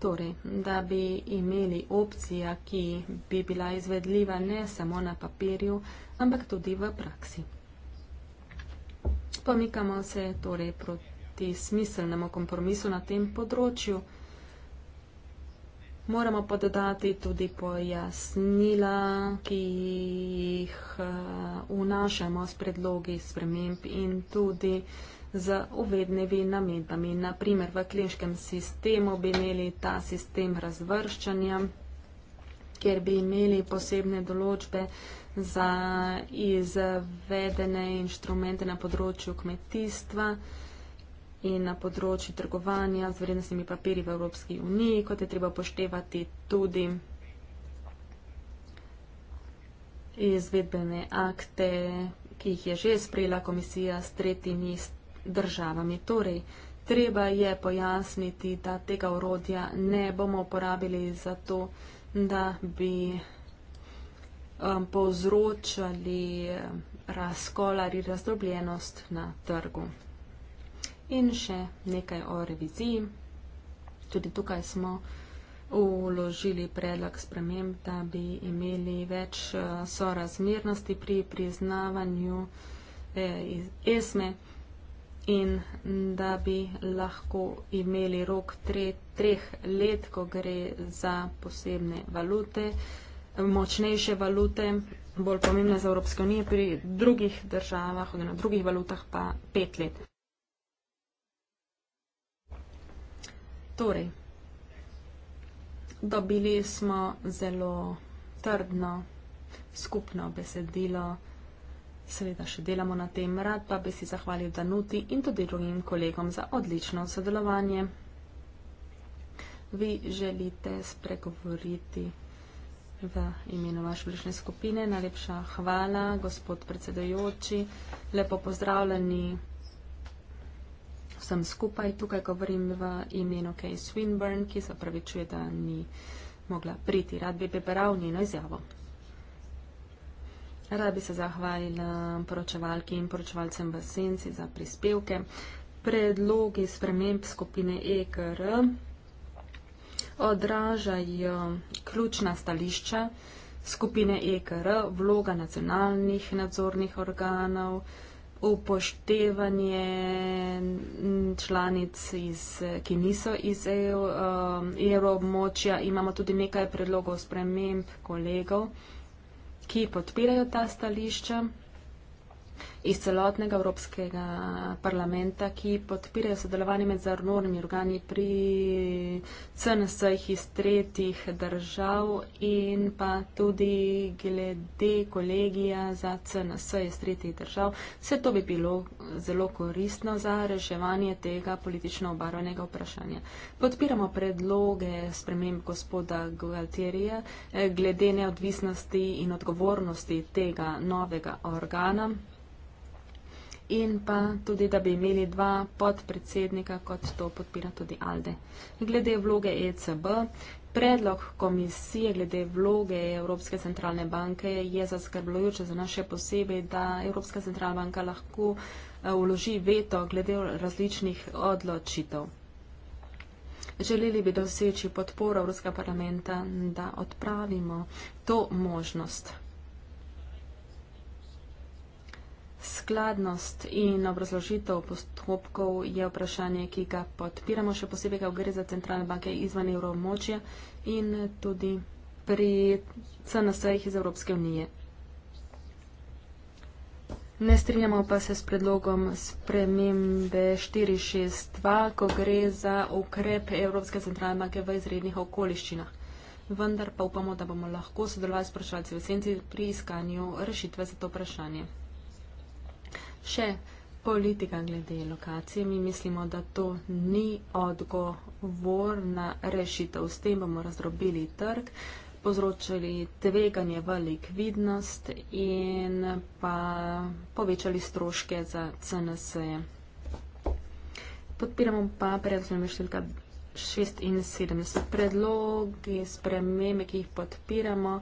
Torej, da bi imeli opcija, ki bi bila izvedljiva ne samo na papirju, ampak tudi v praksi. Pomikamo se torej proti smiselnemu kompromisu na tem področju. Moramo podati tudi pojasnila, ki jih eh, vnašamo s predlogi sprememb in tudi uh, z uvednevi namenami. Naprimer, v kliniškem sistemu bi imeli ta sistem razvrščanja, kjer bi imeli posebne določbe za izvedene inštrumente na področju kmetijstva in na področju trgovanja z vrednostnimi papiri v Evropski uniji, kot je treba poštevati tudi izvedbene akte, ki jih je že sprejela komisija s tretjimi strani državami. Torej, treba je pojasniti, da tega urodja ne bomo uporabili za to, da bi um, povzročali um, razkol ali razdrobljenost na trgu. In še nekaj o reviziji. Tudi tukaj smo uložili predlog sprememb, da bi imeli več uh, sorazmernosti pri priznavanju eh, ESME. Iz, in da bi lahko imeli rok tre, treh let, ko gre za posebne valute, močnejše valute, bolj pomembne za Evropske unije, pri drugih državah oziroma drugih valutah pa pet let. Torej, dobili smo zelo trdno skupno besedilo. Seveda še delamo na tem, rad pa bi si zahvalil Danuti in tudi drugim kolegom za odlično sodelovanje. Vi želite spregovoriti v imenu vaše bližne skupine. Najlepša hvala, gospod predsedojoči. Lepo pozdravljeni vsem skupaj. Tukaj govorim v imenu Kay Swinburne, ki se pravičuje, da ni mogla priti. Rad bi beral njeno izjavo. Rada bi se zahvalila poročevalki in poročevalcem v senci za prispevke. Predlogi sprememb skupine EKR odražajo ključna stališča skupine EKR, vloga nacionalnih nadzornih organov, upoštevanje članic, iz, ki niso iz EU, um, e, evroobmočja. Imamo tudi nekaj predlogov sprememb kolegov ki podpirajo ta stališča, iz celotnega Evropskega parlamenta, ki podpirajo sodelovanje med zarnornimi organi pri CNS-ih iz tretjih držav in pa tudi glede kolegija za CNS iz tretjih držav. Vse to bi bilo zelo koristno za reševanje tega politično obarvanega vprašanja. Podpiramo predloge sprememb gospoda Gualtierija eh, glede neodvisnosti in odgovornosti tega novega organa in pa tudi, da bi imeli dva podpredsednika, kot to podpira tudi Alde. Glede vloge ECB, predlog komisije glede vloge Evropske centralne banke je zaskrbljujoče za naše posebej, da Evropska centralna banka lahko eh, vloži veto glede različnih odločitev. Želeli bi doseči podporo Evropskega parlamenta, da odpravimo to možnost. Skladnost in obrazložitev postopkov je vprašanje, ki ga podpiramo, še posebej, ko gre za centralne banke izvan evromočja in tudi pri CNS-jih iz Evropske unije. Ne strinjamo pa se s predlogom spremembe 462, ko gre za ukrep Evropske centralne banke v izrednih okoliščinah. Vendar pa upamo, da bomo lahko sodelovali s vprašalci v senci pri iskanju rešitve za to vprašanje še politika glede lokacije. Mi mislimo, da to ni odgovorna rešitev. S tem bomo razdrobili trg, povzročili tveganje v likvidnost in pa povečali stroške za CNS. Podpiramo pa predvsem številka 76 predlogi, spremembe, ki jih podpiramo,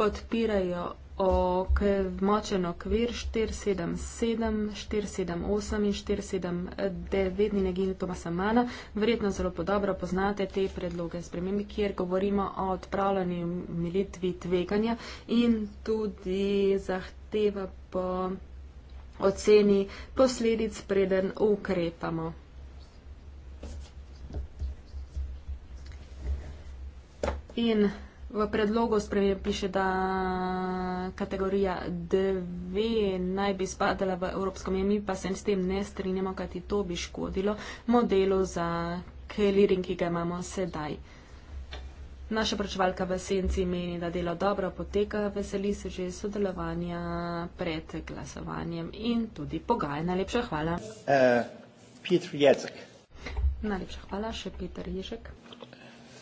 podpirajo O, ki je močen okvir 477, 478 in 479, in negin Tomasa Mana, verjetno zelo podobno poznate te predloge sprememb, kjer govorimo o odpravljanju militvi tveganja in tudi zahteva po oceni posledic, preden ukrepamo. In V predlogu spremljajo piše, da kategorija 2 naj bi spadala v Evropsko unijo, mi pa se s tem ne strinjamo, kajti to bi škodilo modelu za clearing, ki ga imamo sedaj. Naša pročevalka v senci meni, da delo dobro poteka, veseli se že sodelovanja pred glasovanjem in tudi pogajanja. Najlepša hvala. Uh, Najlepša hvala še Peter Ježek.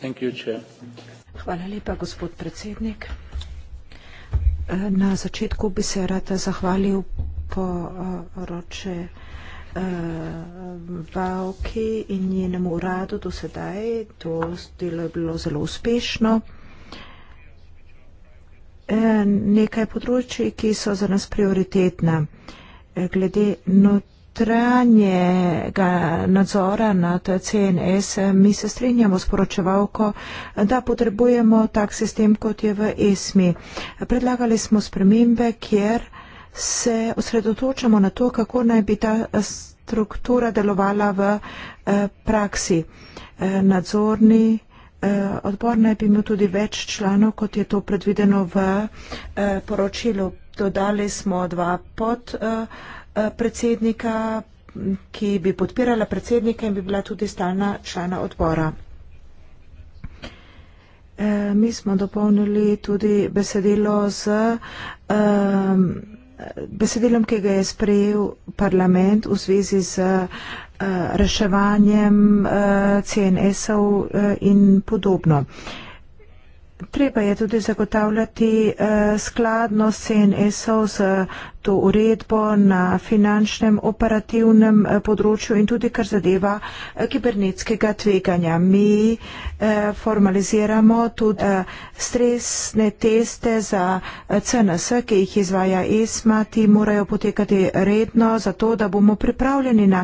Hvala lepa, gospod predsednik. Na začetku bi se rad zahvalil poroče eh, Vauki in njenemu uradu do sedaj. To delo je bilo zelo uspešno. Eh, nekaj področji, ki so za nas prioritetna. Eh, glede not notranjega nadzora nad CNS, mi se strinjamo s poročevalko, da potrebujemo tak sistem, kot je v ESMI. Predlagali smo spremembe, kjer se osredotočamo na to, kako naj bi ta struktura delovala v eh, praksi. Eh, nadzorni eh, odbor naj bi imel tudi več članov, kot je to predvideno v poročilu. Dodali smo dva pod. Uh, Eh, predsednika, ki bi podpirala predsednika in bi bila tudi stalna člana odbora. Eh, mi smo dopolnili tudi besedilo z um, besedilom, ki ga je sprejel parlament v zvezi z uh, reševanjem uh, CNS-ov uh, in podobno. Treba je tudi zagotavljati uh, skladnost CNS-ov z uh, to uredbo na finančnem operativnem eh, področju in tudi kar zadeva eh, kibernetskega tveganja. Mi eh, formaliziramo tudi stresne teste za CNS, ki jih izvaja ESMA. Ti morajo potekati redno, zato da bomo pripravljeni na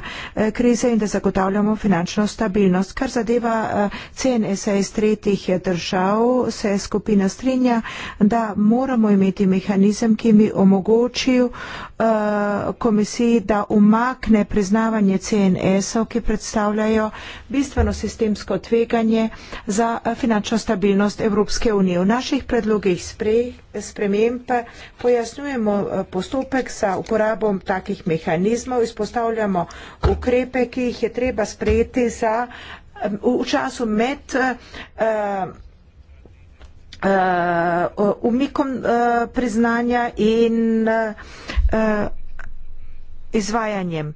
krize in da zagotavljamo finančno stabilnost. Kar zadeva CNS-a iz tretjih držav, se skupina strinja, da moramo imeti mehanizem, ki mi omogočijo uh, komisiji, da umakne priznavanje CNS-ov, ki predstavljajo bistveno sistemsko tveganje za finančno stabilnost Evropske unije. V naših predlogih sprememb pojasnjujemo eh, postopek za uporabo takih mehanizmov, izpostavljamo ukrepe, ki jih je treba sprejeti za, um, v času med. Uh, uh, umikom uh, priznanja in uh, izvajanjem.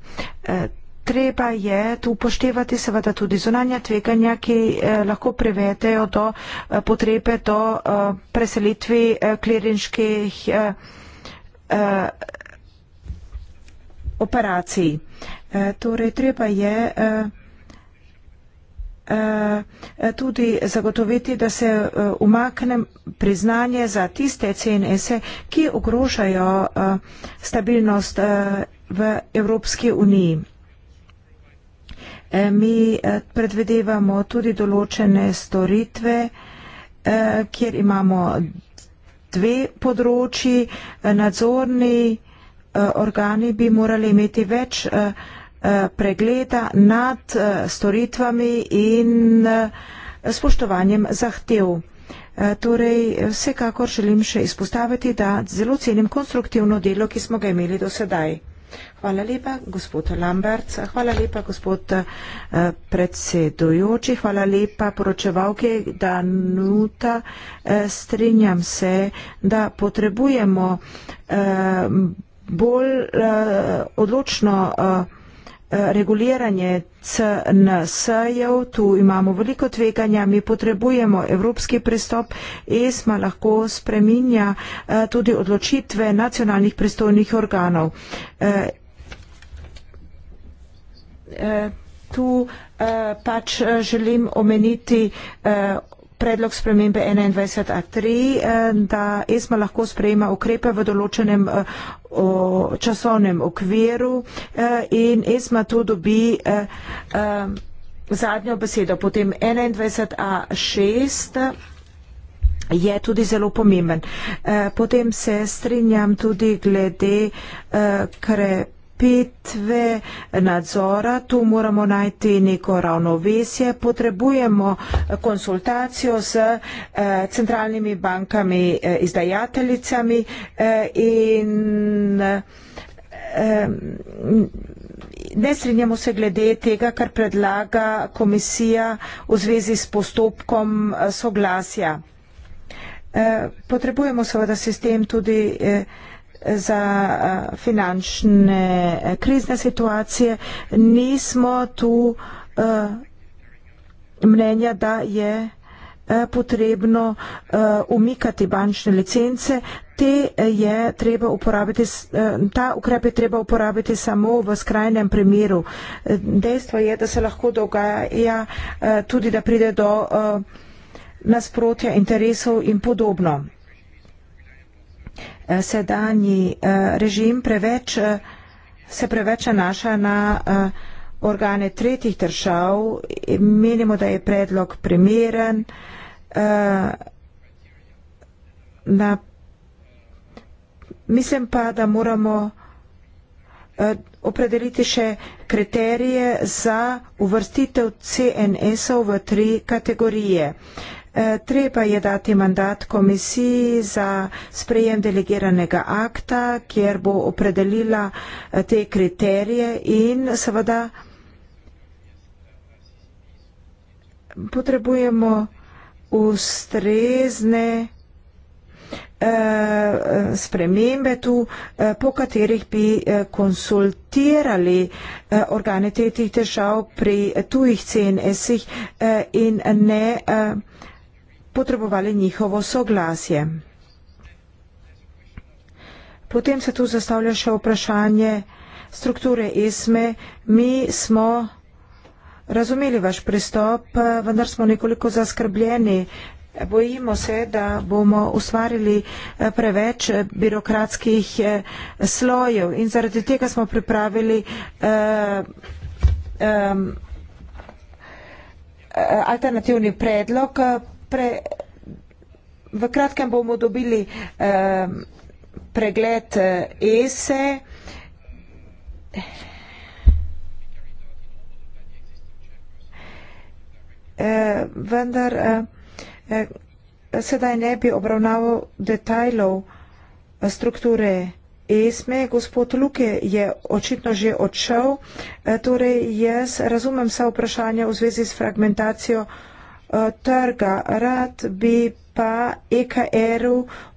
Uh, treba je tu upoštevati seveda tudi zunanja tveganja, ki uh, lahko privetejo do uh, potrebe do uh, preselitvi uh, klirinških uh, uh, operacij. Uh, torej, treba je. Uh, Eh, tudi zagotoviti, da se eh, umakne priznanje za tiste CNS-e, ki ogrožajo eh, stabilnost v Evropski uniji. Mi predvedevamo tudi določene storitve, kjer imamo dve področji. Nadzorni organi bi morali imeti več Eh, pregleda nad eh, storitvami in eh, spoštovanjem zahtev. Torej, vsekakor želim še izpostaviti, da zelo cenim konstruktivno delo, ki smo ga imeli do sedaj. Hvala lepa, gospod Lambert, hvala lepa, gospod predsedujoči, hvala lepa, poročevalke Danuta. Strinjam se, da potrebujemo bolj odločno reguliranje CNS-jev, tu imamo veliko tveganja, mi potrebujemo evropski pristop, ESMA lahko spreminja eh, tudi odločitve nacionalnih pristojnih organov. Eh, eh, tu pač želim omeniti predlog spremembe 21a3, eh, da ESMA lahko sprejema ukrepe v določenem eh, časovnem okviru eh, in ESMA tu dobi zadnjo besedo. Potem 21a6 je tudi zelo pomemben. Potem se strinjam tudi glede krepitve petve nadzora, tu moramo najti neko ravnovesje, potrebujemo konsultacijo z eh, centralnimi bankami, eh, izdajateljicami eh, in ne strinjamo se glede tega, kar predlaga komisija v zvezi s postopkom soglasja. Potrebujemo seveda sistem tudi za eh, finančne eh, krizne situacije, nismo tu eh, mnenja, da je potrebno umikati bančne licence. Je treba ta ukrep je treba uporabiti samo v skrajnem primeru. Dejstvo je, da se lahko dogaja tudi, da pride do nasprotja interesov in podobno sedanji eh, režim preveč, eh, se preveč nanaša na eh, organe tretjih držav. Menimo, da je predlog primeren. Na, mislim pa, da moramo opredeliti še kriterije za uvrstitev CNS-ov v tri kategorije. Eh, treba je dati mandat komisiji za sprejem delegiranega akta, kjer bo opredelila eh, te kriterije in seveda potrebujemo ustrezne eh, spremembe tu, po katerih bi konsultirali organe tretjih držav pri tujih CNS-ih in ne potrebovali njihovo soglasje. Potem se tu zastavlja še vprašanje strukture ISME. Mi smo razumeli vaš pristop, vendar smo nekoliko zaskrbljeni. Bojimo se, da bomo ustvarili eh, preveč eh, birokratskih eh, slojev in zaradi tega smo pripravili uh, um, alternativni predlog pre, v kratkem bomo dobili eh, pregled eh, ESE. Eh, vendar eh, eh, sedaj ne bi obravnaval detajlov eh, strukture ESME. Gospod Luke je očitno že odšel, eh, torej jaz razumem vsa vprašanja v zvezi s fragmentacijo eh, Eh, trga. Rad bi pa EKR-u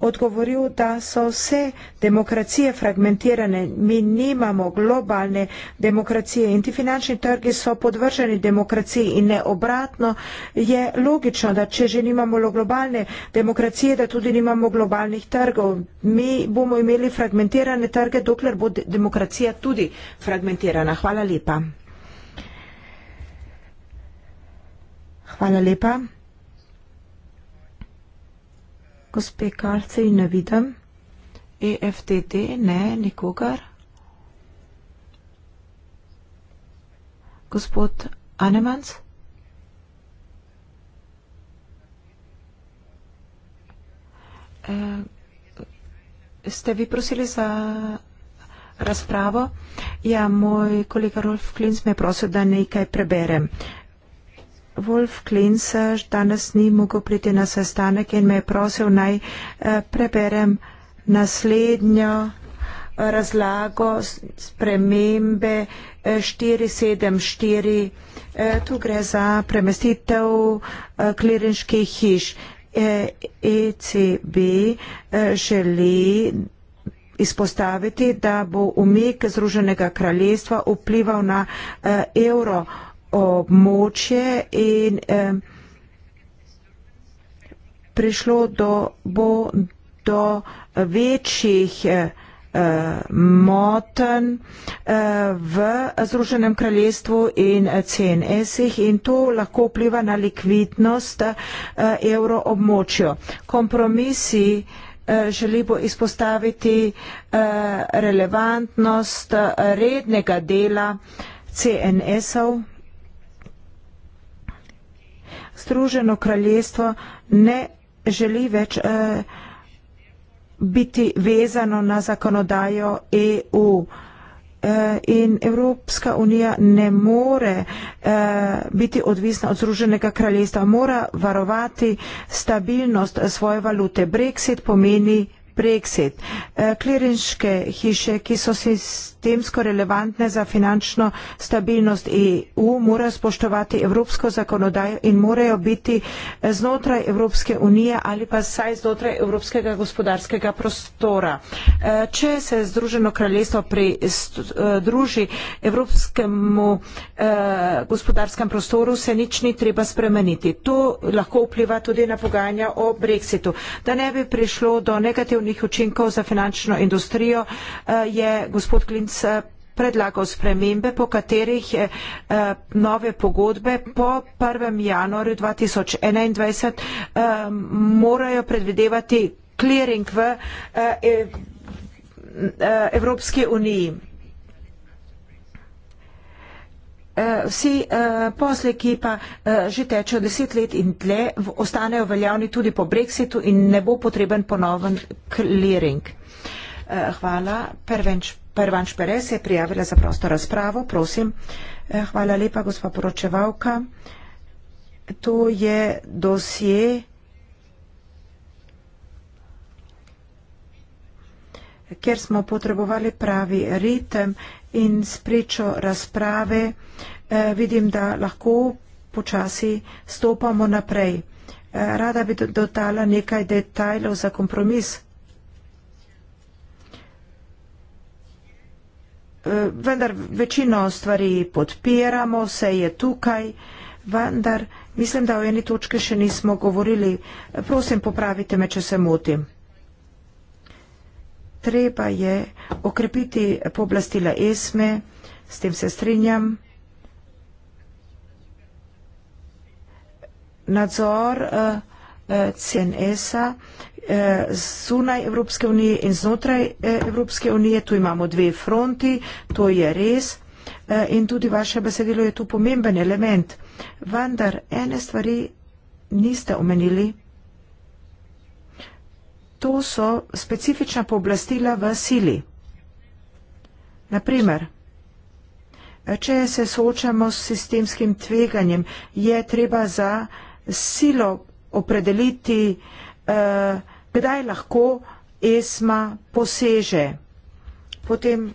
odgovoril, da so vse demokracije fragmentirane. Mi nimamo globalne demokracije in ti finančni trgi so podvrženi demokraciji in ne obratno. Je logično, da če že nimamo globalne demokracije, da tudi nimamo globalnih trgov. Mi bomo imeli fragmentirane trge, dokler bo demokracija tudi fragmentirana. Hvala lepa. Hvala lepa. Gospe Karce in ne vidim. EFTT, ne, nikogar. Gospod Anemans. E, ste vi prosili za razpravo? Ja, moj kolega Rolf Klins me je prosil, da nekaj preberem. Wolf Klins danes ni mogel priti na sestanek in me je prosil naj eh, preberem naslednjo eh, razlago spremembe 474. Eh, tu gre za premestitev klirinških hiš. ECB e želi izpostaviti, da bo umik Združenega kraljestva vplival na evro območje in prišlo do, bo do večjih e, e, moten e, v Združenem kraljestvu in CNS-ih in to lahko vpliva na likvidnost evroobmočjo. Kompromisi želimo izpostaviti relevantnost rednega dela CNS-ov Združeno kraljestvo ne želi več eh, biti vezano na zakonodajo EU eh, in Evropska unija ne more eh, biti odvisna od Združenega kraljestva, mora varovati stabilnost svoje valute. Brexit pomeni Brexit. Eh, klirinške hiše, ki so se sistemsko relevantne za finančno stabilnost EU, morajo spoštovati evropsko zakonodajo in morajo biti eh, znotraj Evropske unije ali pa saj znotraj evropskega gospodarskega prostora. Eh, če se Združeno kraljestvo pridruži eh, evropskemu gospodarskem prostoru, se nič ni treba spremeniti. To lahko vpliva tudi na pogajanja o brexitu. Da ne bi prišlo do negativnih učinkov za finančno industrijo, je gospod Klinc konec eh, predlagal spremembe, po katerih eh, eh, nove pogodbe po 1. januarju 2021 morajo predvidevati clearing v e-, Evropski uniji. Vsi posle, ki pa že tečejo deset let in tle, ostanejo veljavni tudi po Brexitu in ne bo potreben ponoven clearing. Hvala. Pervenč Pervan Špere se je prijavila za prosto razpravo, prosim. Eh, hvala lepa, gospa poročevalka. To je dosje ker smo potrebovali pravi ritem in spričo razprave, eh, vidim, da lahko počasi stopamo naprej. Eh, rada bi dodala nekaj detajlov za kompromis. vendar večino stvari podpiramo, vse je tukaj, vendar mislim, da o eni točki še nismo govorili. Prosim, popravite me, če se motim. Treba je okrepiti poblastila ESME, s tem se strinjam. Nadzor uh, eh, uh, eh, CNS-a Eh, zunaj Evropske unije in znotraj eh, Evropske unije. Tu imamo dve fronti, to je res. Eh, in tudi vaše besedilo je tu pomemben element. Vendar ene stvari niste omenili. To so specifična pooblastila v sili. Naprimer, če se soočamo s sistemskim tveganjem, je treba za silo opredeliti uh, kdaj lahko ESMA poseže. Potem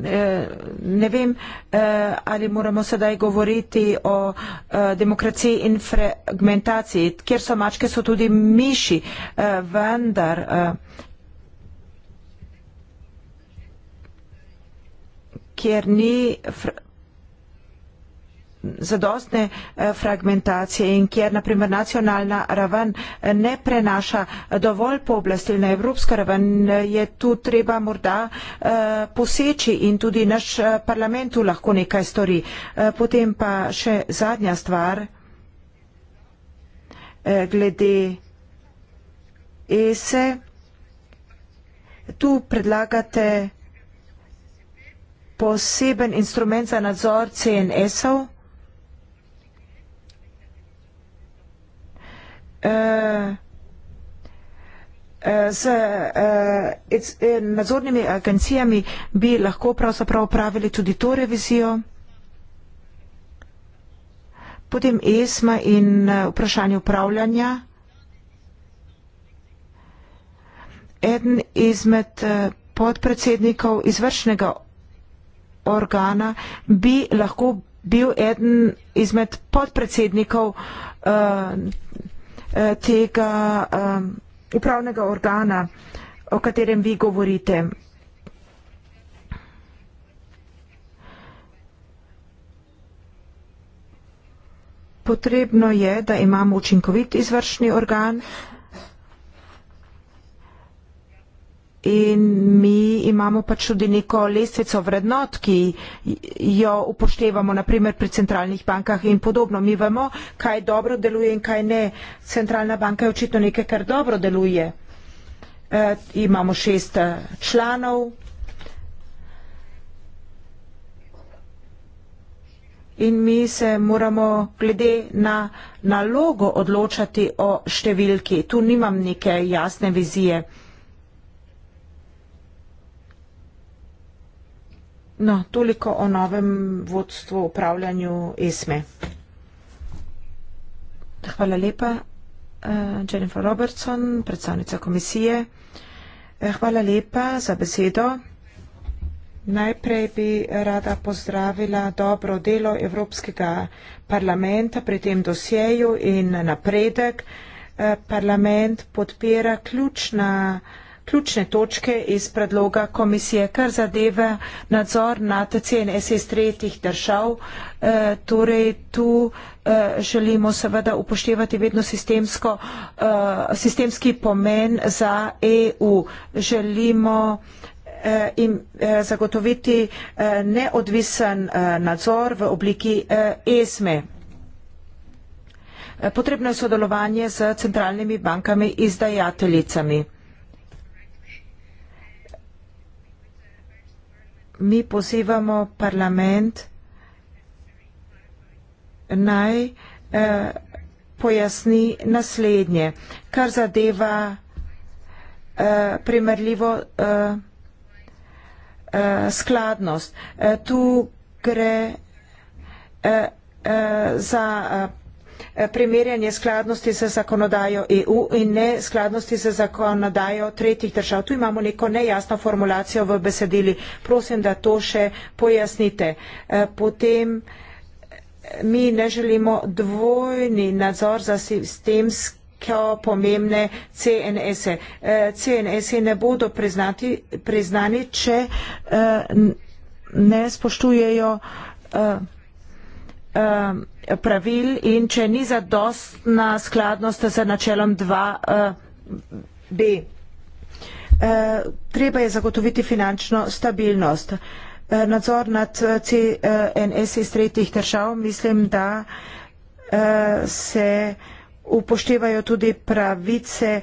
eh, ne vem, eh, ali moramo sedaj govoriti o eh, demokraciji in fragmentaciji, kjer so mačke, so tudi miši, vendar kjer ni zadostne eh, fragmentacije in kjer naprimer nacionalna raven eh, ne prenaša eh, dovolj pooblastil na evropsko raven, je tu treba morda poseči in tudi naš parlament tu lahko nekaj stori. Potem pa še zadnja stvar glede ESE. Tu predlagate poseben instrument za nadzor CNS-ov. z eh, eh, nadzornimi agencijami bi lahko pravzaprav pravili tudi to revizijo. Potem ESMA in eh, vprašanje upravljanja. Eden izmed podpredsednikov izvršnega organa bi lahko bil eden izmed podpredsednikov uh, Eh, tega eh, upravnega organa, o katerem vi govorite. Potrebno je, da imamo učinkovit izvršni organ, In mi imamo pač tudi neko lesvico vrednot, ki jo upoštevamo, naprimer pri centralnih bankah in podobno. Mi vemo, kaj dobro deluje in kaj ne. Centralna banka je očitno nekaj, kar dobro deluje. E, imamo šest e, članov. In mi se moramo glede na nalogo odločati o številki. Tu nimam neke jasne vizije. No, toliko o novem vodstvu upravljanju ESME. Hvala lepa, eh, Jennifer Robertson, predstavnica komisije. Eh, hvala lepa za besedo. Najprej bi rada pozdravila dobro delo Evropskega parlamenta pri tem dosjeju in napredek. Eh, parlament podpira ključna ključne točke iz predloga komisije, kar zadeva nadzor nad CNS iz tretjih držav. E, torej tu e, želimo seveda upoštevati vedno e, sistemski pomen za EU. Želimo in zagotoviti neodvisen nadzor v obliki ESME. E. Potrebno je sodelovanje z centralnimi bankami izdajateljicami. mi pozivamo parlament naj eh, pojasni naslednje, kar zadeva eh, primerljivo eh, skladnost. Tu gre za Eh, primerjanje skladnosti z zakonodajo EU in ne skladnosti z zakonodajo tretjih držav. Tu imamo neko nejasno formulacijo v besedili. Prosim, da to še pojasnite. Eh, potem eh, mi ne želimo dvojni nadzor za sistemski pomembne CNS-e. CNS-e ne bodo priznati, priznani, če ne spoštujejo Um, pravil in če ni zadostna skladnost z načelom 2b. Uh, uh, treba je zagotoviti finančno stabilnost. Uh, nadzor nad CNS iz tretjih držav, mislim, da se upoštevajo tudi pravice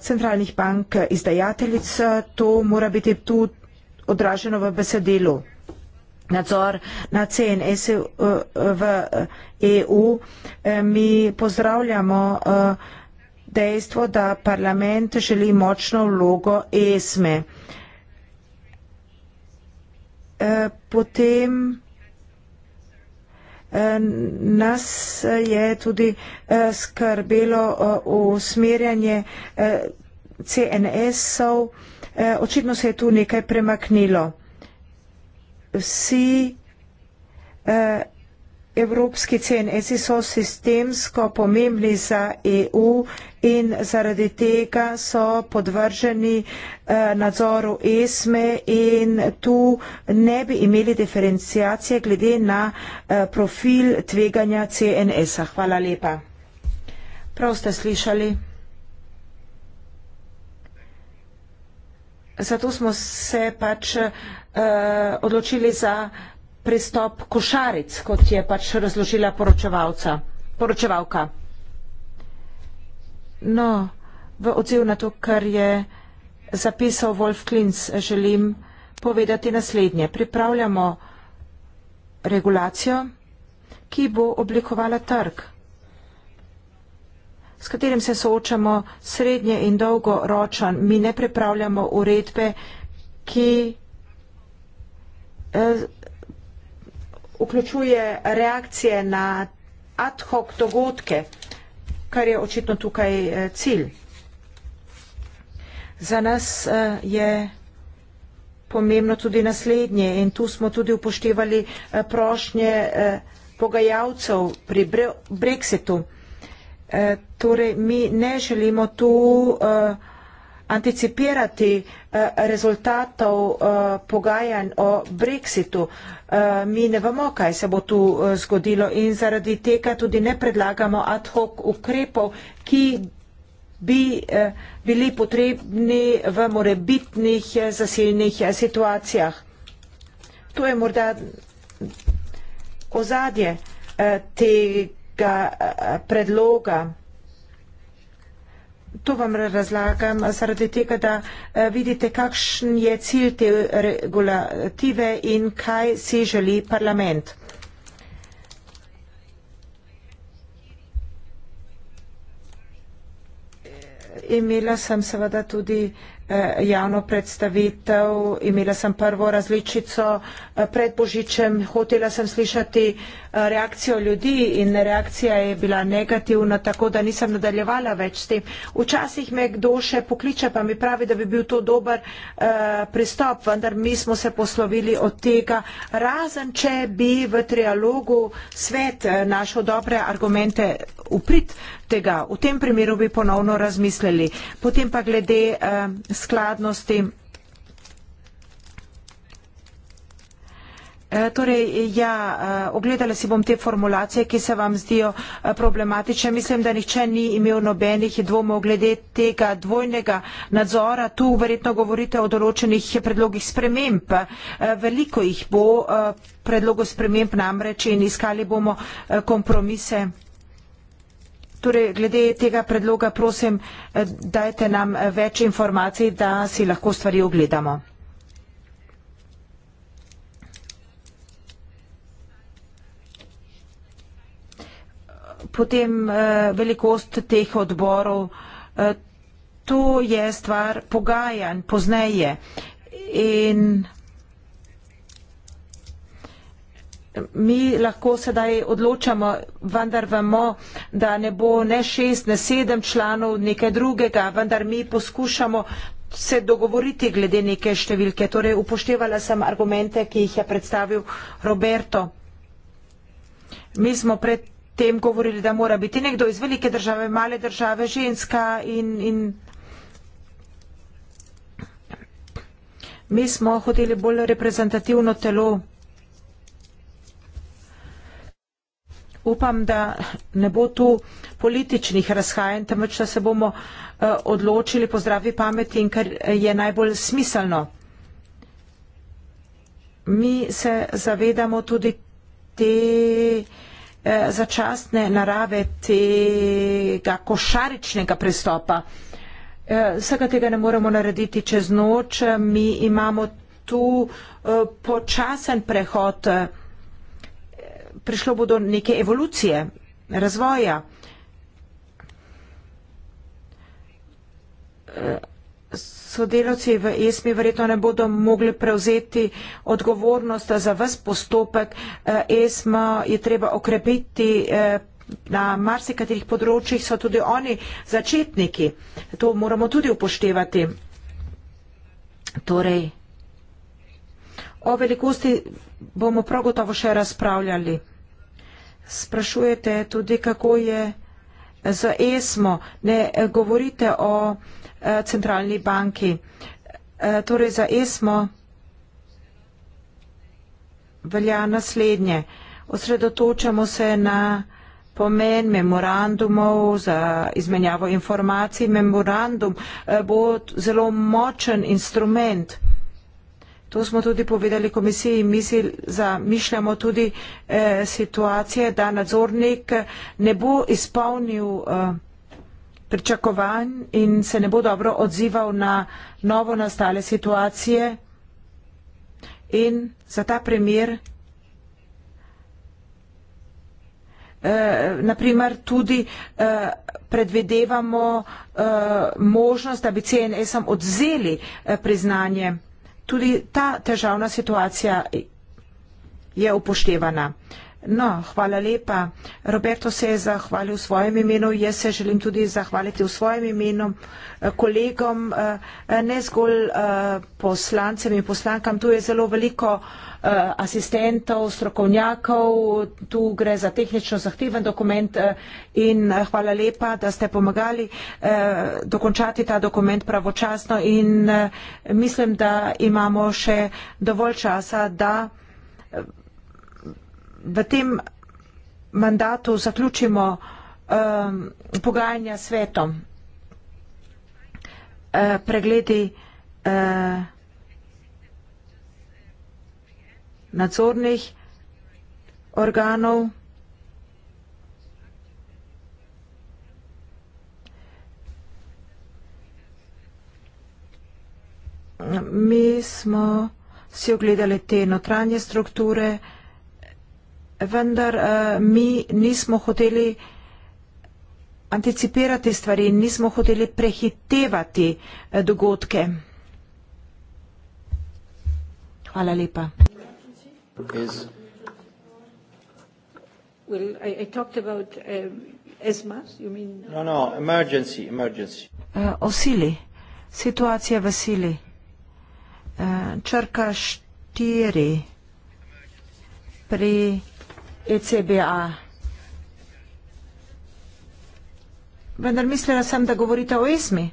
centralnih bank izdajateljic. To mora biti tu odraženo v besedilu nadzor na cen e v EU. E, mi pozdravljamo e, dejstvo, da parlament želi močno vlogo ESME. Potem nas je tudi skrbelo usmerjanje CNS-ov. Očitno se je tu nekaj premaknilo vsi eh, evropski CNS-i so sistemsko pomembni za EU in zaradi tega so podvrženi eh, nadzoru ESME e in tu ne bi imeli diferencijacije glede na eh, profil tveganja CNS-a. Hvala lepa. Prav ste slišali. Zato smo se pač. Eh, Eh, odločili za pristop košaric, kot je pač razložila poročevalka. No, v odziv na to, kar je zapisal Wolf Klins, želim povedati naslednje. Pripravljamo regulacijo, ki bo oblikovala trg, s katerim se soočamo srednje in dolgoročan. Mi ne pripravljamo uredbe, ki Eh, vključuje reakcije na ad hoc dogodke, kar je očitno tukaj eh, cilj. Za nas eh, je pomembno tudi naslednje in tu smo tudi upoštevali prošnje pogajalcev pri Brexitu. Torej, mi ne želimo tu uh, anticipirati eh, rezultatov eh, pogajanj o brexitu. Eh, mi ne vemo, kaj se bo tu zgodilo in zaradi tega tudi ne predlagamo ad hoc ukrepov, ki bi bili potrebni v morebitnih zasilnih situacijah. To je morda ozadje tega predloga. To vam razlagam zaradi tega, da eh, vidite, kakšen je cilj te regulative in kaj si želi parlament. Imela sem seveda tudi eh, javno predstavitev, imela sem prvo različico eh, pred Božičem, hotela sem slišati Eh, reakcijo ljudi in reakcija je bila negativna, tako da nisem nadaljevala več s tem. Včasih me kdo še pokliče, pa mi pravi, da bi bil to dober uh, pristop, vendar mi smo se poslovili od tega, razen če bi v trialogu svet eh, našel dobre argumente uprit tega. V tem primeru bi ponovno razmislili. Potem pa glede uh, skladnosti E, torej, ja, e, ogledala si bom te formulacije, ki se vam zdijo e, problematične. Mislim, da nihče ni imel nobenih dvomov glede tega dvojnega nadzora. Tu verjetno govorite o določenih predlogih sprememb. Veliko jih bo predlogov sprememb namreč in iskali bomo kompromise. Torej, glede tega predloga prosim, dajte nam več informacij, da si lahko stvari ogledamo. potem eh, velikost teh odborov, eh, to je stvar pogajanj pozneje. In mi lahko sedaj odločamo, vendar vemo, da ne bo ne šest, ne sedem članov nekaj drugega, vendar mi poskušamo se dogovoriti glede neke številke. Torej upoštevala sem argumente, ki jih je predstavil Roberto. Mi smo pred tem govorili, da mora biti nekdo iz velike države, male države, ženska in. in Mi smo hoteli bolj reprezentativno telo. Upam, da ne bo tu političnih razhajanj, temveč da se bomo eh, odločili po zdravi pameti in kar je najbolj smiselno. Mi se zavedamo tudi te, Eh, začasne narave tega košaričnega pristopa. Eh, vsega tega ne moremo narediti čez noč. Mi imamo tu eh, počasen prehod. Prišlo bo do neke evolucije, razvoja. S sodelavci v ESMI verjetno ne bodo mogli prevzeti odgovornost za vas postopek. Eh, ESMA je treba okrepiti eh, na marsikaterih področjih, so tudi oni začetniki. To moramo tudi upoštevati. Torej, o velikosti bomo prav gotovo še razpravljali. Sprašujete tudi, kako je z ESMO. Ne eh, govorite o Eh, centralni banki. Eh, torej za ESMO velja naslednje. Osredotočamo se na pomen memorandumov za izmenjavo informacij. Memorandum eh, bo zelo močen instrument. To smo tudi povedali komisiji in zamišljamo tudi eh, situacije, da nadzornik ne bo izpolnil eh, pričakovanj in se ne bo dobro odzival na novo nastale situacije. In za ta primer, eh, naprimer, tudi eh, predvidevamo eh, možnost, da bi CNS-om odzeli eh, priznanje. Tudi ta težavna situacija je upoštevana. Eh, No, hvala lepa. Roberto se je zahvalil v svojem imenu, jaz se želim tudi zahvaliti v svojem imenu eh, kolegom, eh, ne zgolj eh, poslancem in poslankam. Tu je zelo veliko asistentov, strokovnjakov, tu gre za tehnično zahteven dokument in hvala lepa, da ste pomagali dokončati ta dokument pravočasno in mislim, da imamo še dovolj časa, da v tem mandatu zaključimo um, pogajanja s svetom, uh, pregledi uh, nadzornih organov, Mi smo si ogledali te notranje strukture, vendar uh, mi nismo hoteli anticipirati stvari, nismo hoteli prehitevati uh, dogodke. Hvala lepa. Yes. Well, I, I about, um, mean... no, no, emergency, emergency. Uh, o sili, situacija v sili. Uh, črka štiri pri ECBA. Vendar mislila sem, da govorite o ESMI.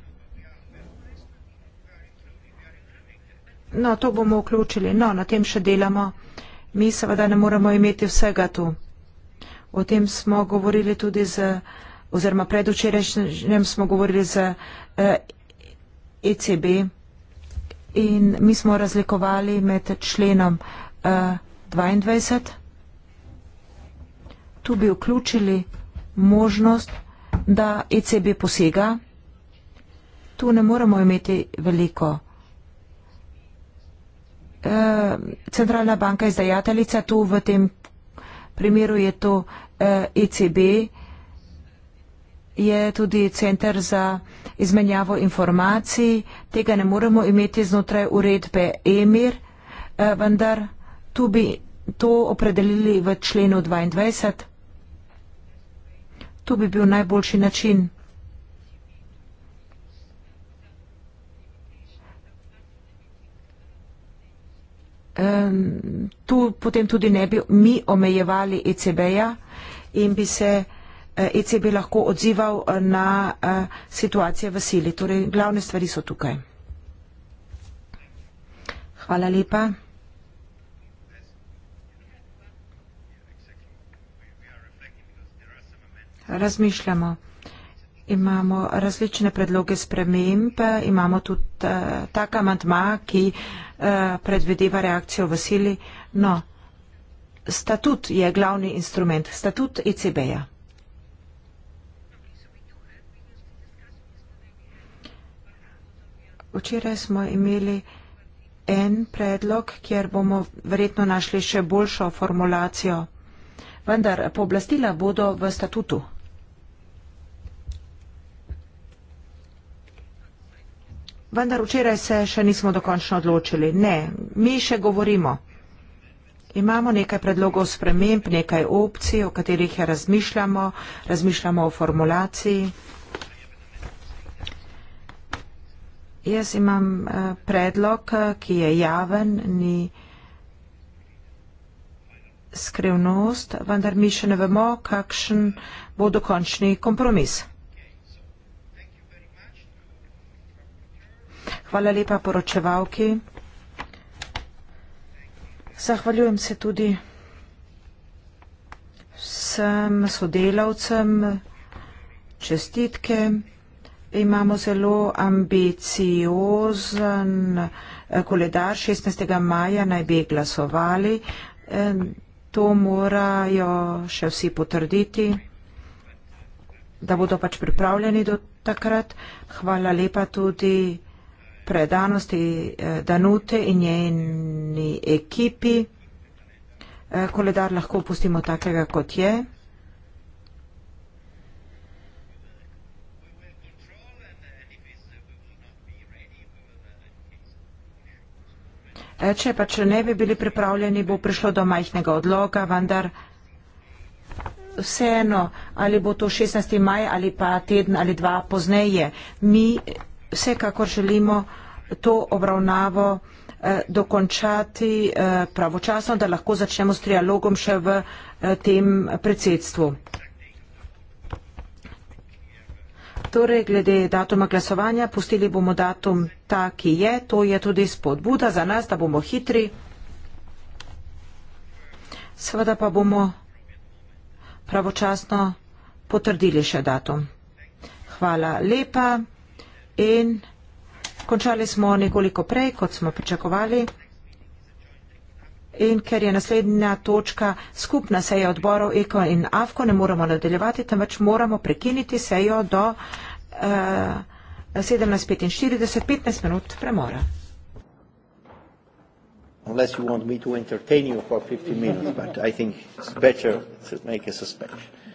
No, to bomo vključili. No, na tem še delamo. Mi seveda ne moremo imeti vsega tu. O tem smo govorili tudi z, oziroma predvčerajšnjem smo govorili z eh, ECB in mi smo razlikovali med členom eh, 22 tu bi vključili možnost, da ECB posega. Tu ne moremo imeti veliko. E, centralna banka je zdajateljica, tu v tem primeru je to ECB, e je tudi centr za izmenjavo informacij, tega ne moremo imeti znotraj uredbe EMIR, e, vendar tu bi to opredelili v členu 22. To bi bil najboljši način. Tu potem tudi ne bi mi omejevali ECB-ja in bi se ECB eh, e lahko odzival eh, na eh, situacije v sili. Torej, glavne stvari so tukaj. Hvala lepa. razmišljamo. Imamo različne predloge sprememb, imamo tudi uh, tak amantma, ki uh, eh, predvedeva reakcijo v sili. No, statut je glavni instrument, statut ECB-ja. Včeraj smo imeli en predlog, kjer bomo verjetno našli še boljšo formulacijo, vendar pooblastila bodo v statutu. Vendar včeraj se še nismo dokončno odločili. Ne, mi še govorimo. Imamo nekaj predlogov sprememb, nekaj opcij, o katerih razmišljamo, razmišljamo o formulaciji. Jaz imam eh, predlog, eh, ki je javen, ni skrivnost, vendar mi še ne vemo, kakšen bo dokončni kompromis. Hvala lepa poročevalki. Zahvaljujem se tudi vsem sodelavcem. Čestitke. Imamo zelo ambiciozen eh, koledar. 16. maja naj bi glasovali. To morajo še vsi potrditi, da bodo pač pripravljeni do takrat. Hvala lepa tudi predanosti eh, Danute in njeni ekipi. Eh, koledar lahko pustimo takega, kot je. Eh, če pač ne bi bili pripravljeni, bo prišlo do majhnega odloga, vendar vseeno, ali bo to 16. maj ali pa teden ali dva pozneje, mi vsekakor želimo to obravnavo eh, dokončati eh, pravočasno, da lahko začnemo s trialogom še v eh, tem predsedstvu. Torej, glede datuma glasovanja, pustili bomo datum ta, ki je. To je tudi spodbuda za nas, da bomo hitri. Seveda pa bomo pravočasno potrdili še datum. Hvala lepa in končali smo nekoliko prej, kot smo pričakovali. In ker je naslednja točka skupna seja odborov Eko in Avko, ne moramo nadaljevati, temveč moramo prekiniti sejo do uh, 17.45, 15 minut premora. Unless you want me to entertain you for 15 minutes, but I think it's better to make a suspension.